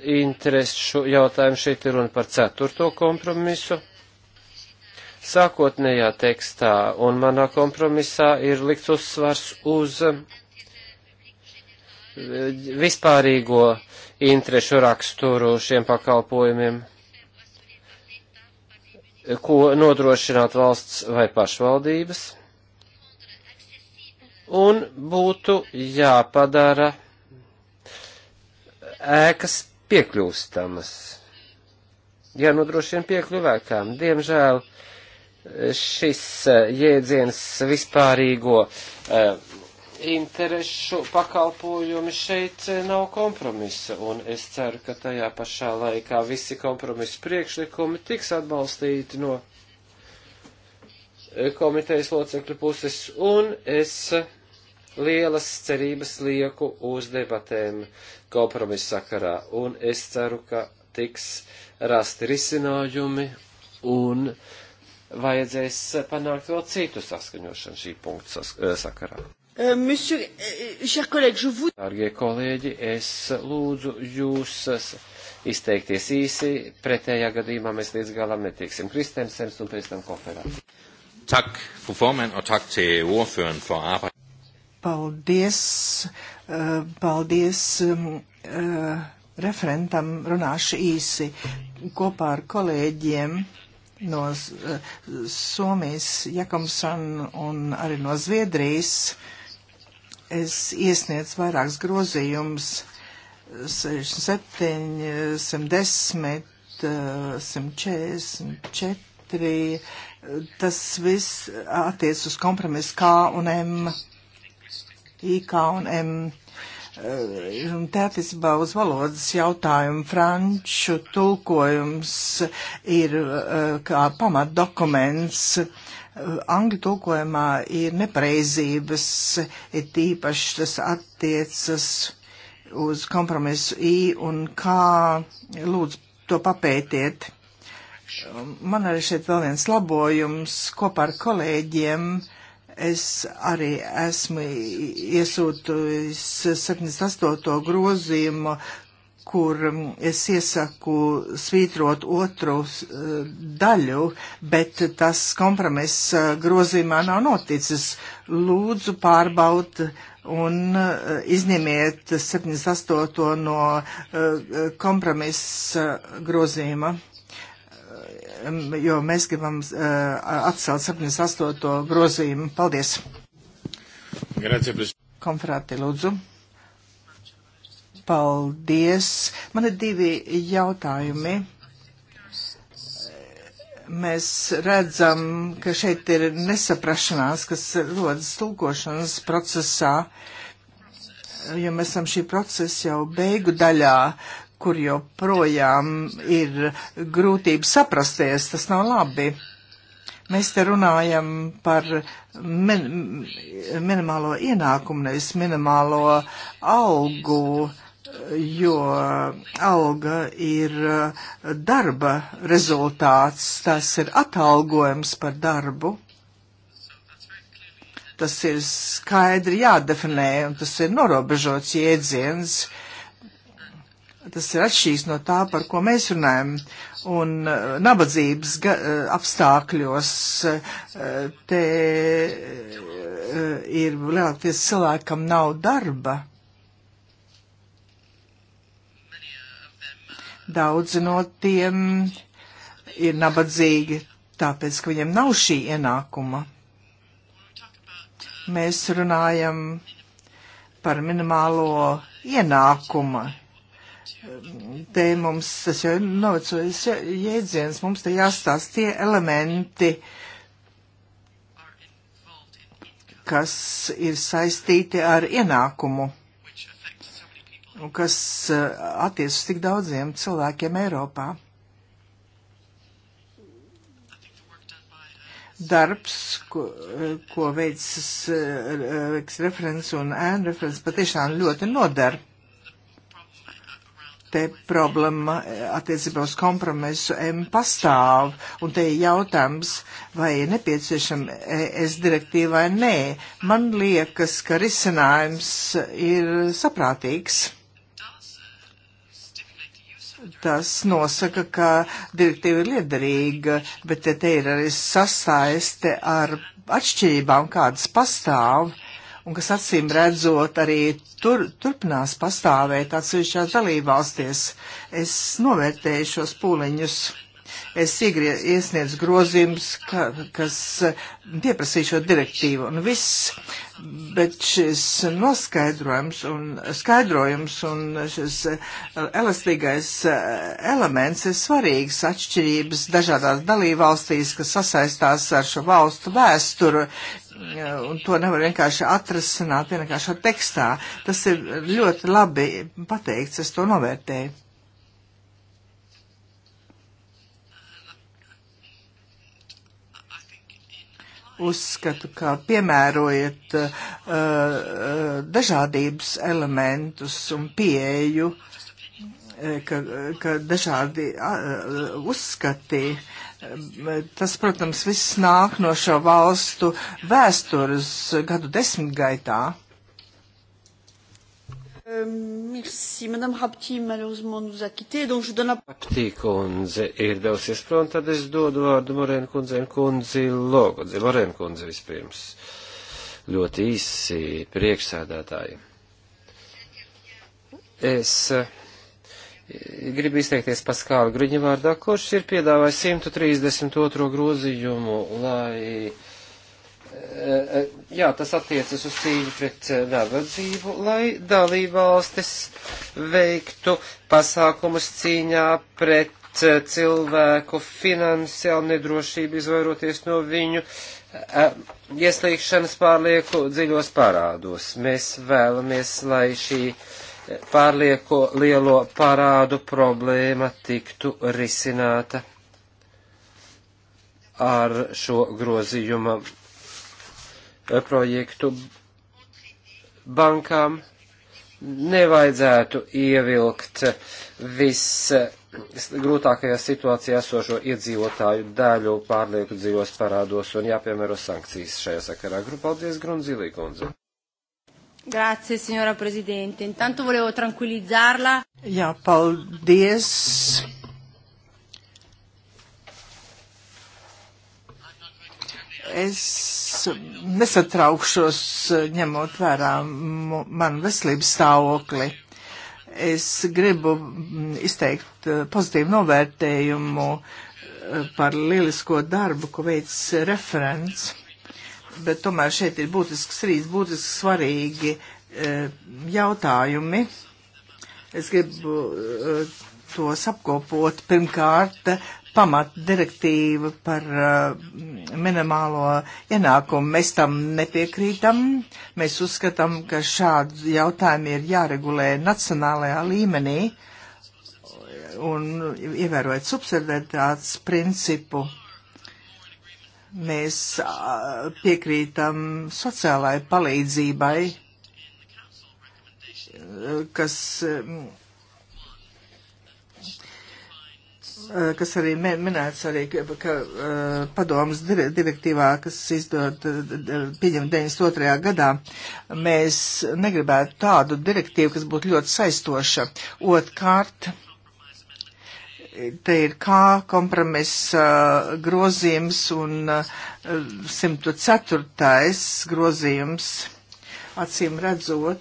Speaker 2: interesu jautājumu šeit ir runa par ceturto kompromisu. Sākotnējā tekstā un manā kompromisā ir likts uzsvars uz eh, vispārīgo interešu raksturu šiem pakalpojumiem, ko nodrošināt valsts vai pašvaldības, un būtu jāpadara ēkas piekļūstamas. Jā, nodrošina nu piekļuvēkām. Diemžēl eh, šis eh, jēdziens vispārīgo eh, interešu pakalpojumi šeit nav kompromisa, un es ceru, ka tajā pašā laikā visi kompromisa priekšlikumi tiks atbalstīti no komitejas locekļu puses, un es uh, lielas cerības lieku uz debatēm kompromisu sakarā, un es ceru, ka tiks rasti risinājumi un vajadzēs panākt vēl citu saskaņošanu šī punkta sask eh, sakarā.
Speaker 1: Euh, monsieur, euh, cher collègue, je vous...
Speaker 2: Dārgie kolēģi, es lūdzu jūs izteikties īsi, pretējā gadījumā mēs līdz galam netieksim. Kristēns Sems un pēc tam koferā.
Speaker 4: Tak, fru formand, og tak til ordføreren for arbejde. Paldies, eh, paldies mm, eh, referentam, runāšu īsi kopā ar kolēģiem no eh, Somijas, Jakomsan un arī no Zviedrijas. Es iesniedzu vairākus grozījumus 67, 110, 144. Tas viss attiec uz kompromisu K un M IK un M. Eh, Tētisībā uz valodas jautājumu franču tulkojums ir eh, kā pamatdokuments. Angļu tulkojumā ir nepareizības, ir tīpaši tas attiecas uz kompromisu I un kā lūdzu to papētiet. Man arī šeit vēl viens labojums kopā ar kolēģiem. Uh, Es arī esmu iesūtījis 78. grozījumu, kur mm, es iesaku svītrot otru daļu, bet tas kompromiss eh, grozījumā nav noticis. Lūdzu pārbaud un eh, izņemiet 78. no eh, kompromisa grozījuma jo mēs gribam eh, atcelt 78. grozījumu. Paldies! Konferāti, lūdzu. Paldies. Man ir divi jautājumi mēs redzam, ka šeit ir nesaprašanās, kas rodas tulkošanas procesā, jo mēs esam šī procesa jau beigu daļā, kur joprojām ir grūtības saprasties, tas nav labi. Mēs te runājam par min minimālo ienākumu, nevis minimālo algu, jo alga ir darba rezultāts, tas ir atalgojums par darbu tas ir skaidri jādefinē, un tas ir norobežots jēdziens tas ir atšķīs no tā, par ko mēs runājam. Un eh, nabadzības eh, apstākļos eh, te ir lielākties cilvēkam nav darba. Daudzi no tiem ir nabadzīgi, tāpēc, ka viņiem nav šī ienākuma. Mēs runājam par minimālo ienākumu Te mums tas jau ir novecojis jēdziens, mums te jāstāsta tie elementi, kas ir saistīti ar ienākumu, kas eh, attiec uz tik daudziem cilvēkiem Eiropā. darbs, ko, ko veids eh, referents un ēnu referents patiešām ļoti nodara te problēma attiecībā uz kompromisu M pastāv, un te ir jautājums, vai ir nepieciešama ES direktīva vai nē. Man liekas, ka risinājums ir saprātīgs. Tas nosaka, ka direktīva ir liederīga, bet te, te ir arī sasaiste ar atšķirībām, kādas pastāv. Uh, un kas acīm redzot arī tur, turpinās pastāvēt atsevišķās dalībvalstīs. Es novērtēju šos pūliņus. Es iegrie, iesniedzu grozījums, ka, kas pieprasīja šo direktīvu un viss, bet šis noskaidrojums un skaidrojums un šis elastīgais elements ir svarīgs atšķirības dažādās dalībvalstīs, kas sasaistās ar šo valstu vēsturu, un to nevar vienkārši atrasināt vienkārši ar tekstā. Tas ir ļoti labi pateikts, es to novērtēju. Uzskatu, ka piemērojat uh, uh, dažādības elementus un pieeju, eh, ka, ka dažādi uh, uzskati uh, Tas, protams, viss nāk no šo valstu vēstures gadu desmitgaitā.
Speaker 1: Merci, Madame Rapti, malheureusement nous a quitté, donc je donne la
Speaker 2: Rapti kundze ir devusies prom, tad es dodu vārdu Morēna kundzei un kundzi Logundzi. Morēna kundze vispirms. Ļoti īsi priekšsēdētāji. Es. Uh, gribu izteikties Paskāla Gruņa vārdā, kurš ir piedāvājis 132. grozījumu, lai. Eh, jā, tas attiecas uz cīņu pret eh, nabadzību, lai dalībvalstis veiktu pasākumus cīņā pret eh, cilvēku finansiālu nedrošību, izvairoties no viņu ieslīgšanas pārlieku dziļos parādos. Mēs vēlamies, lai šī pārlieko lielo parādu problēma tiktu risināta ar šo grozījuma projektu bankām. Nevajadzētu ievilkt visgrūtākajā situācijā esošo iedzīvotāju daļu pārlieku dzīvos parādos un jāpiemēro sankcijas šajā sakarā. Grupa, paldies, Grunzīlī kundze. Grazie signora Presidente. Intanto volevo tranquillizzarla.
Speaker 4: Jā, paldies. Es nesatraukšos ņemot vērā manu veselības stāvokli. Es gribu mm, izteikt eh, pozitīvu novērtējumu eh, par lielisko darbu, ko veids referents bet tomēr šeit ir būtisks trīs būtiski svarīgi e, jautājumi. Es gribu e, tos apkopot. Pirmkārt, pamatdirektīva par uh, minimālo ienākumu. Mēs tam nepiekrītam. Mēs uzskatām, ka šādi jautājumi ir jāregulē nacionālajā līmenī un ievērojot subsidiaritātes principu. Uh, Mēs piekrītam sociālai palīdzībai, kas kas arī minēts arī, ka padomas direktīvā, kas izdod pieņem 92. gadā, mēs negribētu tādu direktīvu, kas būtu ļoti saistoša. Otkārt, Te ir kā kompromiss uh, grozījums un uh, eh, 104. grozījums. Acīm redzot,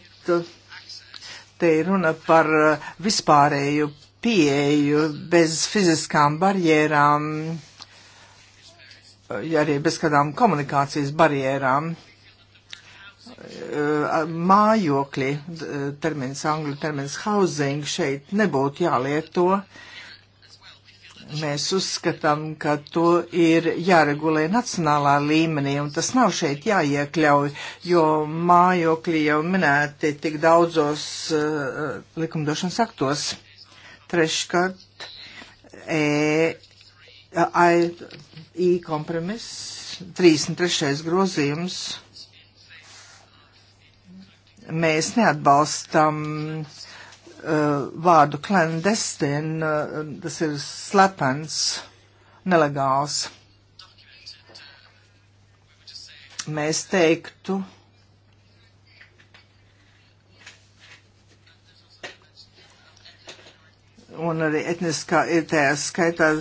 Speaker 4: te ir runa par uh, vispārēju pieeju bez fiziskām barjerām, eh, arī bez kādām komunikācijas barjerām mājokļi, termins angļu termins housing šeit nebūtu jālieto, mēs uzskatām, ka to ir jāregulē nacionālā līmenī, un tas nav šeit jāiekļauj, jo mājokļi jau minēti tik daudzos uh, likumdošanas aktos. Treškārt, e, I, I kompromiss, 33. grozījums. Mēs neatbalstam uh, Uh, vārdu clandestine, uh, tas ir slepens, nelegāls. Mēs teiktu, un arī etniskā, ir tajā skaitā,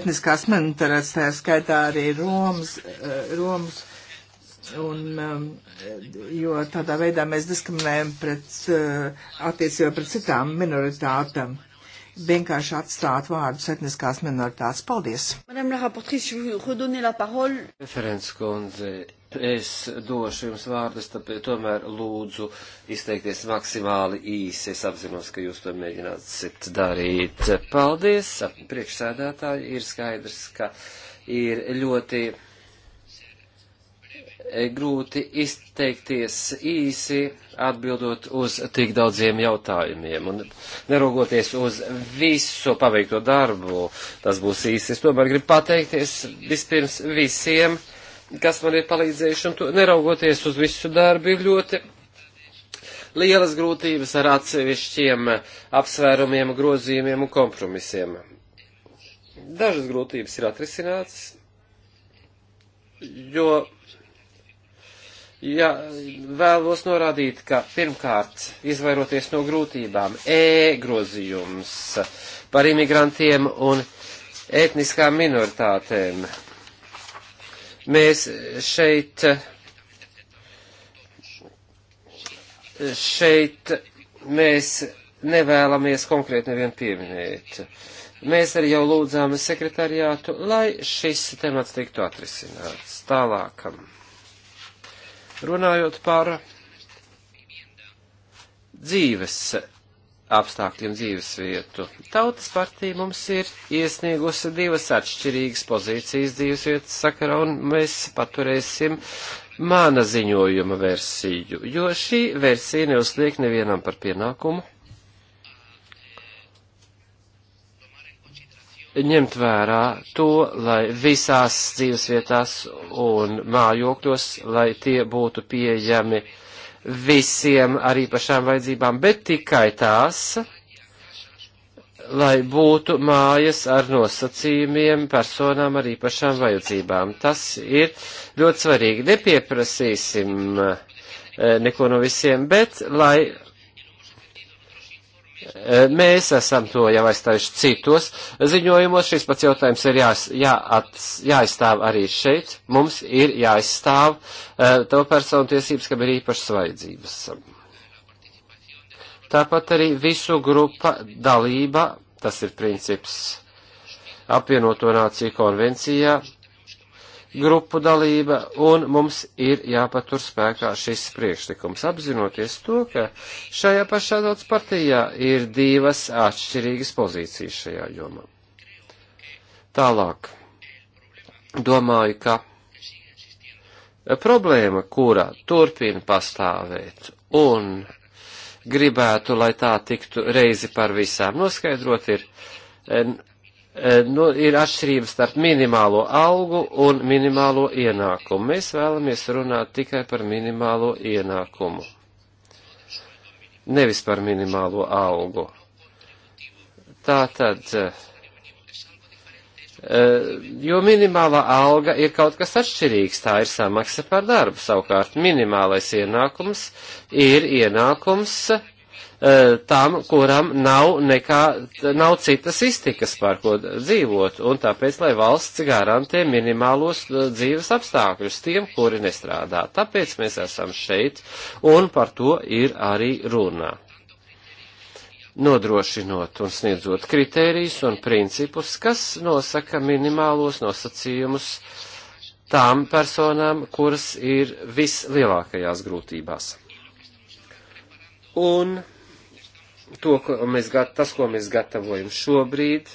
Speaker 4: etniskās minoritātes, tajā skaitā arī Romas, uh, Romas un, um, jo tādā veidā mēs diskriminējam pret, uh, attiecībā pret citām minoritātām. Vienkārši atstāt vārdus etniskās minoritātes. Paldies!
Speaker 2: Referents kundze, es došu jums vārdus, tāpēc tomēr lūdzu izteikties maksimāli īsi. Es apzinos, ka jūs to mēģināt darīt. Paldies! Priekšsēdētāji ir skaidrs, ka ir ļoti grūti izteikties īsi atbildot uz tik daudziem jautājumiem. Un neraugoties uz visu paveikto darbu, tas būs īsi. Es tomēr gribu pateikties vispirms visiem, kas man ir palīdzējuši, un to, neraugoties uz visu darbu, ir ļoti lielas grūtības ar atsevišķiem apsvērumiem, grozījumiem un kompromisiem. Dažas grūtības ir atrisinātas, jo ja vēlos norādīt, ka pirmkārt, izvairoties no grūtībām, e-grozījums par imigrantiem un etniskām minoritātēm. Mēs šeit, šeit mēs nevēlamies konkrēti nevienu pieminēt. Mēs arī jau lūdzām sekretariātu, lai šis temats tiktu atrisināts tālākam. Runājot par dzīves apstākļiem dzīves vietu. Tautas partija mums ir iesniegusi divas atšķirīgas pozīcijas dzīves vietas sakarā, un mēs paturēsim mana ziņojuma versiju, jo šī versija neuzliek nevienam par pienākumu ņemt vērā to, lai visās dzīvesvietās un mājokļos, lai tie būtu pieejami visiem ar īpašām vajadzībām, bet tikai tās, lai būtu mājas ar nosacījumiem personām ar īpašām vajadzībām. Tas ir ļoti svarīgi. Nepieprasīsim eh, neko no visiem, bet lai E, mēs esam to jau aizstājuši citos ziņojumos. Šis pats jautājums ir jās, jāats, jāizstāv arī šeit. Mums ir jāizstāv uh, e, to personu tiesības, kam ir īpašas vajadzības. Tāpat arī visu grupa dalība, tas ir princips apvienoto nāciju konvencijā, grupu dalība, un mums ir jāpatur spēkā šis priekšlikums, apzinoties to, ka šajā pašā daudz partijā ir divas atšķirīgas pozīcijas šajā jomā. Tālāk. Domāju, ka problēma, kurā turpina pastāvēt, un gribētu, lai tā tiktu reizi par visām noskaidrot, ir Eh, nu, ir atšķirība starp minimālo algu un minimālo ienākumu. Mēs vēlamies runāt tikai par minimālo ienākumu, nevis par minimālo algu. Tā tad, eh, jo minimālā alga ir kaut kas atšķirīgs, tā ir samaksa par darbu, savukārt minimālais ienākums ir ienākums, Eh, tam, kuram nav, nekā, nav citas iztikas, par ko dzīvot, un tāpēc, lai valsts garantē minimālos eh, dzīves apstākļus tiem, kuri nestrādā. Tāpēc mēs esam šeit, un par to ir arī runā nodrošinot un sniedzot kritērijus un principus, kas nosaka minimālos nosacījumus tām personām, kuras ir vislielākajās grūtībās. Un to, ko mēs, tas, ko mēs gatavojam šobrīd,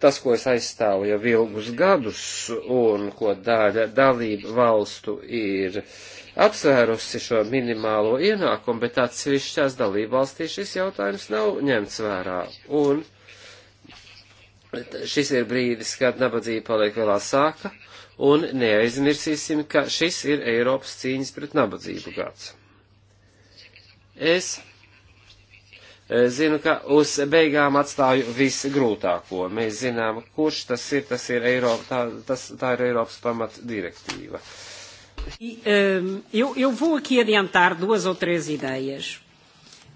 Speaker 2: tas, ko es aizstāvu jau ilgus gadus un ko daļa dalība valstu ir apsvērusi šo minimālo ienākumu, bet atsevišķās dalība valstī šis jautājums nav ņemts vērā. Un šis ir brīdis, kad nabadzība paliek vēl asāka, un neaizmirsīsim, ka šis ir Eiropas cīņas pret nabadzību gads. Es Eh, zinu, ka uz beigām atstāju visgrūtāko. Mēs zinām, kurš tas ir. Tas ir Eiropa, tā, tas, tā ir Eiropas pamat direktīva. I, um, eu, eu vou aqui adiantar duas ou três ideias,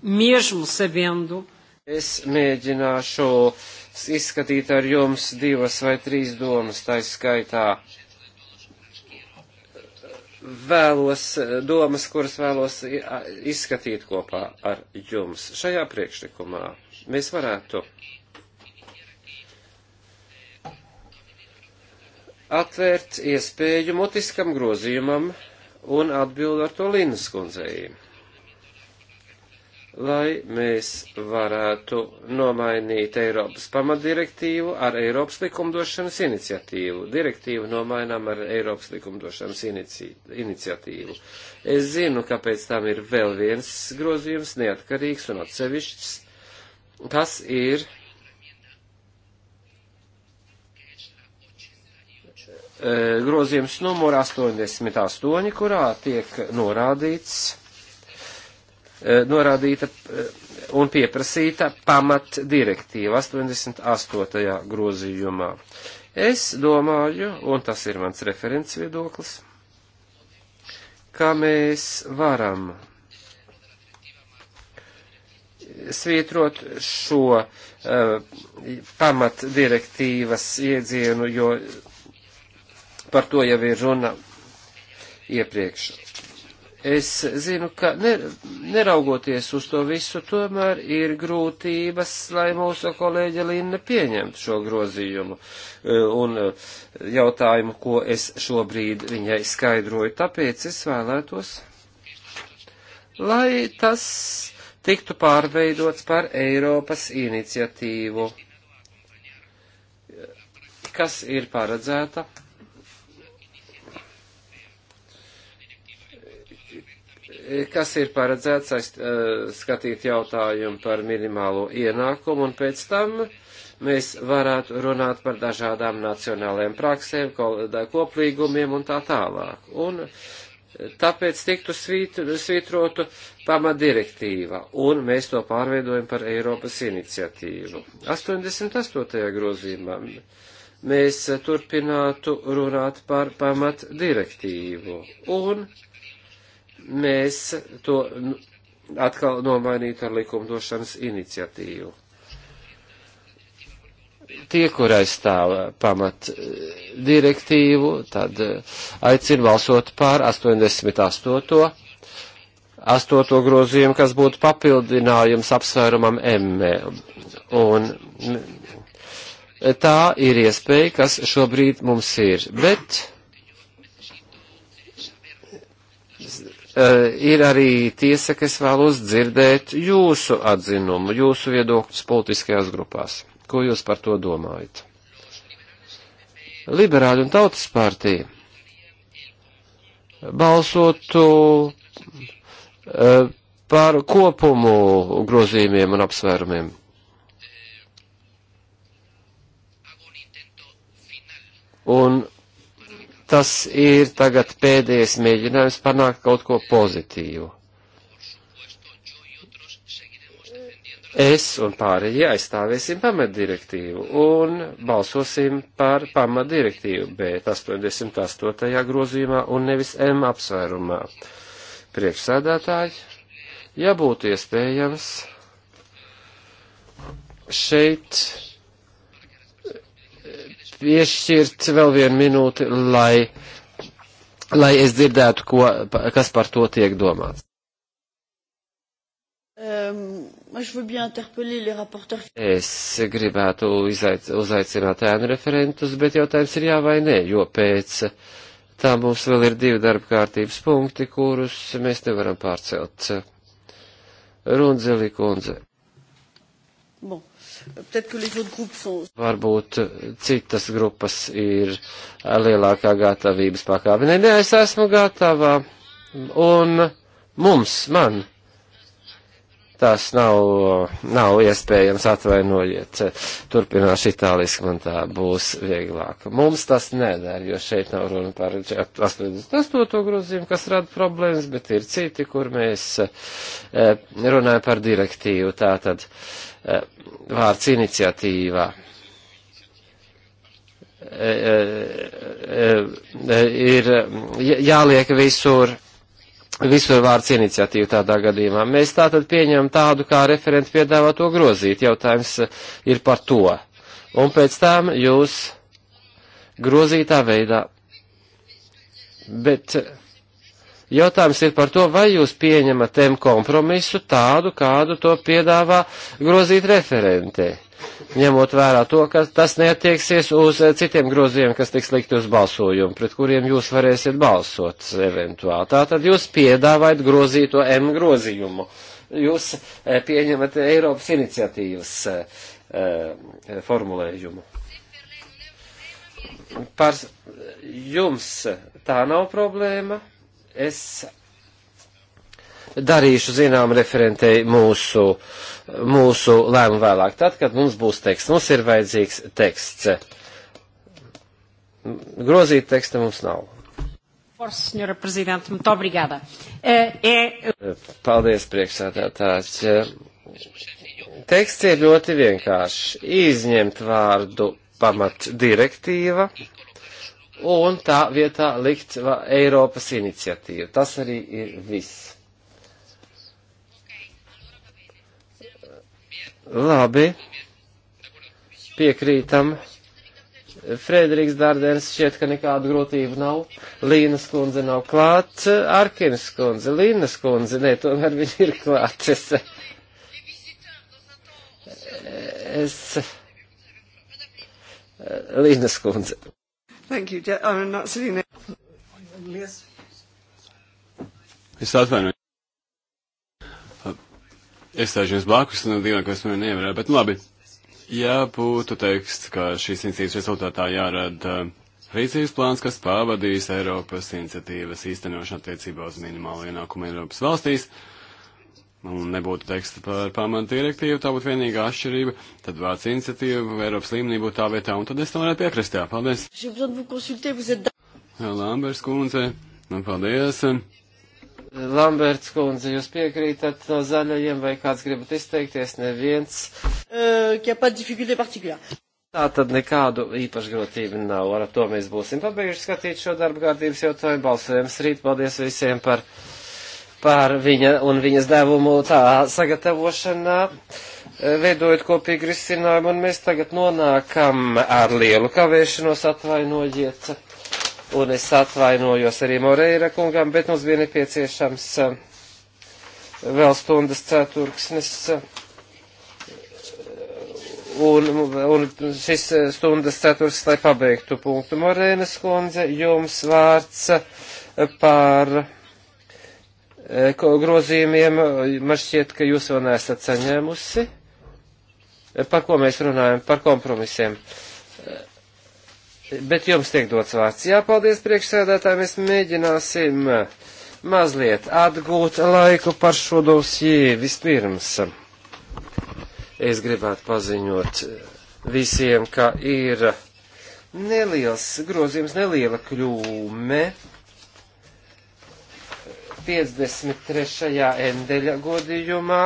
Speaker 2: mesmo sabendo. Es mēģināšu izskatīt ar jums divas vai trīs domas, tā skaitā. Uh, vēlos, eh, domas, kuras vēlos izskatīt kopā ar jums. Šajā priekšlikumā mēs varētu atvērt iespēju mutiskam grozījumam un atbildu ar to Linas kundzei lai mēs varētu nomainīt Eiropas pamatdirektīvu ar Eiropas likumdošanas iniciatīvu. Direktīvu nomainām ar Eiropas likumdošanas inici iniciatīvu. Es zinu, ka pēc tam ir vēl viens grozījums, neatkarīgs un atsevišķs. Tas ir. E, grozījums numur 88, kurā tiek norādīts Eh, norādīta eh, un pieprasīta pamat direktīva 88. grozījumā. Es domāju, un tas ir mans referents viedoklis, ka mēs varam svītrot šo uh, pamat direktīvas iedzienu, jo par to jau ir runa iepriekš. Es zinu, ka neraugoties uz to visu, tomēr ir grūtības, lai mūsu kolēģa Linna pieņemtu šo grozījumu e, un e, jautājumu, ko es šobrīd viņai skaidroju. Tāpēc es vēlētos, lai tas tiktu pārveidots par Eiropas iniciatīvu, kas ir paredzēta kas ir paredzēts aiz, eh, skatīt jautājumu par minimālo ienākumu, un pēc tam mēs varētu runāt par dažādām nacionālajām praksēm, koplīgumiem un tā tālāk. Un tāpēc tiktu svītru, svītrotu pamatdirektīva, un mēs to pārveidojam par Eiropas iniciatīvu. 88. grozījumā mēs turpinātu runāt par pamatdirektīvu, un mēs to atkal nomainītu ar likumdošanas iniciatīvu. Tie, kur aizstāv pamat eh, direktīvu, tad eh, aicinu balsot pār 88. 8. grozījumu, kas būtu papildinājums apsvērumam M. Un tā ir iespēja, kas šobrīd mums ir. Bet Eh, ir arī tiesa, ka es vēlos dzirdēt jūsu atzinumu, jūsu viedokļus politiskajās grupās. Ko jūs par to domājat? Liberāļu un tautas partija balsotu eh, par kopumu grozījumiem un apsvērumiem. Un tas ir tagad pēdējais mēģinājums panākt kaut ko pozitīvu. Es un pārējie aizstāvēsim pamatdirektīvu un balsosim par pamatdirektīvu, bet 88. grozījumā un nevis M apsvērumā. Priekšsēdētāji, ja būtu iespējams, šeit piešķirt vēl vienu minūti, lai, lai es dzirdētu, ko, kas par to tiek domāts.
Speaker 1: Um, es
Speaker 2: gribētu izaic, uzaicināt ēnu referentus, bet jautājums ir jā vai nē, jo pēc tā mums vēl ir divi darba kārtības punkti, kurus mēs nevaram pārcelt. Rundzeli kundze. Bon. Varbūt eh, citas grupas ir eh, lielākā gatavības pakāpenē. Nē, es esmu gatava. Un mums, man, tas nav, nav iespējams, atvainojiet, turpināšu itāliski, man tā būs vieglāk. Mums tas nedara, jo šeit nav runa par 88. grozījumu, kas rada problēmas, bet ir citi, kur mēs eh, runājam par direktīvu, tātad eh, vārds iniciatīvā eh, ir jāliek visur visur vārds iniciatīva tādā gadījumā. Mēs tātad pieņemam tādu, kā referenti piedāvā to grozīt. Jautājums eh, ir par to. Un pēc tam jūs grozītā veidā. Bet eh, jautājums ir par to, vai jūs pieņemat tem kompromisu tādu, kādu to piedāvā grozīt referentē ņemot vērā to, ka tas neatieksies uz eh, citiem groziem, kas tiks likt uz balsojumu, pret kuriem jūs varēsiet balsot eventuāli. Tātad jūs piedāvājat grozīto M grozījumu. Jūs eh, pieņemat Eiropas iniciatīvas eh, formulējumu. Par jums tā nav problēma. Es darīšu zinām referentei mūsu, mūsu lēmu vēlāk. Tad, kad mums būs teksts, mums ir vajadzīgs teksts. Grozīt teksta mums nav. Senhora Presidente, muito obrigada. Eh, é... Paldies, priekšsādātājs. Teksts ir ļoti vienkāršs. Izņemt vārdu pamat direktīva un tā vietā likt Eiropas iniciatīvu. Tas arī ir viss. Labi, piekrītam. Frederiks Dārdens šķiet, ka nekādu grūtību nav. Līnas kundze nav klāt, Arkinas kundze, Līnas kundze, nē, tomēr viņa ir klāt. Es, es, Līnas kundze.
Speaker 1: Thank you,
Speaker 4: I'm not seeing it. Yes.
Speaker 3: Es atvainoju. Es stāžu jums blakus, un nu, dīvaini, ka es mani nevarēju, bet nu labi. Ja būtu teksts, ka šīs iniciatīvas rezultātā jārada rīcības plāns, kas pavadīs Eiropas iniciatīvas īstenošanu attiecībā uz minimālo ienākumu Eiropas valstīs, un nebūtu teksta par pamatu direktīvu, tā būtu vienīgā atšķirība, tad vārds iniciatīva Eiropas līmenī būtu tā vietā, un tad es tam varētu piekrist, jā, paldies. Lambers kundze, nu paldies. Lamberts
Speaker 2: kundze, jūs piekrītat no zaļajiem vai kāds gribat izteikties? Neviens. Uh, Tā tad nekādu īpašu grotību nav, ar to mēs būsim pabeiguši skatīt šo darba kārtības jautājumu. Balsojums rīt, paldies visiem par, par viņa un viņas devumu tā sagatavošanā, veidojot kopīgu risinājumu, un mēs tagad nonākam ar lielu kavēšanos atvainojiet un es atvainojos arī Moreira kungam, bet mums bija nepieciešams eh, vēl stundas ceturksnis. Eh, un, un šis eh, stundas ceturks, lai pabeigtu punktu Morēnas kundze, jums vārds par grozījumiem, man šķiet, ka jūs vēl neesat saņēmusi. Par ko mēs runājam? Par kompromisiem. Uh, Bet jums tiek dots vārds. Jā, paldies priekšsēdētāji, mēs mēģināsim mazliet atgūt laiku par šo dosiju vispirms. Es gribētu paziņot visiem, ka ir neliels grozījums, neliela kļūme 53. endeļa godījumā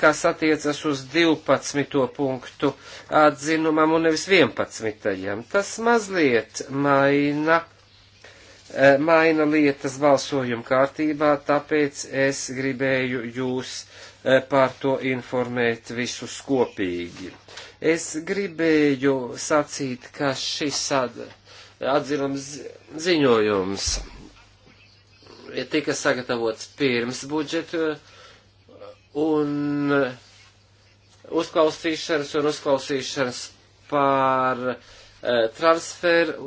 Speaker 2: kas attiecas uz 12. punktu atzinumam un nevis 11. Tas mazliet maina, eh, maina lietas balsojuma kārtībā, tāpēc es gribēju jūs eh, par to informēt visus kopīgi. Es gribēju sacīt, ka šis atzinums ziņojums tika sagatavots pirms budžeta un eh, uzklausīšanas un uzklausīšanas par uh, eh, transferu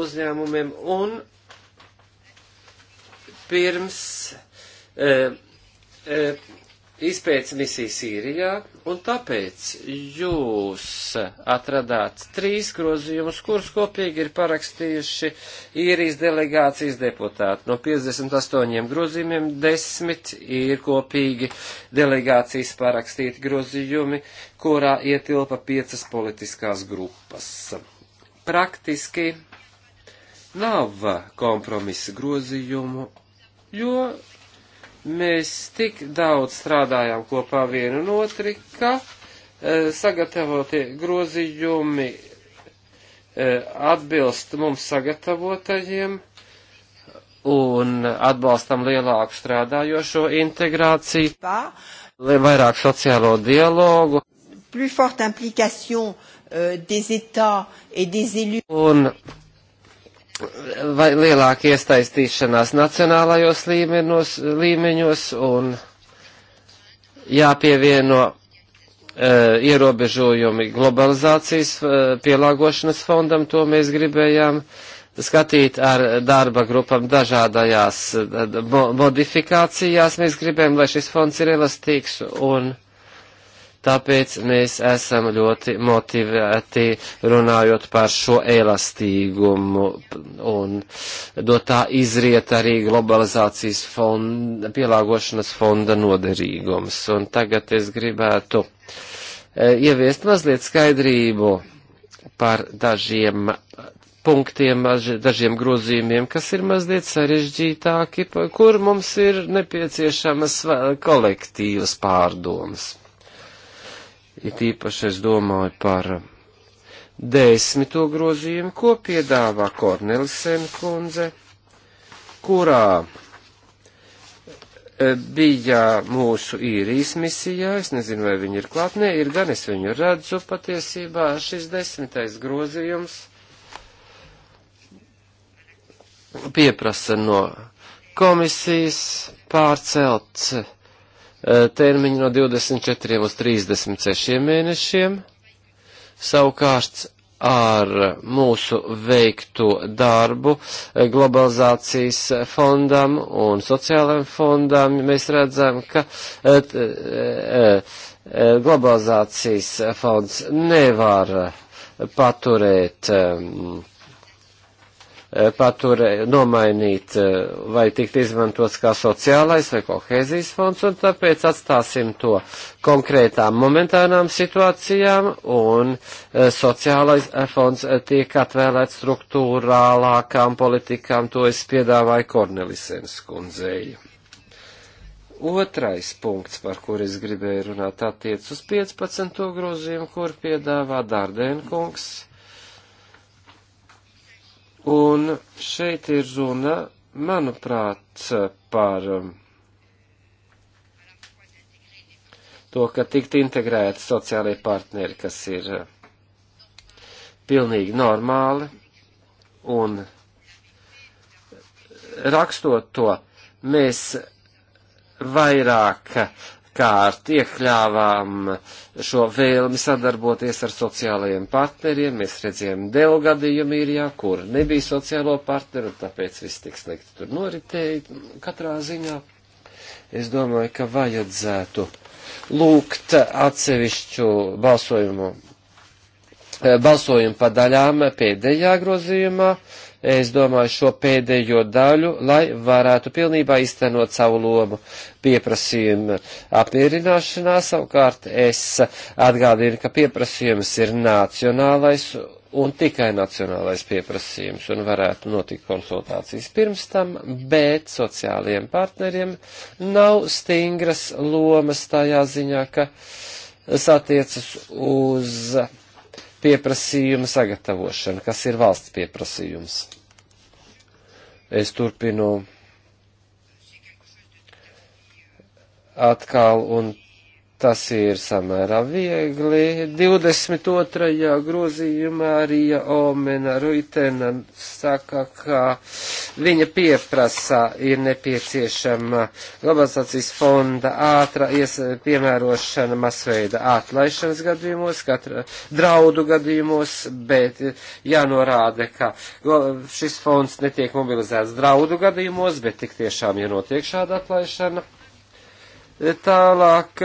Speaker 2: uzņēmumiem un pirms uh, eh, uh, izpētes misijas Sīrijā Un tāpēc jūs atradāt trīs grozījumus, kurus kopīgi ir parakstījuši īrijas delegācijas deputāti. No 58 grozījumiem 10 ir kopīgi delegācijas parakstīti grozījumi, kurā ietilpa piecas politiskās grupas. Praktiski nav kompromisa grozījumu, jo Mēs tik daudz strādājām kopā vienu un otri, ka e, sagatavotie grozījumi e, atbilst mums sagatavotajiem un atbalstam lielāku strādājošo integrāciju, vairāk sociālo dialogu. Plus
Speaker 1: forte implication euh, des États et des élus. Un
Speaker 2: vai lielāka iesaistīšanās nacionālajos līmenos, līmeņos un jāpievieno e, ierobežojumi globalizācijas e, pielāgošanas fondam, to mēs gribējām skatīt ar darba grupam dažādajās eh, modifikācijās. Mēs gribējām, lai šis fonds ir elastīgs un Tāpēc mēs esam ļoti motivēti runājot par šo elastīgumu un no tā izriet arī globalizācijas fonda, pielāgošanas fonda noderīgums. Un tagad es gribētu e, ieviest mazliet skaidrību par dažiem punktiem, dažiem grozījumiem, kas ir mazliet sarežģītāki, kur mums ir nepieciešamas e, kolektīvas pārdomas. It īpaši es domāju par desmito grozījumu, ko piedāvā Kornelisena kundze, kurā e, bija mūsu īrijas misijā, es nezinu, vai viņi ir klāt, nē, ir gan es viņu redzu patiesībā, šis desmitais grozījums pieprasa no komisijas pārcelt Eh, termiņu no 24 uz 36 mēnešiem. Savukārt ar mūsu veikto darbu eh, globalizācijas fondam un sociālajiem fondam mēs redzam, ka eh, globalizācijas fonds nevar paturēt um, Eh, patur eh, nomainīt eh, vai tikt izmantots kā sociālais vai kohēzijas fonds, un tāpēc atstāsim to konkrētām momentānām situācijām, un sociālais fonds tiek atvēlēts struktūrālākām politikām, to es piedāvāju Kornelisens kundzei. Otrais punkts, par kur es gribēju runāt, attiec uz 15. grozījumu, kur piedāvā Dārdēnkungs. kungs Un šeit ir runa, manuprāt, par um, to, ka tikt integrēti sociālie partneri, kas ir uh, pilnīgi normāli, un rakstot to, mēs vairāk pirmkārt iekļāvām šo vēlmi sadarboties ar sociālajiem partneriem. Mēs redzējām Dēlu gadījumu īrijā, kur nebija sociālo partneru, tāpēc viss tik slikti tur noritēja. Katrā ziņā es domāju, ka vajadzētu lūgt atsevišķu balsojumu, balsojumu padaļām pēdējā grozījumā. Uh, es domāju, šo pēdējo daļu, lai varētu pilnībā iztenot savu lomu pieprasījuma apmierināšanā. Savukārt es atgādinu, ka pieprasījums ir nacionālais un tikai nacionālais pieprasījums, un varētu notikt konsultācijas pirms tam, bet sociālajiem partneriem nav stingras lomas tajā ziņā, ka satiecas uz pieprasījuma sagatavošana, kas ir valsts pieprasījums. Es turpinu atkal un Tas ir samērā viegli. 22. grozījumā Rija Omena Ruitena saka, ka viņa pieprasa ir nepieciešama globalizācijas fonda ātra ies, piemērošana masveida atlaišanas gadījumos, katra draudu gadījumos, bet jānorāda, ka šis fonds netiek mobilizēts draudu gadījumos, bet tik tiešām, ja notiek šāda atlaišana. Tālāk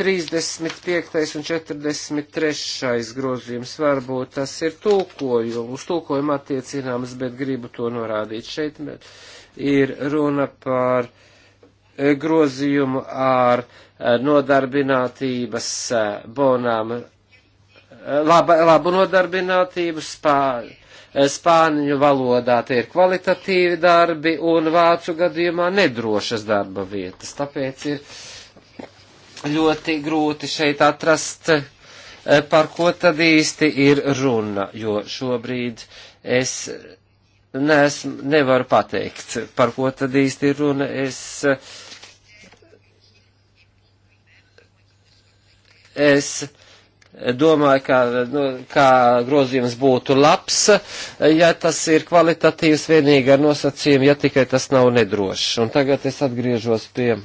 Speaker 2: 35. un 43. grozījums varbūt tas ir tulkojums, uz tulkojumu attiecināms, bet gribu to norādīt šeit. Ir runa par e, grozījumu ar e, nodarbinātības e, bonām, laba, labu nodarbinātību spāņu. Spāņu valodā tie ir kvalitatīvi darbi un vācu gadījumā nedrošas darba vietas. Tāpēc ir uh, ļoti grūti šeit atrast, eh, par ko tad īsti ir runa, jo šobrīd es nes, nevaru pateikt, par ko tad īsti ir runa. Es, es domāju, ka, nu, ka grozījums būtu labs, ja tas ir kvalitatīvs vienīgi ar nosacījumu, ja tikai tas nav nedrošs. Un tagad es atgriežos pie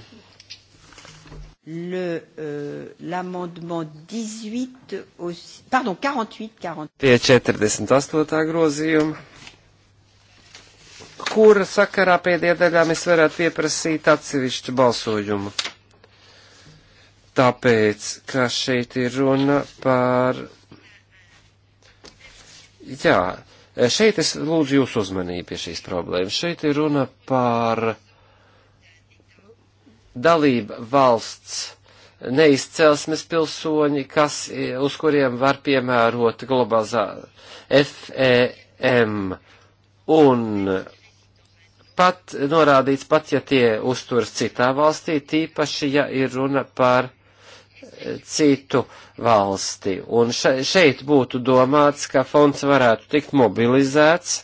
Speaker 1: Euh, l'amendement euh, 18, aussi, pardon, 48, 48.
Speaker 2: Pie 48. grozījuma, kura sakarā pēdējā daļā mēs varētu pieprasīt atsevišķu balsojumu. Tāpēc, ka šeit ir runa par. Jā, šeit es lūdzu jūsu uzmanību pie šīs problēmas. Šeit ir runa par dalība valsts neizcelsmes pilsoņi, kas, e, uz kuriem var piemērot globalizā FEM. Un pat norādīts, pat ja tie uzturas citā valstī, tīpaši, ja ir runa par e, citu valsti. Un šeit būtu domāts, ka fonds varētu tikt mobilizēts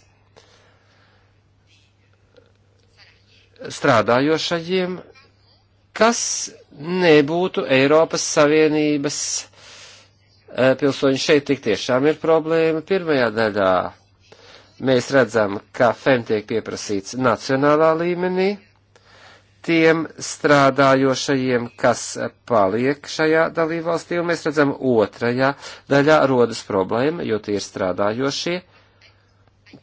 Speaker 2: strādājošajiem kas nebūtu Eiropas Savienības e, pilsoņi. Šeit tik tiešām ir problēma. Pirmajā daļā mēs redzam, ka FEM tiek pieprasīts nacionālā līmenī tiem strādājošajiem, kas paliek šajā dalībvalstī, un mēs redzam otrajā daļā rodas problēma, jo tie ir strādājošie,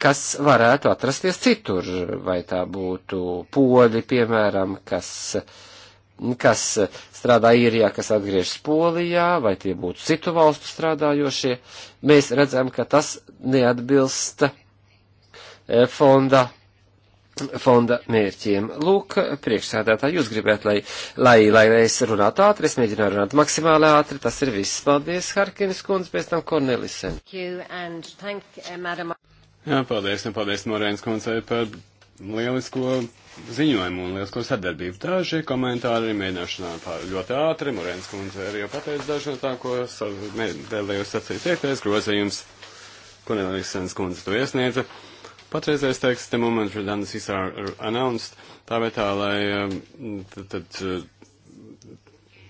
Speaker 2: kas varētu atrasties citur, vai tā būtu poļi, piemēram, kas uh, kas eh, strādā īrijā, kas atgriežas Polijā, vai tie būtu citu valstu strādājošie, mēs redzam, ka tas neatbilst eh, fonda, fonda mērķiem. Lūk, priekšsēdētāji, jūs gribētu, lai, lai, lai es runātu ātri, es mēģināju runāt maksimāli ātri, tas ir viss.
Speaker 3: Paldies, Harkinis kundze, pēc tam Kornelisen. Eh, Jā, paldies, un nu, paldies Norēns kundzei par lielisko ziņojumu un lielisko sadarbību. Daži komentāri arī mēģināšu ļoti ātri. Morēns kundze arī jau pateica dažu no tā, ko vēlējos sacīt. Piektais grozījums, ko Nelīsens kundze to iesniedza. Patreizais teiks, the moment redundancies are announced, tā vietā, lai um, tad, tad uh,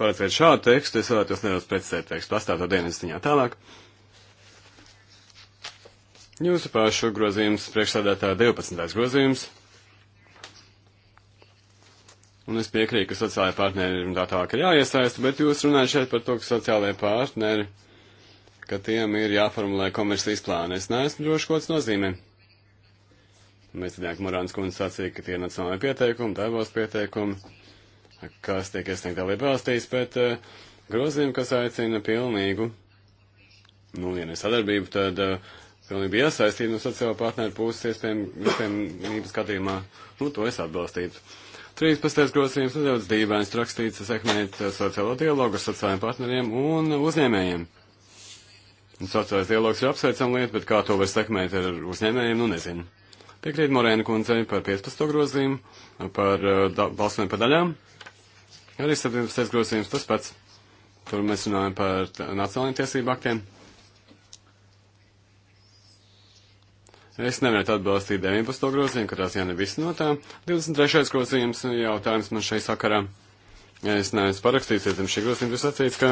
Speaker 3: paredzēt šādu tekstu, es vēlētos nedaudz precizēt tekstu, pastāv to dienas ziņā tālāk. Uh, Jūsu pašu grozījums priekšsādātā 12. grozījums. Un es piekrītu, ka sociālajie partneri ir tā tā, ka jāiesaista, bet jūs runājat šeit par to, ka sociālajie partneri, ka tiem ir jāformulē komercijas plāni. Es neesmu droši, ko tas nozīmē. Mēs dzirdējām, ka Morāns kundze sacīja, ka tie ir nacionālai pieteikumi, darbos pieteikumi, kas tiek iesniegt dalību valstīs, bet uh, grozījumi, kas aicina pilnīgu, nu, ja ne sadarbību, tad uh, pilnībā iesaistīti no sociāla partneru puses, iespējamības gadījumā, nu, to es atbalstītu. 13. grozījums nedaudz dīvains rakstīts, sekmēt sociālo dialogu ar sociālajiem partneriem un uzņēmējiem. Sociālais dialogs ir apsveicama lieta, bet kā to var sekmēt ar uzņēmējiem, nu nezinu. Piekrīt Morēna kundzei par 15. grozījumu, par uh, da, balsojumu par daļām. Arī 17. grozījums tas pats. Tur mēs runājam par nacionālajiem tiesību aktiem. Es nevarētu atbalstīt 19. grozījumu, katrā ziņā nevis no tā. 23. grozījums jautājums man šai sakarā. Es neesmu parakstījis, ja tam šī grozījuma ir sacīts, ka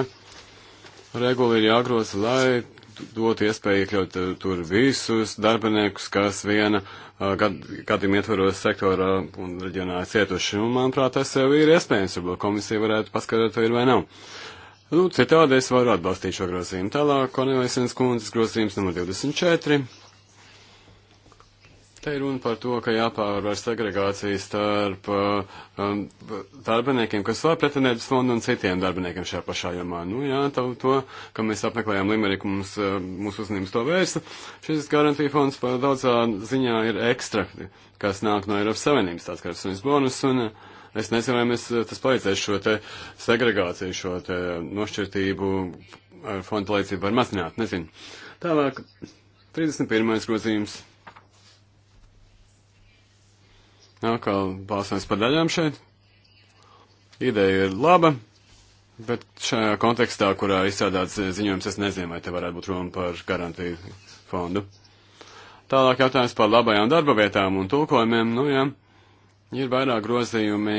Speaker 3: regula ir jāgroza, lai dotu iespēju iekļaut eh, tur visus darbiniekus, kas viena eh, gad, gadiem ietvaros sektora un reģionālā cietuši. Un, manuprāt, tas jau ir iespējams, varbūt komisija varētu paskatīt, vai ir vai nav. Nu, citādi es varu atbalstīt šo grozījumu. Tālāk, Konvencijas kundzes grozījums numur 24. Te ir runa par to, ka jāpārvar segregācija starp uh, um, darbiniekiem, kas var pretendēt uz fondu un citiem darbiniekiem šajā pašā jomā. Nu jā, tā, to, ka mēs apmeklējām Limeriku, mums, uh, mūsu uzņēmums to vērsta. Šis garantija fonds par daudzā ziņā ir ekstra, kas nāk no Eiropas Savienības, tāds kā sunis bonus, un uh, es nezinu, vai mēs tas palīdzēs šo te segregāciju, šo te nošķirtību ar fondu palīdzību var mazināt, nezinu. Tālāk, 31. grozījums. Atkal balsojums par daļām šeit. Ideja ir laba, bet šajā kontekstā, kurā izstrādāts ziņojums, es nezinu, vai te varētu būt runa par garantiju fondu. Tālāk jautājums par labajām darba vietām un tulkojumiem. Nu, jā, ir vairāk grozījumi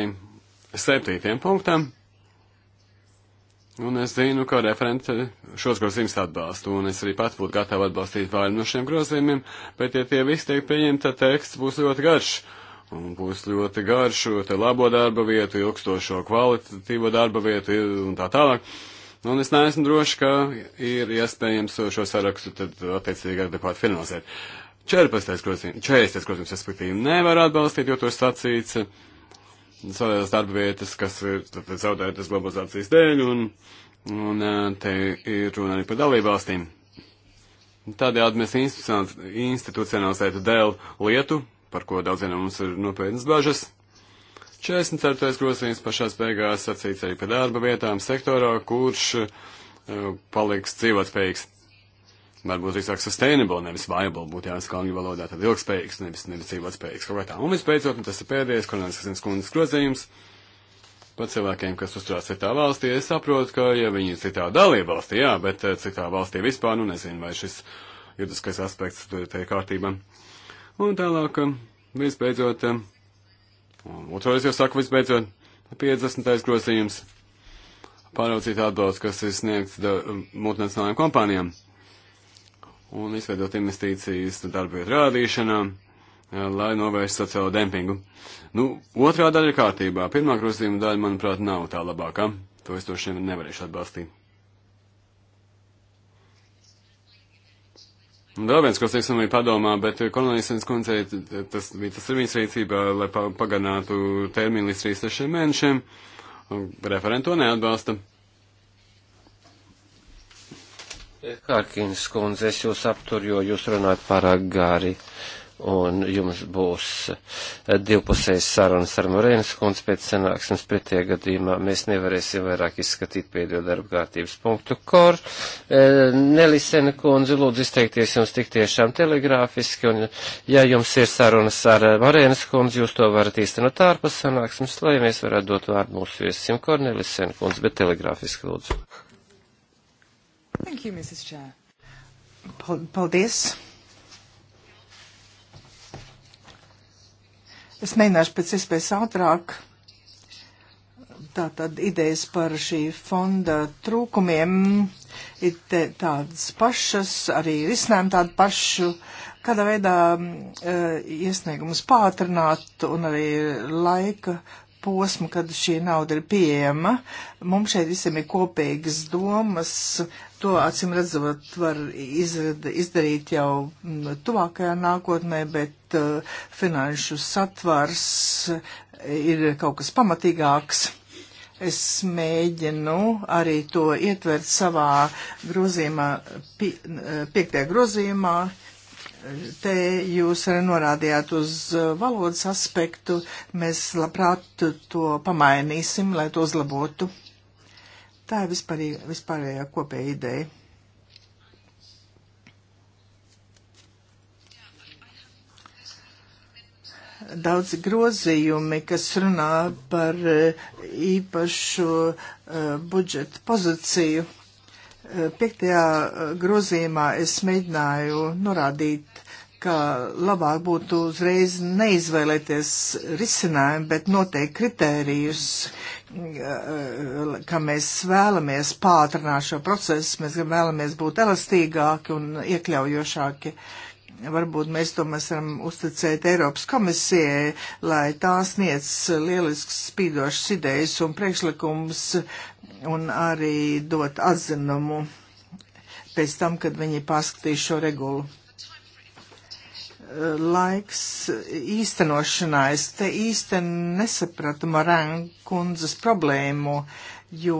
Speaker 3: septītiem punktam. Un es zinu, ka referente šos grozījumus atbalsta, un es arī pats būtu gatava atbalstīt vairāk no šiem grozījumiem, bet ja tie visi tiek pieņemti, tad teksts būs ļoti garš. Uh, Un būs ļoti garš šo labo darba vietu, ilgstošo kvalitatīvo darba vietu un tā tālāk. Nu, un es neesmu drošs, ka ir iespējams šo sarakstu tad attiecīgi adekvāti finansēt. 14. grozījums, 40. grozījums, respektīvi, nevar atbalstīt, jo tur sacīts eh, savās darba vietas, kas ir zaudētas globalizācijas dēļ, un, un eh, te ir runa arī par dalībvalstīm. Tādējādi mēs institucionalizētu dēļ lietu, par ko daudziem no mums ir nopietnas bažas. 44. grozījums pašās beigās sacīts arī par darba vietām sektorā, kurš uh, paliks dzīvotspējīgs. Varbūt drīzāk sustainable, nevis viable, būtu jāsaka angļu valodā, tad ilgspējīgs, nevis, nevis dzīvotspējīgs. Kaut kā tā. Un visbeidzot, un tas ir pēdējais koloniskās kundzes grozījums. Pat cilvēkiem, kas uzturās citā valstī, es saprotu, ka, ja viņi ir citā dalība valstī, jā, bet eh, citā valstī vispār, nu nezinu, vai šis juridiskais aspekts tur ir kārtībā. Uh, Un tālāk, visbeidzot, otrais jau saka, visbeidzot, 50. grozījums pāraucīt atbalstu, kas ir sniegts multinacionālajām kompānijām un izveidot investīcijas darbvietu rādīšanā, lai novērstu sociālo dempingu. Nu, otrā daļa ir kārtībā. Pirmā grozījuma daļa, manuprāt, nav tā labākā. To es droši vien nevarēšu atbalstīt. Vēl viens, kas teiksim, bija padomā, bet kolonijas kundzei tas bija tas ir viņas rīcībā, lai pagarinātu terminu līdz 36 mēnešiem. Referento neatbalsta. Kārkins kundze, es jūs apturu, jo jūs runājat pārāk
Speaker 2: gāri. Uh, un jums būs eh, divpusējas sarunas ar Morēnas kundz pēc sanāksmes pretie gadījumā. Mēs nevarēsim vairāk izskatīt pēdējo darba kārtības punktu. Kor, eh, Nelisena kundze, lūdzu izteikties jums tik tiešām telegrāfiski, un ja jums ir sarunas ar eh, Morēnas kundzi, jūs to varat īstenot ārpus sanāksmes, lai mēs varētu dot vārdu mūsu viesim Kornelisena kundze, bet telegrāfiski lūdzu.
Speaker 4: Thank you, Mrs. Chair. Paldies. Es mēģināšu pēc iespējas ātrāk. Tātad idejas par šī fonda trūkumiem ir tādas pašas, arī risinājumi tādu pašu, kādā veidā uh, iesniegumus pātrināt un arī laika posmu, kad šī nauda ir pieejama. Mums šeit visiem ir kopīgas domas. To acīm redzot var izrada, izdarīt jau mm, tuvākajā nākotnē, bet uh, finanšu satvars uh, ir kaut kas pamatīgāks. Es mēģinu arī to ietvert savā grozījumā, pi, piektajā grozījumā, uh, Te jūs norādījāt uz uh, valodas aspektu. Mēs labprāt to pamainīsim, lai to uzlabotu. Tā ir vispārīga, vispārējā kopēja ideja. Daudz grozījumi, kas runā par uh, īpašu uh, budžeta pozīciju. Uh, Piektajā eh, grozījumā es mēģināju norādīt, ka labāk būtu uzreiz neizvēlēties risinājumu, bet noteikt kritērijus, eh, ka mēs vēlamies pātrināt šo procesu, mēs vēlamies būt elastīgāki un iekļaujošāki. Uh, varbūt mēs tomēr varam uzticēt Eiropas komisijai, lai tā sniedz lielisks spīdošs idejas un priekšlikums un arī dot atzinumu pēc tam, kad viņi pārskatīs šo regulu. Laiks īstenošanā es te īsten nesapratu Marēn kundzes problēmu, jo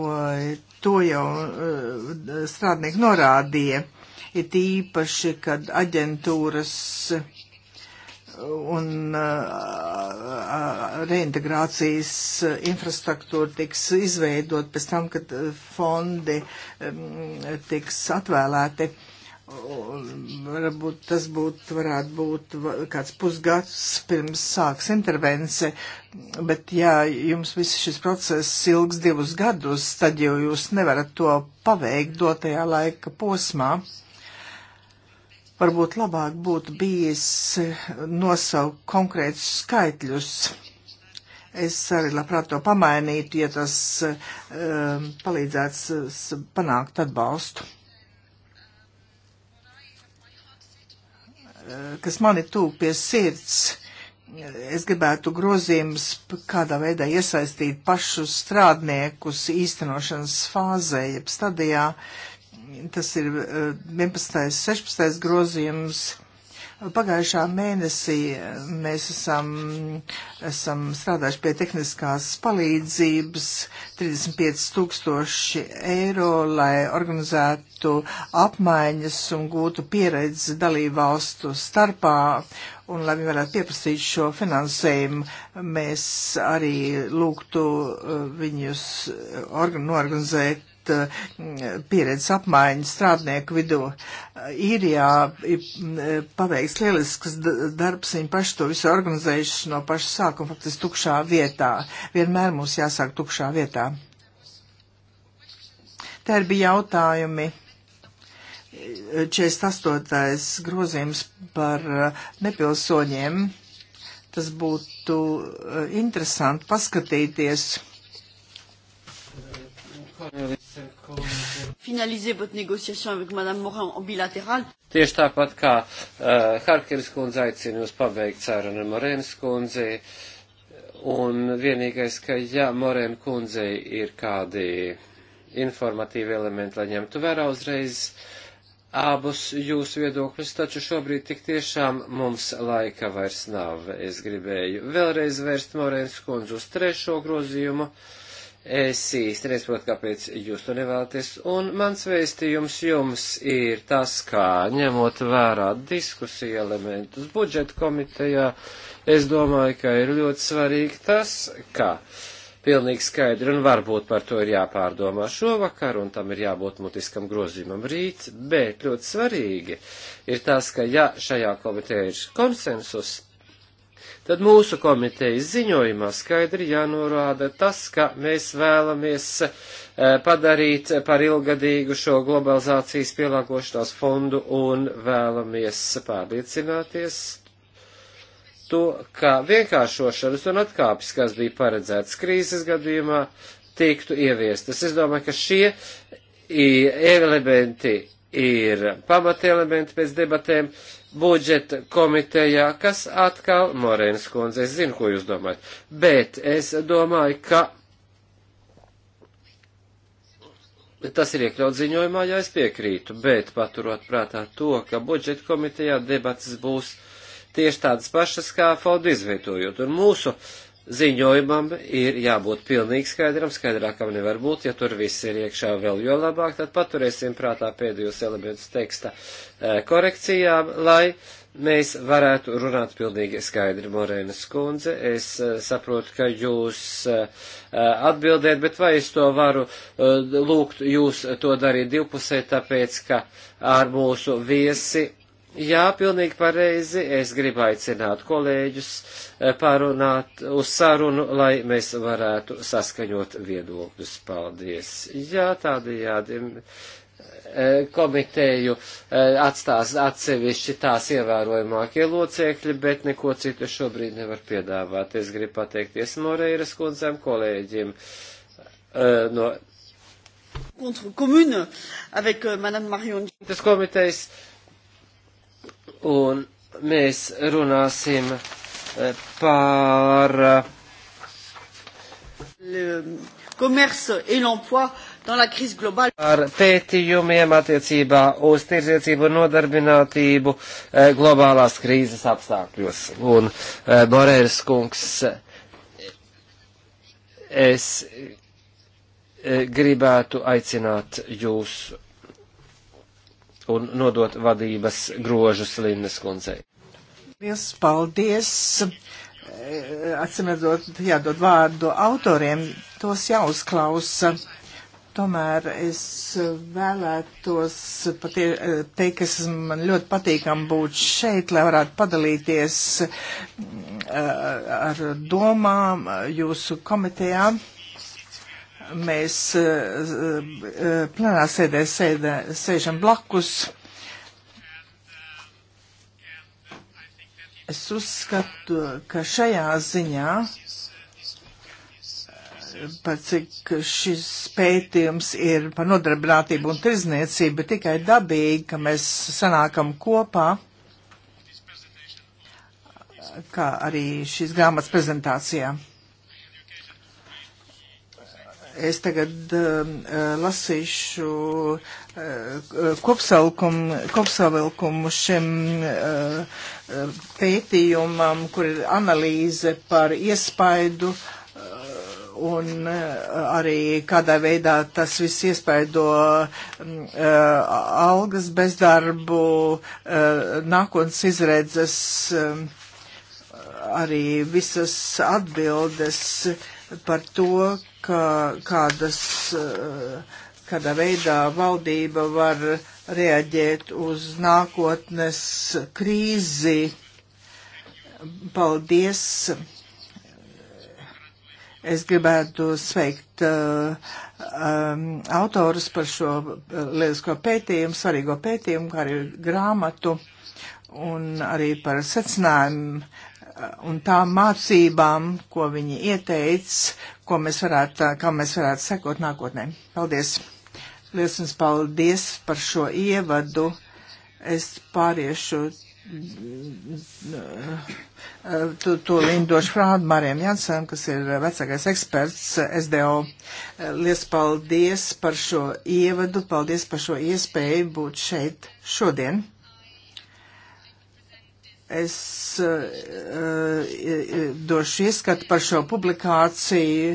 Speaker 4: to jau eh, strādnieki norādīja ir tīpaši, kad aģentūras un uh, uh, reintegrācijas infrastruktūra tiks izveidot pēc tam, kad fondi um, tiks atvēlēti. Varbūt tas būt, varētu būt kāds pusgads pirms sāks intervence, bet ja jums viss šis process ilgs divus gadus, tad jau jūs nevarat to paveikt dotajā laika posmā. Uh, Varbūt labāk būtu bijis nosaukt konkrētus skaitļus. Es arī labprāt to pamainītu, ja tas um, palīdzēts panākt atbalstu. Uh, kas mani tūp pie sirds, es gribētu grozījums kādā veidā iesaistīt pašus strādniekus īstenošanas fāzē, jeb stadijā, uh, tas ir 11. Eh, 16. grozījums. Pagājušā mēnesī mēs esam, esam strādājuši pie tehniskās palīdzības 35 tūkstoši eiro, lai organizētu apmaiņas un gūtu pieredzi dalībvalstu starpā. Un, lai viņi varētu pieprasīt šo finansējumu, mēs arī lūgtu eh, viņus organ, norganizēt notikt eh, pieredzes apmaiņa strādnieku vidū. Īrijā ir mm, eh, paveikts lielisks darbs, viņi paši to visu organizējuši no paša sākuma, faktiski tukšā vietā. Vienmēr mums jāsāk tukšā vietā. Tā ir bija jautājumi. 48. grozījums par eh, nepilsoņiem. Tas būtu interesanti paskatīties
Speaker 1: Tieši
Speaker 2: tāpat kā uh, Harkeris kundze aicina jūs pabeigt sarunu ar Morēnas kundzi, un vienīgais, ka ja Morēna kundzei ir kādi informatīvi elementi, lai ņemtu vērā uzreiz abus jūsu viedokļus, taču šobrīd tik tiešām mums laika vairs nav. Es gribēju vēlreiz vērst Morēnas kundzi uz trešo grozījumu. Uh, Es īsti nesaprotu, kāpēc jūs to nevēlaties, un mans vēstījums jums ir tas, kā ņemot vērā diskusiju elementus budžeta komitejā, es domāju, ka ir ļoti svarīgi tas, ka pilnīgi skaidri, un varbūt par to ir jāpārdomā šovakar, un tam ir jābūt mutiskam grozījumam rīt, bet ļoti svarīgi ir tas, ka ja šajā komitejā ir konsensus, tad mūsu komitejas ziņojumā skaidri jānorāda tas, ka mēs vēlamies eh, padarīt par ilgadīgu šo globalizācijas pielāgošanās fondu un vēlamies pārliecināties to, ka vienkāršošanas un atkāpes, kas bija paredzētas krīzes gadījumā, tiktu ieviestas. Es domāju, ka šie elementi ir pamatelementi pēc debatēm, budžeta komitejā, kas atkal, Morēnas kundze, es zinu, ko jūs domājat, bet es domāju, ka tas ir iekļauts ziņojumā, ja es piekrītu, bet paturot prātā to, ka budžeta komitejā debatas būs tieši tādas pašas kā fondu izvietojot, un mūsu uh, ziņojumam ir jābūt pilnīgi skaidram, skaidrākam nevar būt, ja tur viss ir iekšā vēl jo labāk, tad paturēsim prātā pēdējos elementus teksta eh, korekcijām, lai mēs varētu runāt pilnīgi skaidri, Morēnas kundze. Es eh, saprotu, ka jūs eh, atbildēt, bet vai es to varu lūgt jūs to darīt divpusē, tāpēc, ka ar mūsu viesi Jā, pilnīgi pareizi. Es gribu aicināt kolēģus eh, pārunāt uz sarunu, lai mēs varētu saskaņot viedokļus. Paldies. Jā, tādējādi mm, eh, komiteju eh, atstās atsevišķi tās ievērojamākie locekļi, bet neko citu šobrīd nevar piedāvāt. Es gribu pateikties Moreiras kundzēm kolēģim no.
Speaker 1: Contre commune avec euh, Madame Marion.
Speaker 2: Tas komitejas uh, Un mēs runāsim eh, par. Eh, Ar pētījumiem attiecībā uz tirdzniecību un nodarbinātību eh, globālās krīzes apstākļos. Un Borēras kungs, es gribētu aicināt jūs un nodot vadības grožus Linnes kundzei.
Speaker 4: Liels paldies! Eh, Atsimredzot, jādod vārdu autoriem, tos jāuzklausa. Tomēr es vēlētos patie, eh, teikt, ka man ļoti patīkam būt šeit, lai varētu padalīties eh, ar domām jūsu komitejām mēs eh, eh, plenā sēdē sēdē, sēžam blakus. Es uzskatu, ka šajā ziņā, eh, par cik šis pētījums ir par nodarbinātību un tirzniecību, tikai dabīgi, ka mēs sanākam kopā, kā arī šīs grāmatas prezentācijā. Es tagad um, uh, lasīšu uh, kopsavilkumu šim uh, uh, pētījumam, kur ir analīze par iespaidu uh, un uh, arī kādā veidā tas viss iespaido mm, uh, algas bezdarbu, uh, nākotnes izredzes, uh, arī visas atbildes par to, ka kādas, eh, kādā veidā valdība var reaģēt uz nākotnes krīzi. Paldies! Es gribētu sveikt uh, um, autorus par šo eh, lielisko pētījumu, svarīgo pētījumu, kā arī grāmatu un arī par secinājumu un tām mācībām, ko viņi ieteica, ko mēs varētu, kā mēs varētu sekot nākotnē. Paldies! Liels jums paldies par šo ievadu. Es pāriešu to, to Lindošu frādu Marijam Jansam, kas ir vecākais eksperts SDO. Liels paldies par šo ievadu, paldies par šo iespēju būt šeit šodien. Es eh, eh, došu ieskatu par šo publikāciju.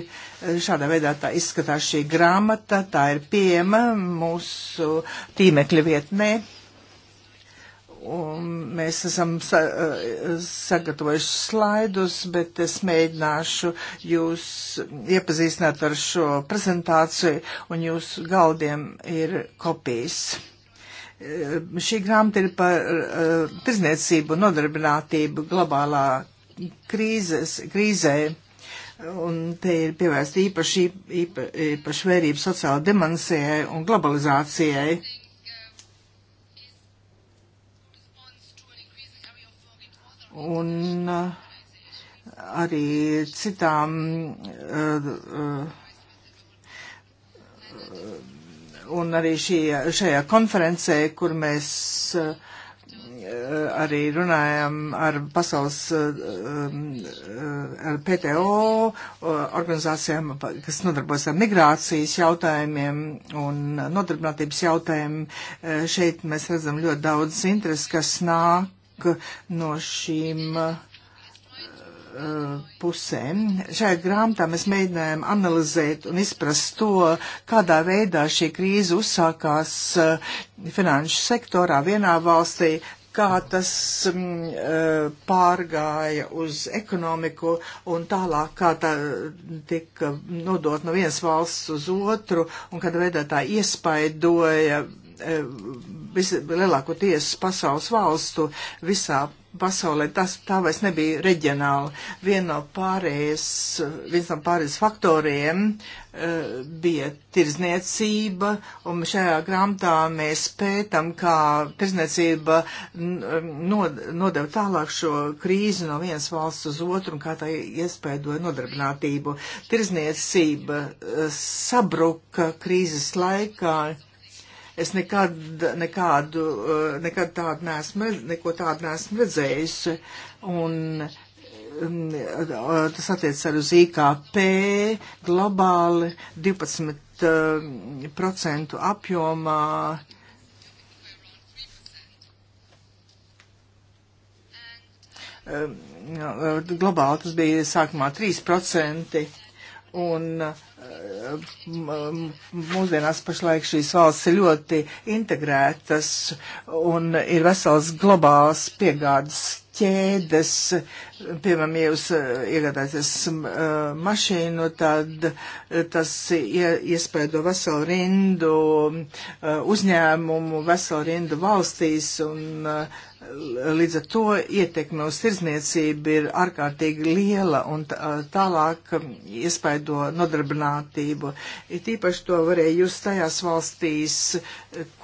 Speaker 4: Šādā veidā tā izskatās šī grāmata. Tā ir pieejama mūsu tīmekļa vietnē. Un mēs esam sa eh, sagatavojuši slaidus, bet es mēģināšu jūs iepazīstināt ar šo prezentāciju, un jūsu galdiem ir kopijas. Ehm, šī grāmata ir par uh, tirzniecību, nodarbinātību globālā krīzes, krīzē. Un te ir pievērsta īpaši, īpa, īpaši vērība sociāla dimensijai un globalizācijai. Un uh, arī citām uh, uh, un arī šī, šajā konferencē, kur mēs eh, arī runājam ar pasaules eh, eh, ar PTO organizācijām, kas nodarbojas ar migrācijas jautājumiem un nodarbinātības jautājumiem. Šeit mēs redzam ļoti daudz interesi, kas nāk no šīm uh, Eh, pusēm. Šajā grāmatā mēs mēģinājām analizēt un izprast to, kādā veidā šī krīze uzsākās eh, finanšu sektorā vienā valstī, kā tas mm, eh, pārgāja uz ekonomiku un tālāk, kā tā tika nodot no vienas valsts uz otru un kāda veidā tā iespaidoja E, vislielāko tiesu pasaules valstu visā pasaulē. Tas tā vairs nebija reģionāli. Viena no pārējais, viens no pārējais faktoriem e, bija tirzniecība, un šajā grāmatā mēs pētam, kā tirzniecība nodeva tālāk šo krīzi no vienas valsts uz otru, un kā tā iespēdoja nodarbinātību. Tirzniecība e, sabruka krīzes laikā Es nekad, nekādu, nekad tādu nesmu, neko tādu nesmu redzējusi. Un tas attiecas arī uz IKP globāli 12% uh, apjomā. Um, globāli tas bija sākumā 3%. Un eh, mūsdienās pašlaik šīs valsts ir ļoti integrētas un ir vesels globāls piegādes ķēdes. Piemēram, ja jūs eh, iegādājaties eh, mašīnu, tad tas iespēdo veselu rindu uzņēmumu, veselu rindu valstīs un uh, Līdz ar to ietekme uz tirzniecību ir ārkārtīgi liela un tālāk iespaido nodarbinātību. It īpaši to varēja just tajās valstīs,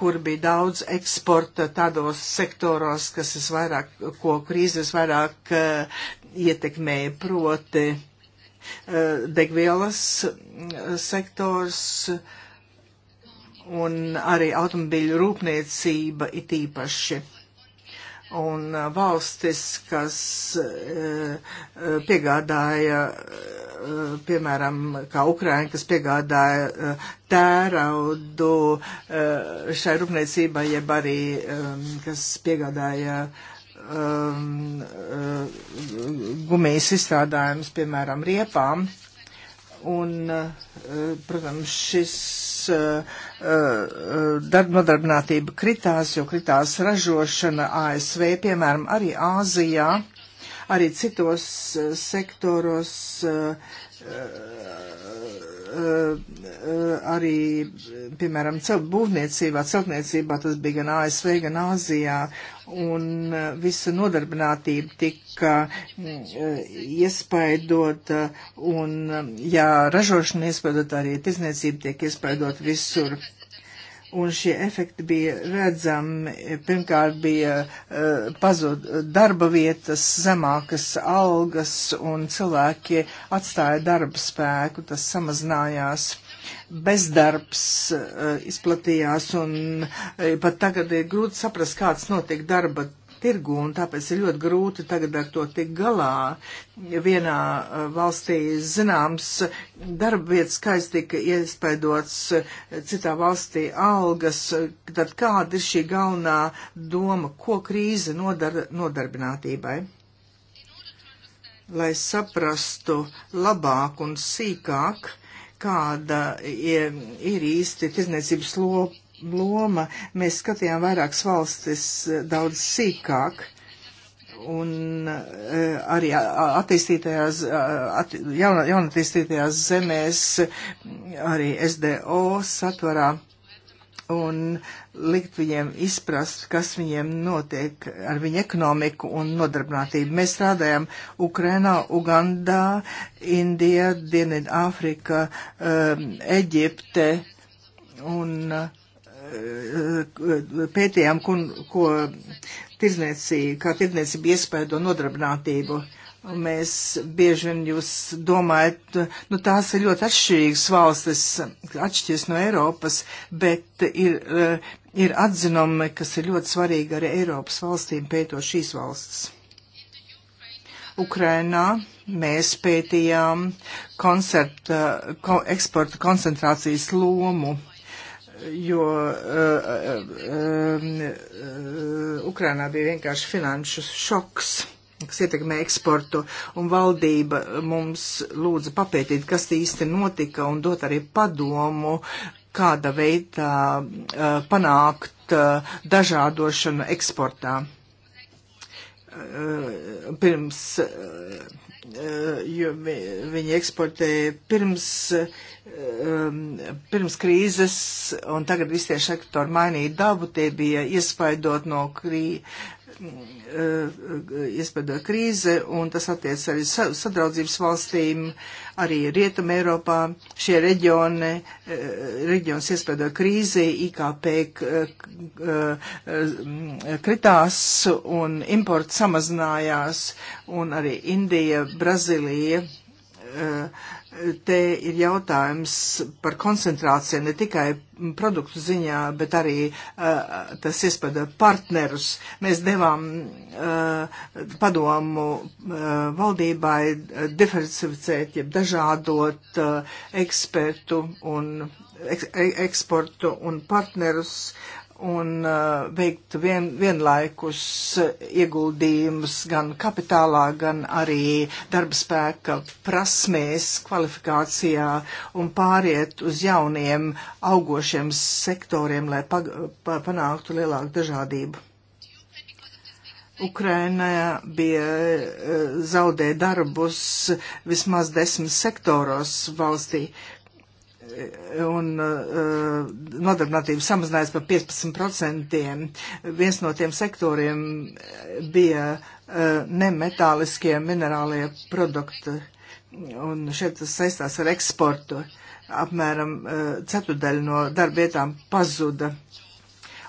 Speaker 4: kur bija daudz eksporta tādos sektoros, kas es vairāk, ko krīzes vairāk ietekmēja proti degvielas sektors un arī automobiļu rūpniecība it īpaši un uh, valstis, kas uh, uh, piegādāja, piemēram, kā Ukraina, kas piegādāja tēraudu šai rūpniecībai, jeb arī, um, kas piegādāja um, gumijas izstrādājumus, piemēram, riepām Un, eh, protams, šis eh, eh, nodarbinātība kritās, jo kritās ražošana ASV, piemēram, arī Āzijā, arī citos sektoros Eh, eh, arī, piemēram, celt būvniecībā, celtniecībā tas bija gan ASV, gan Āzijā, un eh, visa nodarbinātība tika iespaidota, un, jā, ražošana iespaidota arī tirzniecība tiek iespaidota visur un šie efekti bija redzami. Pirmkārt bija uh, pazud darba vietas, zemākas algas un cilvēki atstāja darba spēku, tas samazinājās. Bezdarbs uh, izplatījās un uh, pat tagad ir grūti saprast, kāds notiek darba tirgu, un tāpēc ir ļoti grūti tagad ar to tik galā. Vienā uh, valstī zināms darba vietas skaits tika iespaidots, uh, citā valstī algas. Uh, tad kāda ir šī galvenā doma, ko krīze nodar, nodarbinātībai? lai saprastu labāk un sīkāk, kāda ir, ir īsti tirzniecības loma loma. Mēs skatījām vairākas valstis eh, daudz sīkāk. Un uh, arī attīstītajās, att, jaun, jaunatīstītajās zemēs, arī SDO satvarā, un likt viņiem izprast, kas viņiem notiek ar viņu ekonomiku un nodarbinātību. Mēs strādājam Ukrainā, Ugandā, Indijā, Dienvidāfrika, um, eh, Eģipte un uh, Eh, eh, pētījām, ko, ko tirdzniecība, kā tirdzniecība iespēdo nodarbinātību. Mēs bieži vien jūs domājat, nu tās ir ļoti atšķirīgas valstis, atšķiras no Eiropas, bet ir, eh, ir atzinumi, kas ir ļoti svarīgi arī Eiropas valstīm pētot šīs valstis. Ukrainā mēs pētījām koncerta, ko, eksporta koncentrācijas lomu jo uh, uh, uh, Ukrainā bija vienkārši finanšu šoks kas ietekmē eksportu, un valdība mums lūdza papētīt, kas īsti notika, un dot arī padomu, kāda veidā uh, eh, panākt uh, dažādošanu eksportā. Uh, pirms uh, Eh, jo viņi eksportēja pirms, ehm, pirms krīzes, un tagad visi tie sektori mainīja dabu, tie bija iespaidot no krī, Eh, iespēja krīze, un tas attiec arī sadraudzības valstīm, arī Rietuma Eiropā. Šie reģioni, eh, reģions iespēja krīzi, IKP eh, kritās un imports samazinājās, un arī Indija, Brazīlija. Uh, Te ir jautājums par koncentrāciju ne tikai produktu ziņā, bet arī uh, tas iespada partnerus. Mēs devām uh, padomu uh, valdībai diversificēt, jeb dažādot uh, ekspertu un ek, e-, eksportu un partnerus. Uh, un uh, veikt vien, vienlaikus ieguldījumus gan kapitālā, gan arī darba spēka prasmēs, kvalifikācijā un pāriet uz jauniem augošiem sektoriem, lai pag, pa, panāktu lielāku dažādību. Ukraina bija uh, zaudē darbus vismaz desmit sektoros valstī, uh, un uh, nodarbinātība samazinājās par 15%. Viens no tiem sektoriem bija uh, nemetāliskie minerālie produkti, un šeit tas saistās ar eksportu. Apmēram uh, ceturdaļa no darbietām pazuda.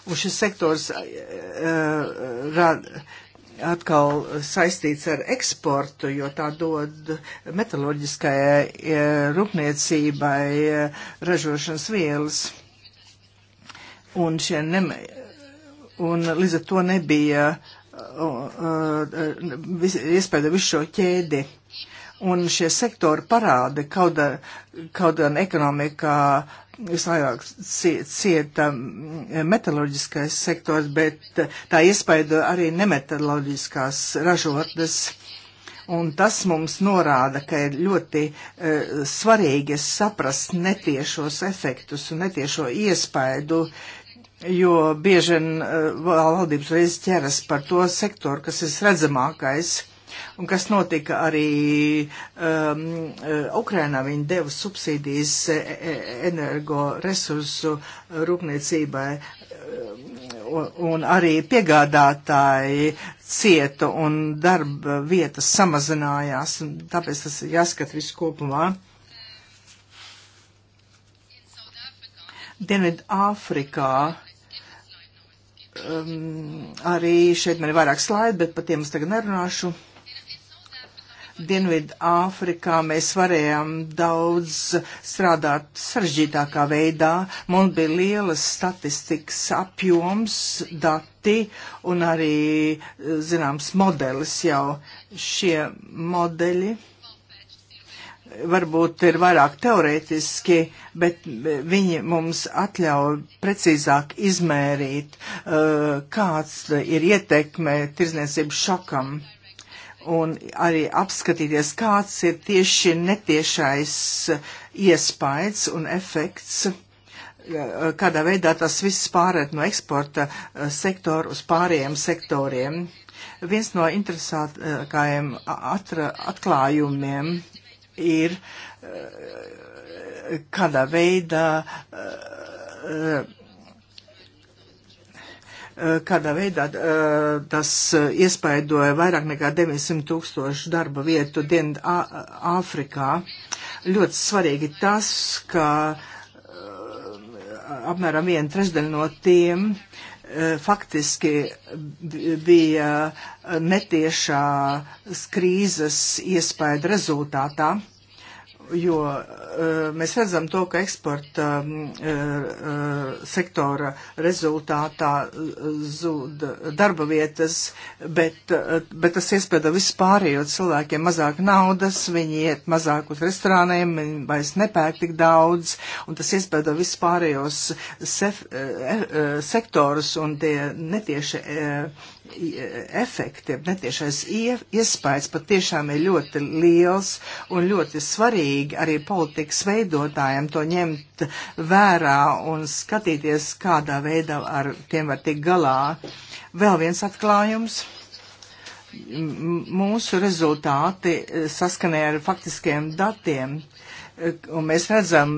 Speaker 4: Un šis sektors uh, rada atkal saistīts ar eksportu, jo tā dod metaloģiskajai e, rūpniecībai e, ražošanas vielas. Un, ne, un līdz ar to nebija uh, uh, iespēja visu šo ķēdi Un šie sektori parādi, kaut, kaut gan ekonomikā visvairāk cieta mm, metaloģiskais sektors, bet tā iespaido arī nemetaloģiskās ražotnes. Un tas mums norāda, ka ir ļoti e, svarīgi saprast netiešos efektus un netiešo iespaidu, jo bieži vien e, valdības reiz ķeras par to sektoru, kas ir redzamākais Un kas notika arī um, uh, Ukrainā, viņi deva subsīdijas e, e, e, energoresursu rūpniecībai um, un arī piegādātāji cieta un darba vietas samazinājās, un tāpēc tas ir jāskat viss kopumā. Dienvidāfrikā um, arī šeit man ir vairāk slaidu, bet par tiem es tagad nerunāšu. Dienvidu Āfrikā mēs varējām daudz strādāt sarežģītākā veidā. Mums bija lielas statistikas apjoms, dati un arī, zināms, modelis jau šie modeļi. Varbūt ir vairāk teorētiski, bet viņi mums atļauj precīzāk izmērīt, eh, kāds ir ietekme tirzniecības šokam un arī apskatīties, kāds ir tieši netiešais iespējas un efekts, kādā veidā tas viss pārēt no eksporta eh, sektora uz pārējiem sektoriem. Viens no interesantākajiem atklājumiem ir, eh, kādā veidā eh, Eh, kādā veidā eh, tas eh, iespaidoja vairāk nekā 900 tūkstošu darba vietu Dienvidāfrikā. Ļoti svarīgi tas, ka apmēram viena trešdaļa no tiem faktiski bija netiešā krīzes iespēja rezultātā jo eh, mēs redzam to, ka eksporta mm, eh, eh, sektora rezultātā zūd darba vietas, bet, bet tas iespēda vispārējo cilvēkiem mazāk naudas, viņi iet mazāk uz restorāniem, viņi vairs nepērk tik daudz, un tas iespēda vispārējos sef, sektorus un tie netieši efektiem, netiešais iespējas patiešām ir ļoti liels un ļoti svarīgi arī politikas veidotājiem to ņemt vērā un skatīties, kādā veidā ar tiem var tikt galā. Vēl viens atklājums mūsu rezultāti eh, saskanē ar faktiskiem datiem. Eh, un mēs redzam,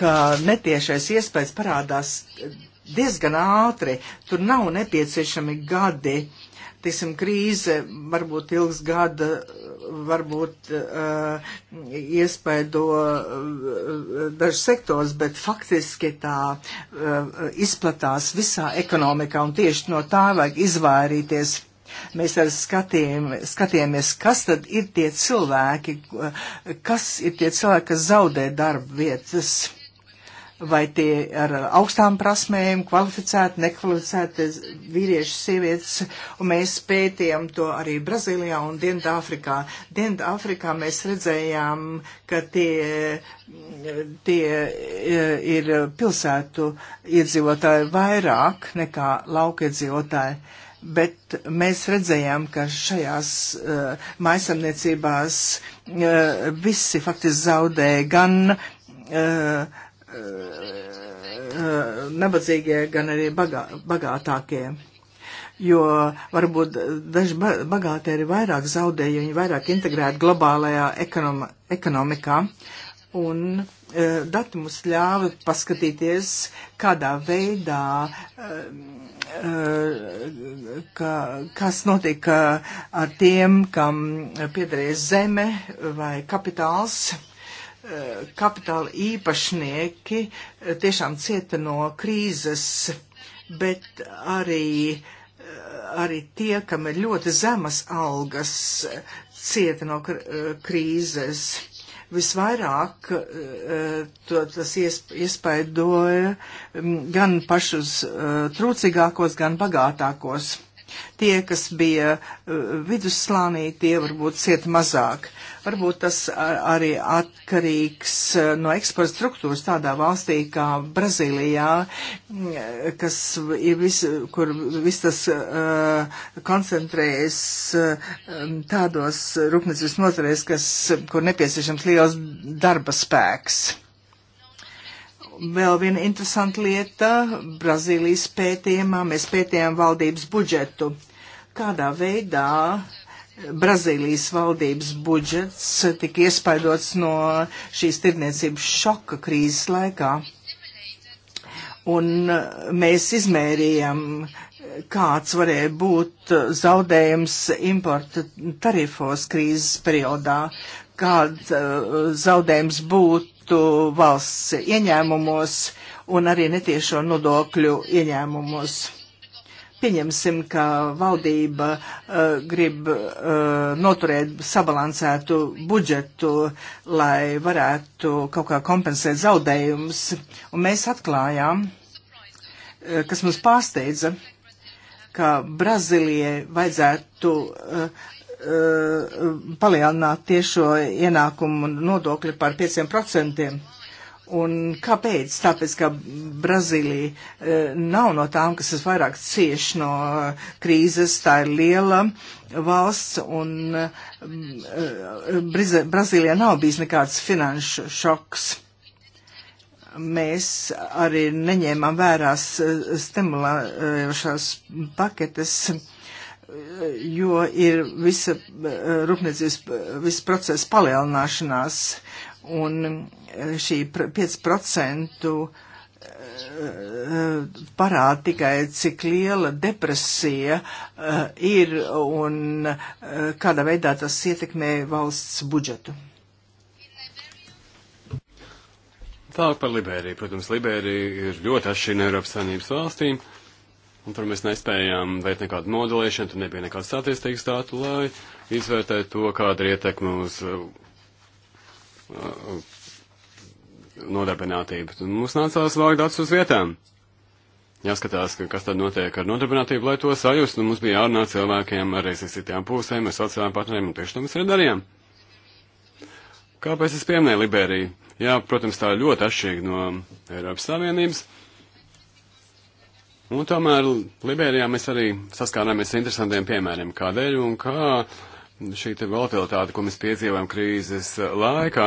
Speaker 4: ka netiešais iespējas parādās diezgan ātri. Tur nav nepieciešami gadi. Tiksim, krīze varbūt ilgs gada, varbūt uh, iespaido uh, eh, dažs sektors, bet faktiski tā uh, izplatās visā ekonomikā un tieši no tā vajag izvairīties. Mēs arī skatījām, skatījāmies, kas tad ir tie cilvēki, kas ir tie cilvēki, kas zaudē darba vietas vai tie ar augstām prasmēm, kvalificēti, nekvalificēti vīrieši, sievietes, un mēs pētījām to arī Brazīlijā un Dienvidāfrikā. Dienvidāfrikā mēs redzējām, ka tie, tie e, ir pilsētu iedzīvotāji vairāk nekā lauka iedzīvotāji. Bet mēs redzējām, ka šajās uh, e, maisamniecībās uh, e, visi faktiski zaudēja gan uh, Eh, nabadzīgie, gan arī bagā, bagātākie. Jo varbūt daži bagātie ir vairāk zaudēji, viņi vairāk integrēti globālajā ekonom, ekonomikā. Un e, dati mums ļāva paskatīties, kādā veidā, e, e, ka, kas notika ar tiem, kam piederēja zeme vai kapitāls. E, Eh, kapitāla īpašnieki eh, tiešām cieta no krīzes, bet arī, eh, arī tie, kam ir ļoti zemas algas, cieta no krīzes. Visvairāk to, tas iespaidoja mm, gan pašus trūcīgākos, gan bagātākos. Tie, kas bija vidusslānī, tie varbūt cieta mazāk. Uh, Varbūt tas arī atkarīgs no eksporta struktūras tādā valstī kā Brazīlijā, kas ir vis, kur viss tas uh, koncentrējas uh, tādos rūpniecības nozarēs, kas, kur nepieciešams liels darba spēks. Vēl viena interesanta lieta - Brazīlijas pētījumā mēs pētījām valdības budžetu. Kādā veidā uh, Brazīlijas valdības budžets tika iespaidots no šīs tirniecības šoka krīzes laikā. Un uh, mēs izmērījām, kāds varēja būt zaudējums importa tarifos krīzes periodā, kāds uh, zaudējums būtu valsts ieņēmumos un arī netiešo nodokļu ieņēmumos Pieņemsim, ka valdība uh, grib uh, noturēt sabalansētu budžetu, lai varētu kaut kā kompensēt zaudējumus. Un mēs atklājām, uh, kas mums pārsteidza, ka Brazīlijai vajadzētu uh, palielināt tiešo ienākumu nodokli par 5%. Un kāpēc? Tāpēc, ka Brazīlija e, nav no tām, kas vairāk cieš no eh, krīzes, tā ir liela valsts, un e, Brazīlijā nav bijis nekāds finanšu šoks. Mēs arī neņēmām vērās stimulējošās paketes jo ir visa rūpniecības, visa procesa palielināšanās un e, šī 5% e, parāda tikai, cik liela depresija e, ir un kādā veidā tas ietekmē valsts budžetu.
Speaker 3: Tālāk par Liberiju. Protams, Liberija ir ļoti atšķirīga no Eiropas Savienības valstīm, un tur mēs nespējām veikt nekādu modelēšanu, tur nebija nekāda statistikas datu, lai izvērtētu to, kāda ir ietekme uz nodarbinātību. Tad mums nācās vākt datus uz vietām. Jāskatās, ka, kas tad notiek ar nodarbinātību, lai to sajust, un mums bija jārunā cilvēkiem ar reizes citām pusēm, ar sociālām partneriem, un tieši to mēs arī darījām. Kāpēc es pieminēju Liberiju? Jā, protams, tā ir ļoti atšķirīga no Eiropas Savienības. Un tomēr Liberijā mēs arī saskārāmies ar interesantiem piemēriem, kādēļ un kā šī te volatilitāte, ko mēs piedzīvojam krīzes eh, laikā,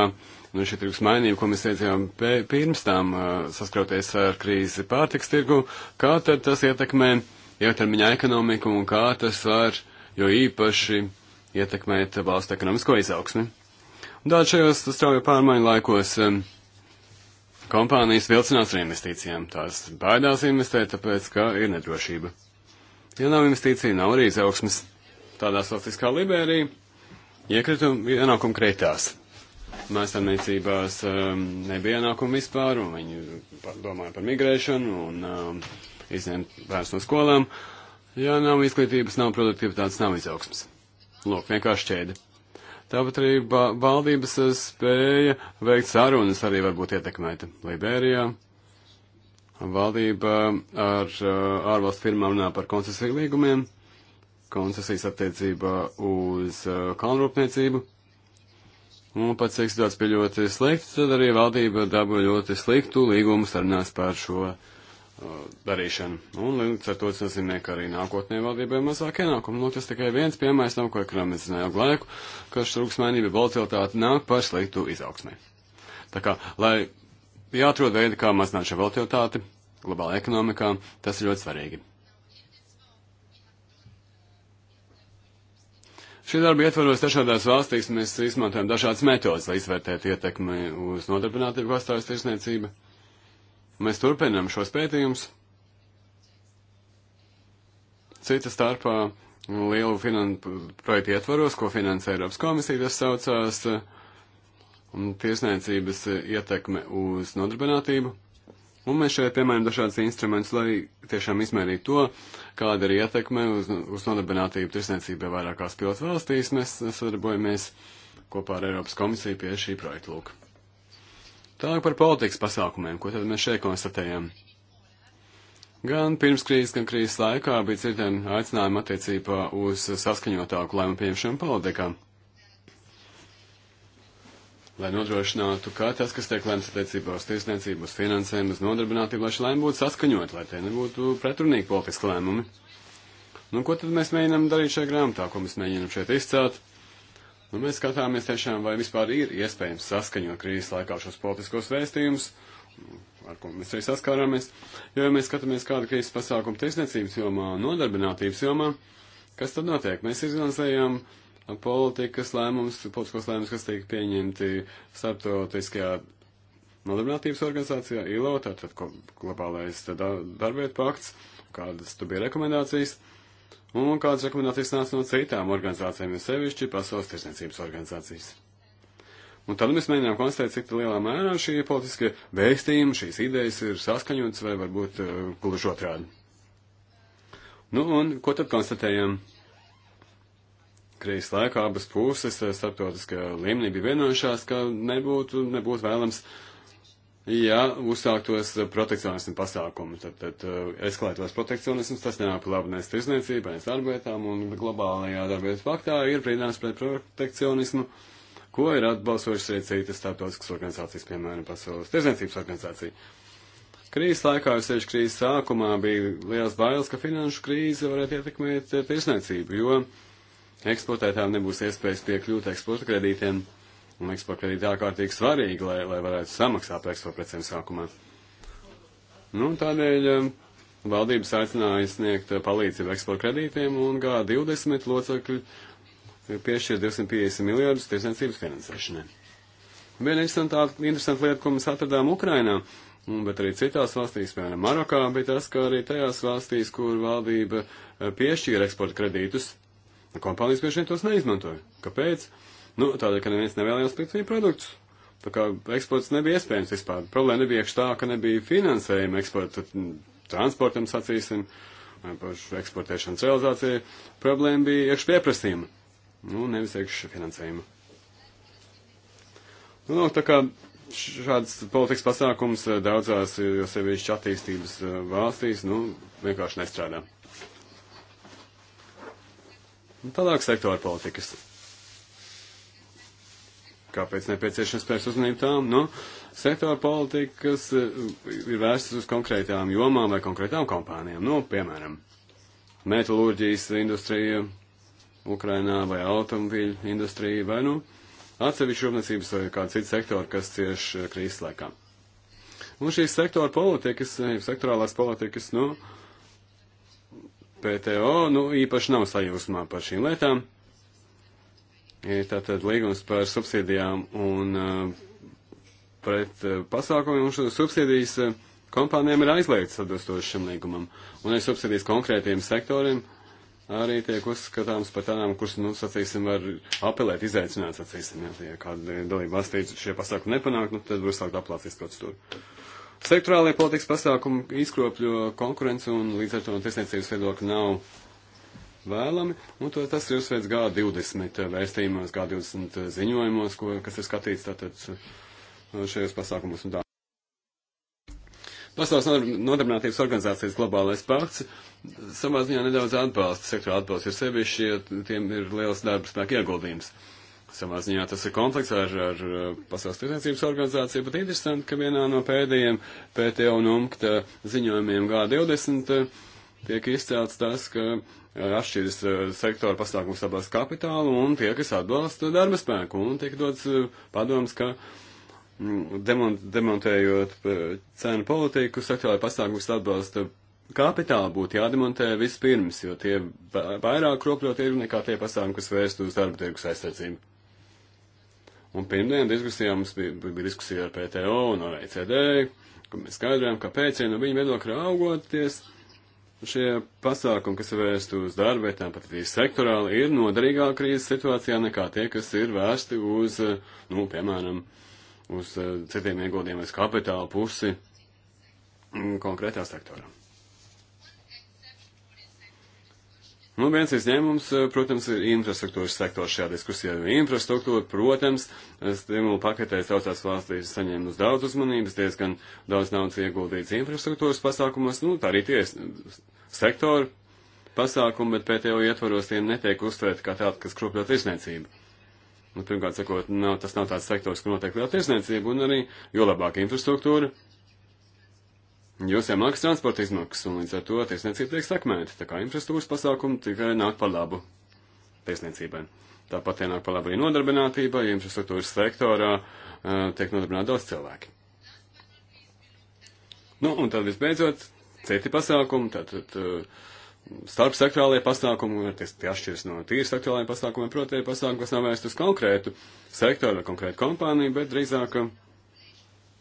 Speaker 3: nu, šī tirgus mainība, ko mēs piedzīvojam pirms tam, eh, saskroties ar krīzi pārtiks tirgu, kā tad tas ietekmē ilgtermiņā ekonomiku un kā tas var jo īpaši ietekmēt valsts ekonomisko izaugsmi. Daudz šajos straujo pārmaiņu laikos eh, kompānijas vilcinās ar investīcijām. Tās baidās investēt, tāpēc, ka ir nedrošība. Ja nav investīcija, nav arī izaugsmes tādās valstīs kā Liberija, iekritumi ienākumi kreitās. Mājasemniecībās um, nebija ienākumu vispār, un viņi domāja par migrēšanu un um, izņemt bērns no skolām. Ja nav izglītības, nav produktivitātes, nav izaugsmas. Lūk, vienkārši ķēde. Tāpat arī valdības ba uh, spēja veikt sarunas arī varbūt ietekmēta Liberijā. Valdība ar uh, ārvalstu firmām runā par koncesiju līgumiem koncesijas attiecībā uz uh, kalnrūpniecību. Un pats cik situācija bija ļoti slikta, tad arī valdība dabūja ļoti sliktu līgumu sarunās par šo uh, darīšanu. Un līdz ar to tas nozīmē, ka arī nākotnē valdībai mazāk ienākumu. Nu, tas tikai viens piemērs nav, ko ekonomiski ilgu laiku, ka štrūksmainība volatilitāte nāk par sliktu izaugsmē. Tā kā, lai jāatrod veidi, kā mazināt šo volatilitāti globālajā ekonomikā, tas ir ļoti svarīgi. Šie darbi ietvaros dažādās valstīs mēs izmantojam dažādas metodas, lai izvērtētu ietekmi uz nodarbinātību, ko stāsta tirsniecība. Mēs turpinam šos pētījumus. Cita starpā lielu finan... projektu ietvaros, ko finansē Eiropas komisija, tas saucās eh, tirsniecības ietekme uz nodarbinātību. Un mēs šeit piemēram dažādas instrumentus, lai tiešām izmērītu to, kāda ir ietekme uz, uz nodarbinātību tirsniecībai vairākās pilotu valstīs. Mēs sadarbojamies kopā ar Eiropas komisiju pie šī projekta lūk. Tālāk par politikas pasākumiem, ko tad mēs šeit konstatējam. Gan pirms krīzes, gan krīzes laikā bija dzirdami aicinājumi attiecībā uz saskaņotāku lēmumu pieņemšanu politikām lai nodrošinātu, ka tas, kas tiek lēmts attiecībā uz tiesniecību, uz finansējumu, uz nodarbinātību, lai šie lēmumi būtu saskaņot, lai tie nebūtu pretrunīgi politiski lēmumi. Nu, ko tad mēs mēģinām darīt šajā grāmatā, ko mēs mēģinām šeit izcelt? Nu, mēs skatāmies tiešām, vai vispār ir iespējams saskaņot krīzes laikā šos politiskos vēstījumus, ar ko mēs arī saskārāmies. Jo, ja mēs skatāmies kādu krīzes pasākumu tiesniecības jomā, nodarbinātības jomā, kas tad notiek? Mēs izanalizējām politikas lēmums, politiskos lēmums, kas tiek pieņemti starptautiskajā nodarbinātības organizācijā, ILO, tātad globālais darbietu pakts, kādas tu bija rekomendācijas, un kādas rekomendācijas nāca no citām organizācijām, jo sevišķi pasaules tirsniecības organizācijas. Un tad mēs mēģinām konstatēt, cik lielā mērā šie politiskie vēstījumi, šīs idejas ir saskaņotas vai varbūt uh, gluži otrādi. Nu, un ko tad konstatējam? krīzes laikā abas puses eh, starptautiskajā līmenī bija vienojušās, ka nebūtu, nebūtu vēlams, ja uzsāktos eh, protekcionismu pasākumu. Tad, tad eh, eskalētos protekcionisms, tas nenāk labi nes tirzniecībai, nes darbietām, un globālajā darbietas faktā ir brīdinājums pret protekcionismu, ko ir atbalsojušas arī citas starptautiskas organizācijas, piemēram, Pasaules tirzniecības organizācija. Krīzes laikā, jo sevišķi krīzes sākumā, bija liels bailes, ka finanšu krīze varētu ietekmēt tirsniecību, jo uh, eksportētājiem nebūs iespējas piekļūt eksporta kredītiem, un eksporta kredīti ārkārtīgi svarīgi, lai, lai varētu samaksāt par eksporta precēm sākumā. Nu, tādēļ eh, valdības aicināja sniegt palīdzību eksporta kredītiem, un G20 locekļi piešķir 250 miljardus tirsniecības finansēšanai. Viena interesanta, interesanta lieta, ko mēs atradām Ukrainā, bet arī citās valstīs, piemēram, Marokā, bija tas, ka arī tajās valstīs, kur valdība eh, piešķīra eksporta kredītus, Kompānijas bieži vien tos neizmantoja. Kāpēc? Nu, tādēļ, ka neviens nevēlējās pirkt viņu produktus. Tā kā eksports nebija iespējams vispār. Problēma nebija iekš tā, ka nebija finansējuma eksporta mm, transportam, sacīsim, vai pašu eksportēšanas realizācija. Problēma bija iekš pieprasījuma, nu, nevis iekš finansējuma. Nu, tā kā šāds politikas pasākums eh, daudzās, jo sevišķi attīstības eh, valstīs, nu, vienkārši nestrādā. Un nu, tālāk sektora politikas. Kāpēc nepieciešams pēc uzmanību tām? Nu, sektora politikas eh, ir vērstas uz konkrētām jomām vai konkrētām kompānijām. Nu, piemēram, metalurģijas industrija Ukrainā vai automobīļu industrija vai, nu, atsevišķu rūpniecības vai kādu citu sektoru, kas cieš eh, krīzes laikā. Un šīs sektora politikas, eh, sektorālās politikas, nu, PTO nu, īpaši nav sajūsmā par šīm lietām. Ir tātad līgums par subsīdijām un uh, pret uh, pasākumiem un šo subsīdijas uh, kompānijām ir aizliegts atbilstoši šim līgumam. Un arī subsīdijas konkrētiem sektoriem arī tiek uzskatāms par tādām, kuras, nu, sacīsim, var apelēt, izaicināt, sacīsim, ja tie kādi dalība valstīs šie pasākumi nepanāk, nu, tad var sākt aplācīs procedūru. Sektorālie politikas pasākumi izkropļo konkurenci un līdz ar to tiesniecības viedokļi nav vēlami, un to, tas ir uzsvērts G20 vēstījumos, G20 ziņojumos, ko, kas ir skatīts tātad uh, šajos pasākumos un tā. Pasaules nodarbinātības organizācijas globālais pakts savā ziņā nedaudz atbalsta, sektora atbalsts ir sevišķi, ja tiem ir liels darba spēka ieguldījums. Uh, Savā ziņā tas ir konflikts ar, ar Pasaules tirdzniecības organizāciju, bet interesanti, ka vienā no pēdējiem PTO un UMKTA ziņojumiem G20 tiek izcelts tas, ka atšķiras eh, sektora pasākums atbalsta kapitālu un tie, kas atbalsta darba spēku, un tiek dots eh, padoms, ka mm, demont, demontējot eh, cenu politiku, sektora pasākums atbalsta kapitāli būtu jādemontē vispirms, jo tie vairāk kropļo tirgu nekā tie pasākumi, kas vērst uz darba tirgus aizsardzību. Un pirmdien diskusijā mums bija, bija diskusija ar PTO un ar ECD, kur mēs skaidrojām, ka pēc ja no viņa viedokļa augoties šie pasākumi, kas ir vērsti uz darba vietām, pat arī sektorāli, ir noderīgāk krīzes situācijā nekā tie, kas ir vērsti uz, nu, piemēram, uz eh, citiem ieguldījumiem, uz kapitāla pusi mm, konkrētā sektorā. Nu, viens izņēmums, eh, protams, ir infrastruktūras sektors šajā diskusijā. Infrastruktūra, protams, eh, stimulu paketē saucās valstīs saņēmusi daudz uzmanības, diezgan daudz naudas ieguldīts infrastruktūras pasākumos, nu, tā arī tie sektori pasākumi, bet pētējo ietvaros tiem netiek uztvērti kā tāda, kas kropļo tirsniecību. Nu, pirmkārt, sakot, nav, tas nav tāds sektors, kur notiek liela tirsniecība, un arī, jo labāka infrastruktūra, Jūs jāmaksā transporta izmaksas, un līdz ar to tiesniecība tiek sakmēta. Tā kā infrastruktūras pasākumi tikai nāk par labu tiesniecībai. Tāpat ienāk par labu arī nodarbinātībai, infrastruktūras sektorā uh, tiek nodarbināti daudz cilvēki. Nu, un tad visbeidzot, citi pasākumi, tātad starp sektorālajie pasākumi, tie atšķiras no tīri sektorālajiem pasākumiem, proti, pasākumi, kas nav vērsti uz konkrētu sektoru vai konkrētu kompāniju, bet drīzāk. Uh,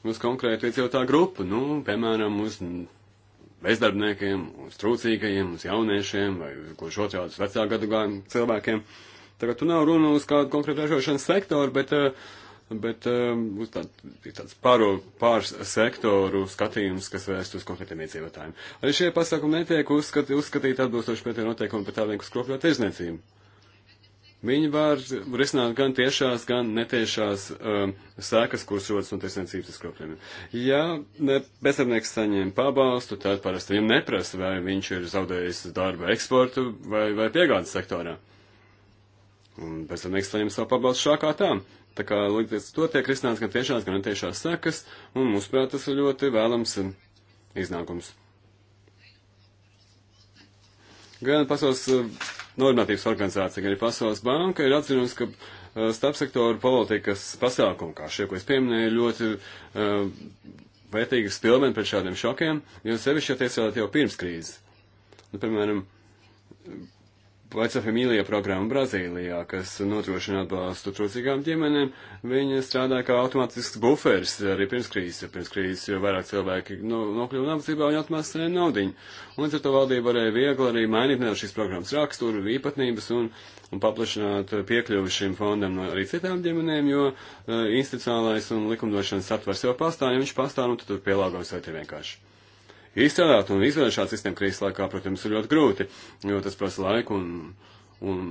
Speaker 3: uz konkrētu iedzīvotā grupu, nu, piemēram, uz bezdarbniekiem, uz trūcīgajiem, uz jauniešiem vai gluži otrādi uz vecā gadagājuma cilvēkiem. Tagad tu nav runa uz kādu konkrētu ražošanas sektoru, bet, eh, bet eh, uz tād, tāds pāro, pāris sektoru skatījums, kas vērst uz konkrētiem iedzīvotājiem. Arī šie pasākumi netiek uzskat, uzskatīti atbilstoši pēc noteikumu par tādiem, kas kropļo tirzniecību. Viņi var risināt gan tiešās, gan netiešās um, sēkas, kuras rodas no tiesniecības izkropļiem. Ja ne, bezdarbnieks saņem pabalstu, tad parasti viņam neprasa, vai viņš ir zaudējis darba eksportu vai, vai piegādes sektorā. Un bezdarbnieks saņem savu pabalstu šā kā tā. Tā kā līdz to tiek risināts gan tiešās, gan netiešās sekas, un mūsuprāt tas ir ļoti vēlams um, iznākums. Gan pasaules uh, normatīvas organizācija, gan arī Pasaules banka, ir atzinusi, ka uh, starpsektoru politikas pasākumi, kā šie, ko es pieminēju, ļoti uh, vērtīgi spilmeni pret šādiem šokiem, jo sevišķi attiecībā jau pirms krīzes. Nu, piemēram, Veca familija programma Brazīlijā, kas nodrošina atbalstu trūcīgām ģimenēm, viņa strādāja kā automātisks buferis arī pirms krīzes. Pirms krīzes jau vairāk cilvēki no, nokļuva nabadzībā un atmēstīja naudiņu. Un līdz ar to valdība varēja viegli arī mainīt nedaudz šīs programmas raksturu, īpatnības un, un paplašināt piekļuvi šim fondam no arī citām ģimenēm, jo uh, institucionālais un likumdošanas satvers jau pastāv, ja viņš pastāv, nu tad tur pielāgojas vai tie vienkārši izstrādāt un izveidot šādu sistēmu krīzes laikā, protams, ir ļoti grūti, jo tas prasa laiku un, un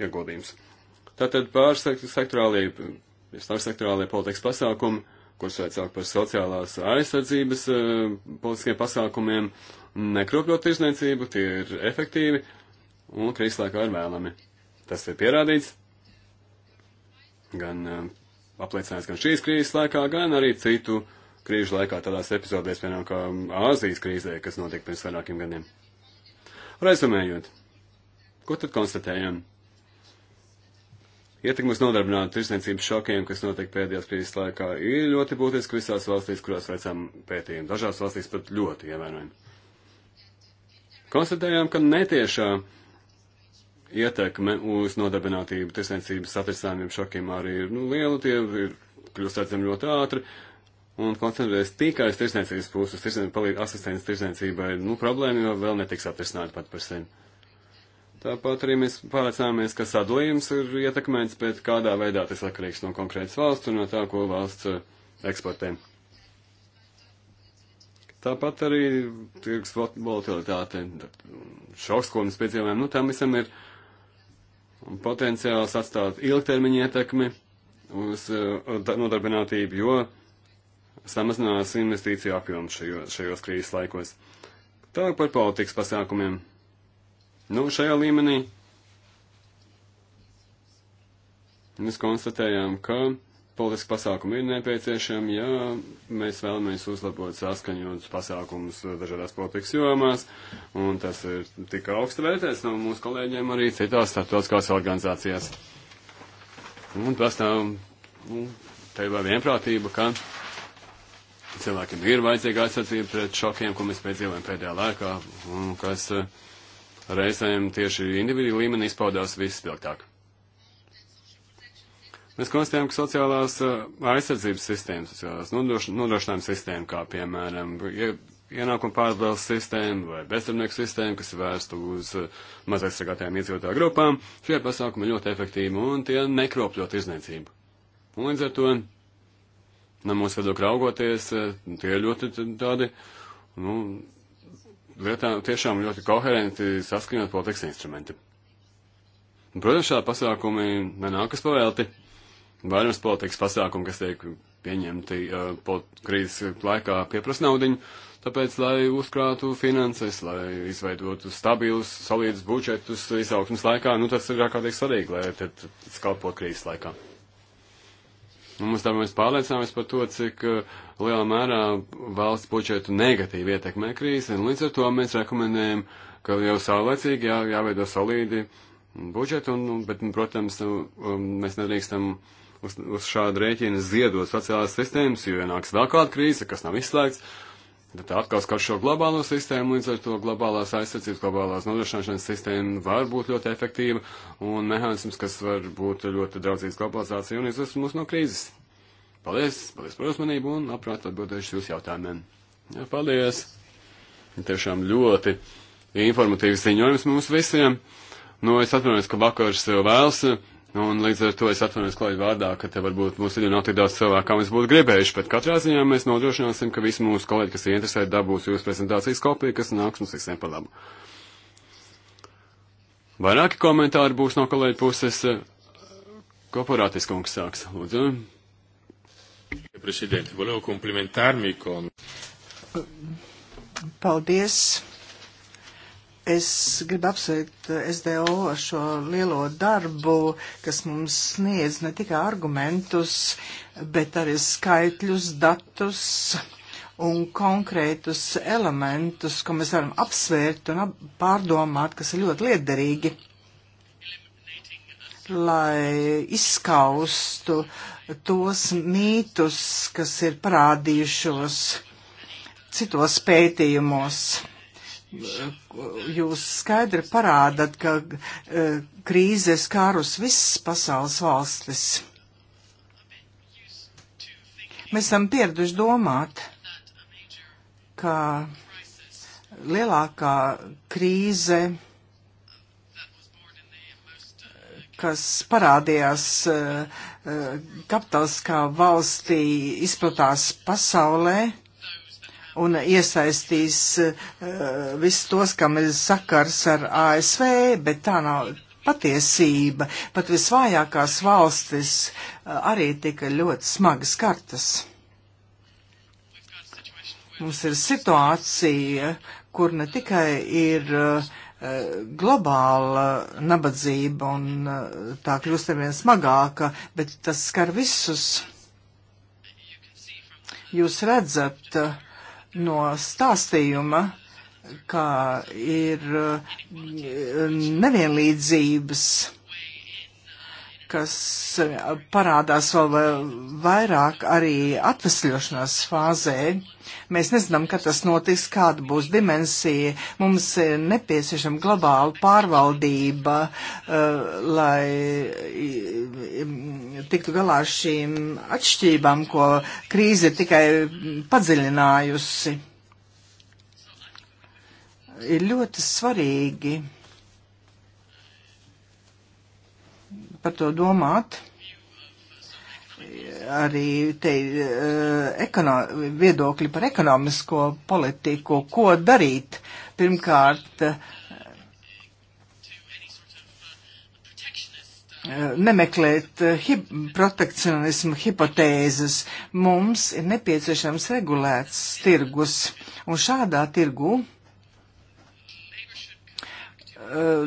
Speaker 3: ieguldījums. Tātad pārsektorālie, starpsektorālie politikas pasākumi, kurus vajadzāk par sociālās aizsardzības uh, politiskiem pasākumiem, nekropļot tirzniecību, tie ir efektīvi un krīzes laikā ir vēlami. Tas ir pierādīts gan uh, e, apliecināts gan šīs krīzes laikā, gan arī citu uh, krīžu laikā, tādās epizodēs, piemēram, kā Āzijas krīzē, kas notika pirms vairākiem gadiem. Rezumējot, ko tad konstatējam? Ietekmes nodarbināt tirsniecības šokiem, kas notiek pēdējās krīzes laikā, ir ļoti būtiski visās valstīs, kurās veicām pētījumu. Dažās valstīs pat ļoti ievērojami. Konstatējām, ka netiešā ietekme uz nodarbinātību tirsniecības satricinājumiem šokiem arī ir nu, liela, tie ir kļūst redzami ļoti ātri, un koncentrēties tikai uz tirsniecības pusi, uz tirsniecības palīdz asistents tirsniecībai. Nu, problēma jau vēl netiks atrisināta pat par sevi. Tāpat arī mēs pārliecināmies, ka sadalījums ir ietekmēts, bet kādā veidā tas atkarīgs no konkrētas valsts un no tā, ko valsts eh, eksportē. Tāpat arī tirgus volatilitāte, mm, šoks, ko mēs piedzīvojam, nu tam visam ir potenciāls atstāt ilgtermiņa ietekmi uz eh, nodarbinātību, jo samazinās investīciju apjomu šajos, šajos krīzes laikos. Tālāk par politikas pasākumiem. Nu, šajā līmenī mēs konstatējām, ka politiski pasākumi ir nepieciešami, ja mēs vēlamies uzlabot saskaņotus pasākumus dažādās politikas jomās, un tas ir tik augsta vērtēts no mūsu kolēģiem arī citās starptautiskās organizācijās. Un pastāv nu, te vēl vienprātība, ka cilvēkiem ir vajadzīga aizsardzība pret šokiem, ko mēs piedzīvojam pēdējā laikā, un kas eh, reizēm tieši individu līmenī izpaudās visspilgtāk. Mēs konstatējam, ka sociālās eh, aizsardzības sistēmas, sociālās nodrošinājuma sistēma, kā piemēram ienākuma pārbaudas sistēma vai bezdarbnieku sistēma, kas ir vērsta uz eh, mazaizsargātajām iedzīvotāju grupām, šie pasākumi ļoti efektīvi un tie nekropļot izniecību. Un līdz ar to no mūsu viedokļa raugoties, e, tie ir ļoti tādi, nu, lietā, tiešām ļoti koherenti saskaņot politikas instrumenti. Un, protams, šādi pasākumi nenākas pavēlti. Vairums politikas pasākumu, kas tiek pieņemti uh, krīzes laikā, pieprasa naudiņu, tāpēc, lai uzkrātu finanses, lai izveidotu stabilus, solidus budžetus izaugsmas laikā, nu tas ir ārkārtīgi svarīgi, lai tad skalpot krīzes laikā. Un nu, mums tā mēs pārliecināmies par to, cik uh, lielā mērā valsts budžetu negatīvi ietekmē krīze, un līdz ar to mēs rekomendējam, ka jau saulēcīgi jā, jāveido solīdi budžetu, un, bet, nu, protams, nu, um, mēs nedrīkstam uz, uz šādu rēķinu ziedot sociālās sistēmas, jo ienāks vēl kāda krīze, kas nav izslēgts, Bet atkal skar šo globālo sistēmu, līdz ar to globālās aizsardzības, globālās nodrošināšanas sistēma var būt ļoti efektīva un mehānisms, kas var būt ļoti draudzīgs globalizācijai un izvest mūs no krīzes. Paldies, paldies par uzmanību un labprāt atbildēšu jūs jautājumiem. Jā, paldies! Tiešām ļoti informatīvs ziņojums mums visiem. Nu, es atvainojos, ka vakars vēl vēls. Nu, un līdz ar to es atvainojos kolēģi vārdā, ka te varbūt mūsu video nav tik daudz cilvēku, kā mēs būtu gribējuši, bet katrā ziņā mēs nodrošināsim, ka visi mūsu kolēģi, kas ir interesēti, dabūs jūsu prezentācijas kopiju, kas nāks mums visiem par labu. Vairāki komentāri būs no kolēģa puses. Korporātis kungs sāks, lūdzu. Presidente, volevo complimentarmi con.
Speaker 4: Paldies. Es gribu apsveikt SDO ar šo lielo darbu, kas mums sniedz ne tikai argumentus, bet arī skaitļus, datus un konkrētus elementus, ko mēs varam apsvērt un ap pārdomāt, kas ir ļoti liederīgi, lai izskaustu tos mītus, kas ir parādījušos citos pētījumos jūs skaidri parādat, ka e, krīze skārus visas pasaules valstis. Mēs esam pieraduši domāt, ka lielākā krīze, kas parādījās e, e, kapitāliskā valstī, izplatās pasaulē, un iesaistīs uh, visus tos, kam ir sakars ar ASV, bet tā nav patiesība. Pat visvājākās valstis uh, arī tika ļoti smagas kartas. Mums ir situācija, kur ne tikai ir uh, globāla nabadzība un uh, tā kļūst arvien smagāka, bet tas skar visus. Jūs redzat, uh, no stāstījuma, ka ir eh, nevienlīdzības kas e, parādās vēl vairāk arī atvesļošanās fāzē. Mēs nezinām, kad tas notiks, kāda būs dimensija. Mums ir e, nepieciešama globāla pārvaldība, e, lai tiktu galā ar šīm atšķībām, ko krīze tikai padziļinājusi. Ir ļoti svarīgi par to domāt. Arī te eh, ekono, viedokļi par ekonomisko politiku, ko darīt. Pirmkārt, eh, nemeklēt hip protekcionismu hipotēzes. Mums ir nepieciešams regulēts tirgus, un šādā tirgu uh, Eh,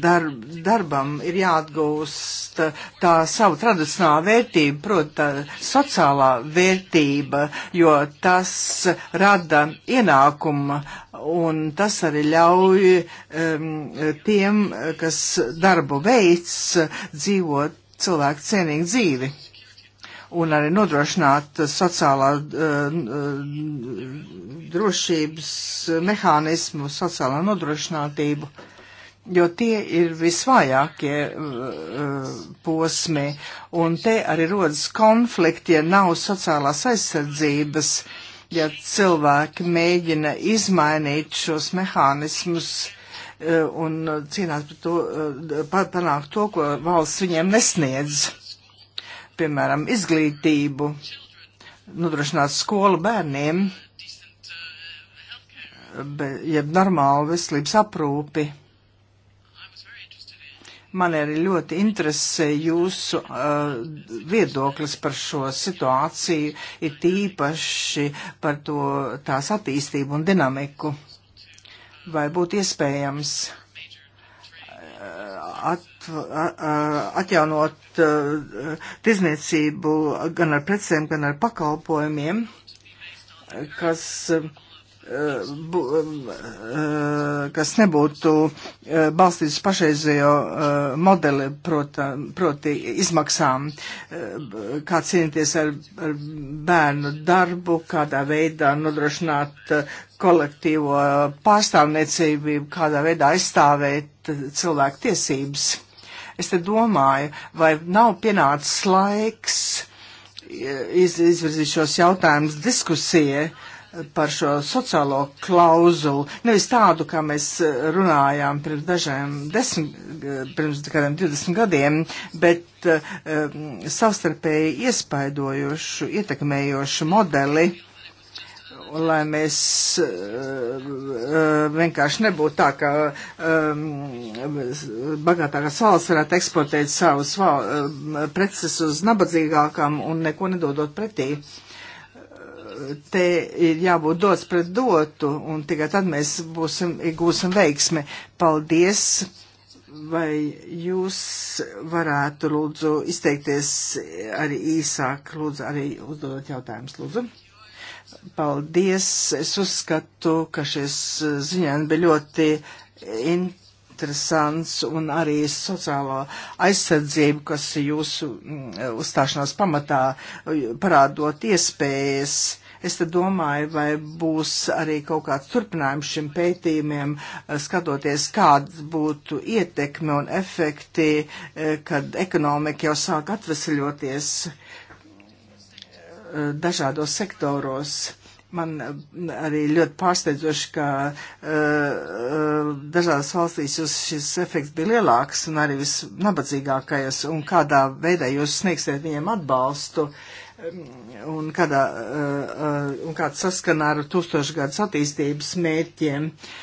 Speaker 4: dar, darbam ir jāatgūst eh, tā savu tradicionālā vērtība, proti sociālā vērtība, jo tas rada ienākumu un tas arī ļauj um, tiem, kas darbu veids, dzīvot cilvēku cienīgu dzīvi un arī nodrošināt sociālā uh, drošības mehānismu, sociālā nodrošinātību, jo tie ir visvājākie uh, posmi, un te arī rodas konflikti, ja nav sociālās aizsardzības, ja cilvēki mēģina izmainīt šos mehānismus uh, un cīnās par to, panākt to, ko valsts viņiem nesniedz piemēram, izglītību, nodrošināt skolu bērniem, be, jeb normālu veselības aprūpi. Man arī ļoti interesē jūsu uh, viedoklis par šo situāciju, ir tīpaši par to tās attīstību un dinamiku. Vai būtu iespējams uh, at, atjaunot tirzniecību gan ar precēm, gan ar pakalpojumiem, kas, bu, kas nebūtu balstīts pašreizējo modeli, prota, proti izmaksām, kā cīnīties ar, ar bērnu darbu, kādā veidā nodrošināt kolektīvo pārstāvniecību, kādā veidā aizstāvēt cilvēku tiesības Es te domāju, vai nav pienācis laiks e, iz, izvirzīt šos jautājumus diskusijai par šo sociālo klauzulu, nevis tādu, kā mēs e, runājām pirms dažiem desmit, e, pirms kādiem 20 gadiem, bet uh, savstarpēji iespaidojošu, ietekmējošu modeli uh, lai mēs eh, eh, vienkārši nebūtu tā, ka um, bagātākās valsts varētu eksportēt savus val, eh, preces uz nabadzīgākām un neko nedodot pretī. Te ir jābūt dots pret dotu, un tikai tad mēs būsim, gūsim veiksmi. Paldies! Vai jūs varētu lūdzu izteikties arī īsāk, lūdzu arī uzdodot jautājumus, lūdzu? Paldies! Es uzskatu, ka šis ziņojums bija ļoti interesants un arī sociālo aizsardzību, kas jūsu mm, uzstāšanās pamatā parādot iespējas. Es te domāju, vai būs arī kaut kāds turpinājums šim pētījumiem, skatoties, kāds būtu ietekme un efekti, eh, kad ekonomika jau sāk atvesļoties Eh, dažādos sektoros. Man eh, arī ļoti pārsteidzoši, ka uh, dažādās valstīs jūs šis efekts bija lielāks un arī visnabadzīgākajos, un kādā veidā jūs sniegsiet viņiem atbalstu, mm, un, kādā, uh, uh, un kāds saskan ar tūkstošgadus attīstības mērķiem. Uh,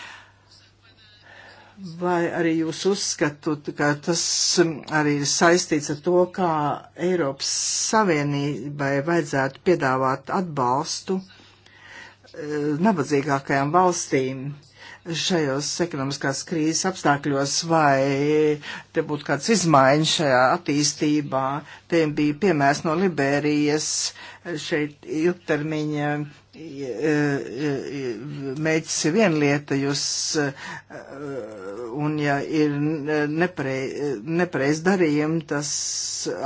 Speaker 4: Vai arī jūs uzskatāt, ka tas mm, arī ir saistīts ar to, kā Eiropas Savienībai vajadzētu piedāvāt atbalstu eh, nabadzīgākajām valstīm šajos ekonomiskās krīzes apstākļos, vai te būtu kāds izmaiņas šajā attīstībā? Te bija piemērs no Liberijas, šeit ilgtermiņa Mēģis ir viena lieta, jūs, eh, un ja ir nepareiz, nepareiz darījumi, tas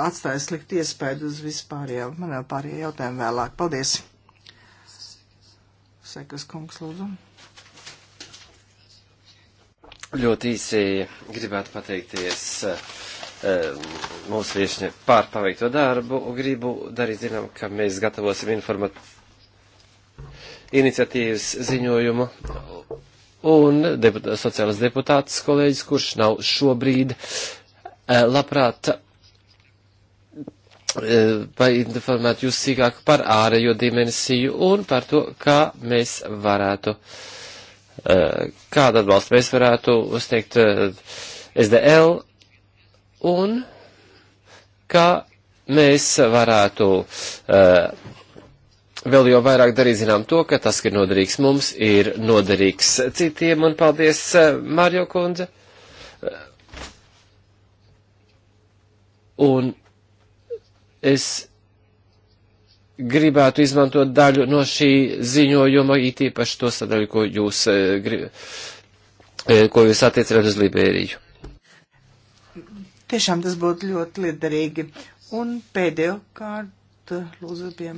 Speaker 4: atstāja sliktu iespēju uz vispārējā, manā pārējā jautājuma vēlāk. Paldies! Sekas kungs, lūdzu.
Speaker 2: Ļoti īsi gribētu pateikties eh, mūsu viešņai par paveikto darbu. Gribu darīt zinām, ka mēs gatavosim informatīvu iniciatīvas ziņojumu un deputā, sociālas deputātas kolēģis, kurš nav šobrīd eh, labprāt painformēt eh, jūs sīkāk par ārējo dimensiju un par to, kā mēs varētu, eh, kādu atbalstu mēs varētu uzteikt SDL un kā mēs varētu uh, vēl jau vairāk darīt zinām to, ka tas, ka ir noderīgs mums, ir noderīgs citiem, un paldies, eh, Mārjo kundze. Un es gribētu izmantot daļu no šī ziņojuma, it īpaši to sadaļu, ko jūs, eh, grib, eh, ko jūs attiecināt uz Liberiju.
Speaker 4: Tiešām tas būtu ļoti liederīgi. Un pēdējo kārt vārdu lūdzu pie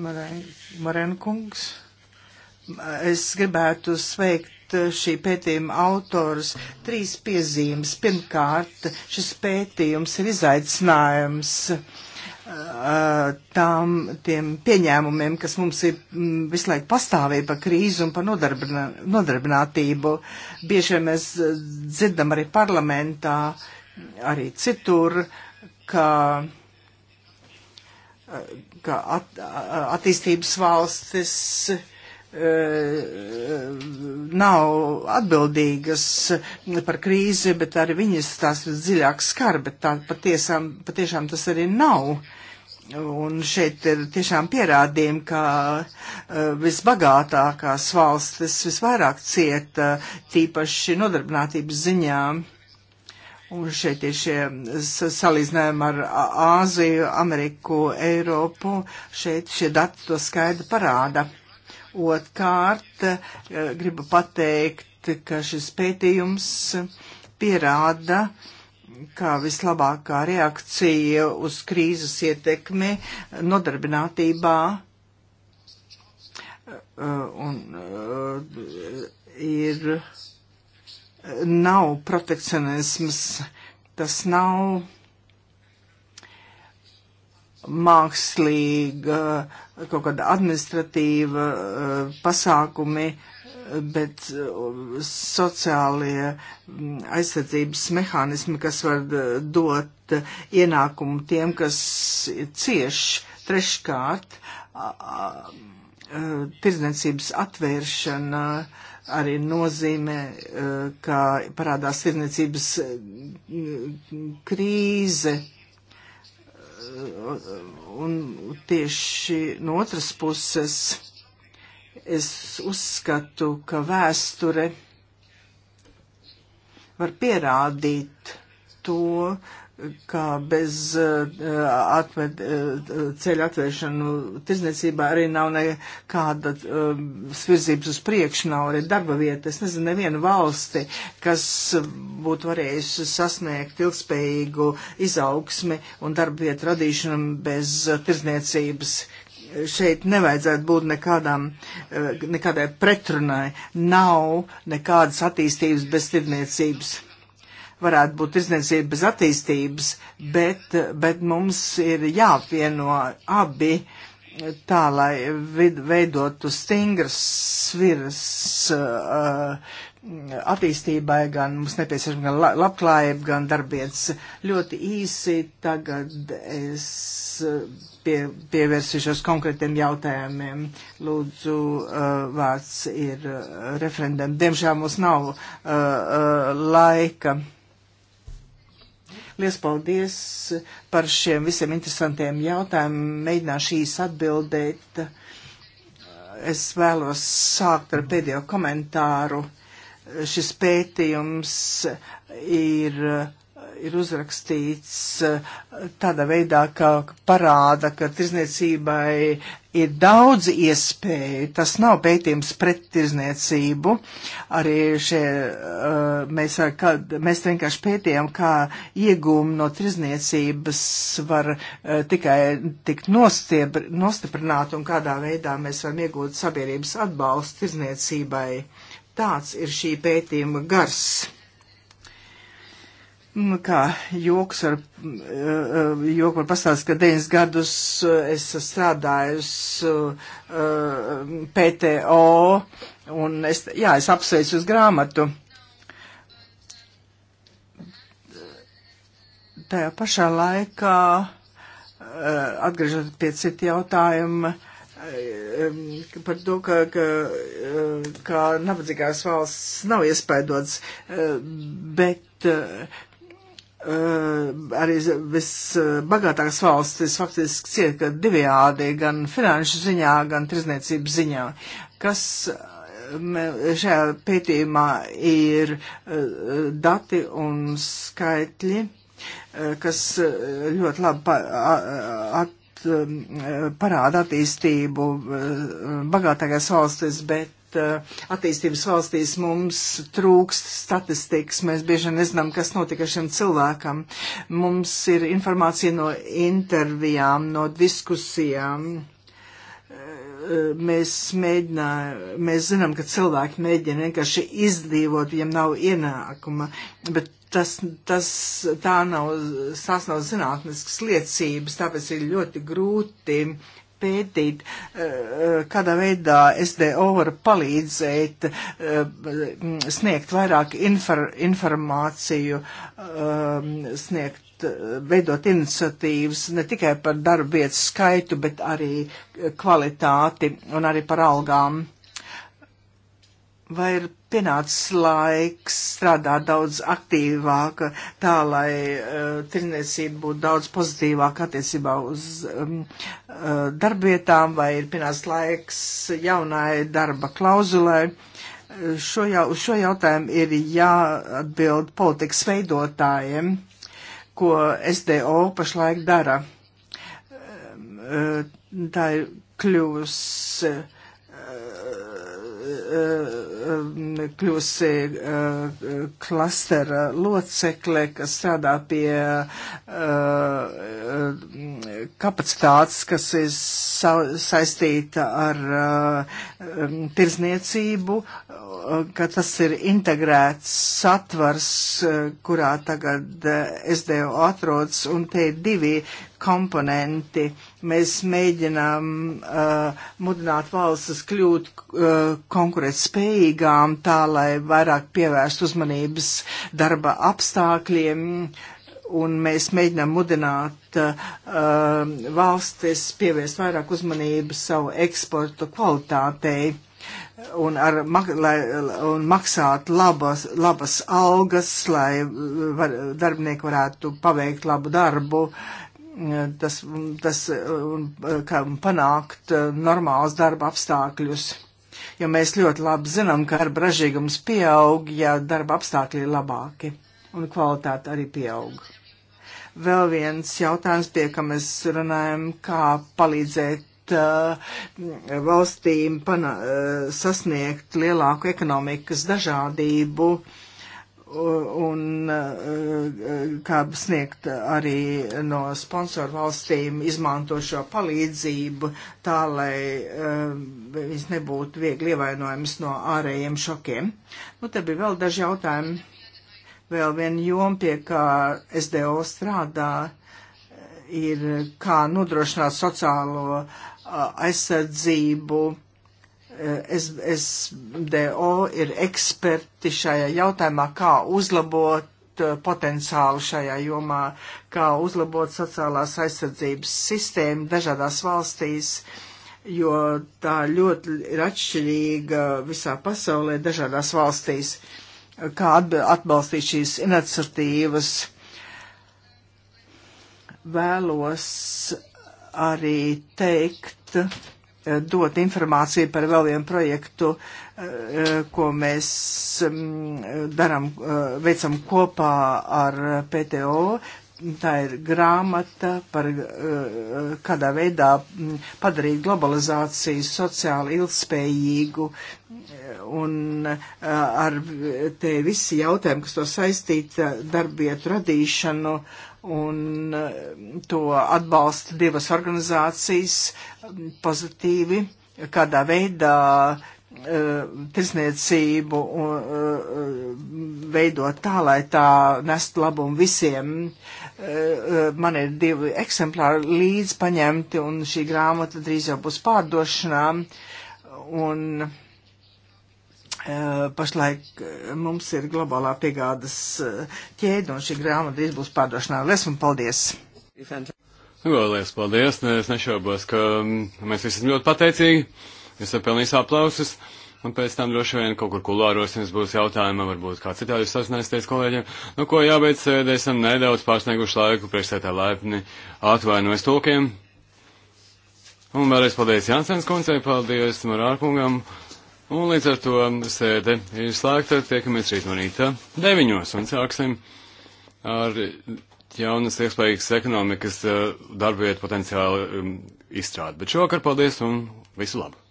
Speaker 4: Marenkungs. Es gribētu sveikt šī pētījuma autors trīs piezīmes. Pirmkārt, šis pētījums ir izaicinājums tām tiem pieņēmumiem, kas mums ir visu laiku pastāvēja par krīzi un par nodarbinātību. Bieži vien mēs dzirdam arī parlamentā, arī citur, ka ka at, attīstības valstis e, nav atbildīgas par krīzi, bet arī viņas tās dziļāk skar, bet tā patiesām, patiešām tas arī nav. Un šeit ir tiešām pierādījumi, ka e, visbagātākās valstis visvairāk cieta tīpaši nodarbinātības ziņām. Un šeit ir šie salīdzinājumi ar Āziju, Ameriku, Eiropu. Šeit šie dati to skaidri parāda. Otkārt, e, gribu pateikt, ka šis pētījums pierāda, kā vislabākā reakcija uz krīzes ietekmi nodarbinātībā e, un e, ir nav protekcionisms, tas nav mākslīga, kaut kāda administratīva eh, pasākumi, bet eh, sociālie mm, aizsardzības mehānismi, kas var eh, dot ienākumu tiem, kas cieš treškārt, tirdzniecības atvēršana, uh, arī nozīmē, e, ka parādās tirniecības e, krīze. E, un tieši no otras puses es uzskatu, ka vēsture var pierādīt to, kā bez eh, atmet, eh, ceļa atvēršanu tirzniecībā arī nav nekāda eh, svirzības uz priekšu, nav arī darba vieta. Es nezinu nevienu valsti, kas būtu varējusi sasniegt ilgspējīgu izaugsmi un darba vietu radīšanu bez tirzniecības. Šeit nevajadzētu būt nekādām, nekādai pretrunai. Nav nekādas attīstības bez tirniecības varētu būt tirdzniecība bez attīstības, bet, bet mums ir jāapvieno abi tā, lai veidotu stingras sviras uh, attīstībai, gan mums nepieciešama gan labklājība, gan darbietas. Ļoti īsi tagad es uh, pie, pievērsīšos konkrētiem jautājumiem. Lūdzu, uh, vārds ir uh, referendam. Diemžēl mums nav uh, uh, laika. Lies paldies par šiem visiem interesantiem jautājumiem. Mēģināšu īsi atbildēt. Es vēlos sākt ar pēdējo komentāru. Šis pētījums ir, ir uzrakstīts tādā veidā, ka parāda, ka tirzniecībai ir daudz iespēju. Tas nav pētījums pret tirzniecību. Arī šie, uh, mēs, kā, mēs vienkārši pētījām, kā iegūmi no tirzniecības var uh, tikai tikt nostiprināt un kādā veidā mēs varam iegūt sabiedrības atbalstu tirzniecībai. Tāds ir šī pētījuma gars. Mm, kā joks var, mm, eh, eh, joku var pastāstīt, ka 9 gadus eh, es strādājusi PTO un es, jā, es apsveicu uz grāmatu. Tajā pašā laikā, atgriežot pie citu jautājumu, par to, ka, ka, ka nabadzīgās valsts nav iespaidots, bet arī visbagātākas valstis faktiski ciet, ka divējādi gan finanšu ziņā, gan trizniecības ziņā, kas šajā pētījumā ir e, dati un skaitļi, e, kas ļoti labi at, e, parāda attīstību bagātākās valstis, bet Eh, attīstības valstīs mums trūkst statistikas, mēs bieži nezinām, kas notika šim cilvēkam. Mums ir informācija no intervijām, no diskusijām. Eh, mēs mēģinām, mēs zinām, ka cilvēki mēģina vienkārši izdzīvot, viņiem nav ienākuma, bet tas, tas tā nav, tās nav zinātniskas liecības, tāpēc ir ļoti grūti uh, pētīt, eh, kādā veidā SDO var palīdzēt eh, sniegt vairāk infor, informāciju, eh, sniegt, veidot iniciatīvas ne tikai par darba vietas skaitu, bet arī kvalitāti un arī par algām. Vai ir pienācis laiks strādāt daudz aktīvāk, tā lai uh, eh, tirniecība būtu daudz pozitīvāk attiecībā uz um, uh, eh, darbietām, vai ir pienācis laiks jaunai darba klauzulai. Uh, eh, šo, jau, šo jautājumu ir jāatbild politikas veidotājiem, ko SDO pašlaik dara. Uh, tā ir kļuvusi. Uh, Eh, eh, kļūsi klastera eh, locekle, kas strādā pie kapacitātes, kas ir saistīta ar tirzniecību, ka tas ir integrēts satvars, kurā tagad SDO atrodas, un te ir divi komponenti. Mēs mēģinām uh, mudināt valstis kļūt uh, konkurētspējīgām, tā lai vairāk pievērst uzmanības darba apstākļiem. Un mēs mēģinām mudināt uh, valstis pievērst vairāk uzmanības savu eksportu kvalitātei un, ar, lai, un maksāt labas, labas algas, lai var, darbinieki varētu paveikt labu darbu tas, tas kā panākt uh, normālus darba apstākļus. Jo mēs ļoti labi zinām, ka ar bražīgums pieaug, ja darba apstākļi ir labāki un kvalitāte arī pieaug. Vēl viens jautājums, pie kā mēs runājam, kā palīdzēt uh, valstīm pana, uh, sasniegt lielāku ekonomikas dažādību, uh, un eh, kā sniegt arī no sponsoru valstīm izmantošo palīdzību, tā lai eh, viņas nebūtu viegli ievainojams no ārējiem šokiem. Nu, te bija vēl daži jautājumi. Vēl viena joma, pie kā SDO strādā, ir kā nodrošināt sociālo eh, aizsardzību SDO ir eksperti šajā jautājumā, kā uzlabot eh, potenciālu šajā jomā, kā uzlabot sociālās aizsardzības sistēmu dažādās valstīs, jo tā ļoti ir atšķirīga visā pasaulē, dažādās valstīs, kā atbalstīt šīs iniciatīvas. Vēlos arī teikt, Eh, dot informāciju par vēl vienu projektu, eh, ko mēs mm, daram, eh, veicam kopā ar PTO. Tā ir grāmata par kādā veidā mm, padarīt globalizāciju sociāli ilgspējīgu un ar te visi jautājumi, kas to saistīta darbietu radīšanu. Uh, un eh, to atbalsta divas organizācijas pozitīvi, kādā veidā eh, tirsniecību eh, veidot tā, lai tā nest labumu visiem. Man ir divi eksemplāri līdz paņemti, un šī grāmata drīz jau būs pārdošanā. Un, uh, Eh, pašlaik eh, mums ir globālā piegādas eh, ķēde, un šī grāmata būs pārdošanā. Lesmu, paldies!
Speaker 3: Lielas paldies! Ne, es nešaubos, ka mm, mēs visi esam ļoti pateicīgi. Es esmu pelnījis aplausus. Un pēc tam droši vien kaut kur kulāros jums būs jautājumi, varbūt kā citādi jūs sazināsieties kolēģiem. Nu, ko jābeidz sēdē, esam nedaudz pārsnieguši laiku, priekšsētā laipni atvainojas tulkiem. Un vēlreiz paldies Jānsens koncei, paldies Marārkungam. Un līdz ar to sēde ir slēgta, tiekamies rīt no rīta deviņos un sāksim ar jaunas iespējas ekonomikas eh, darbvietu potenciāli um, izstrādi. Bet šovakar paldies un visu labu!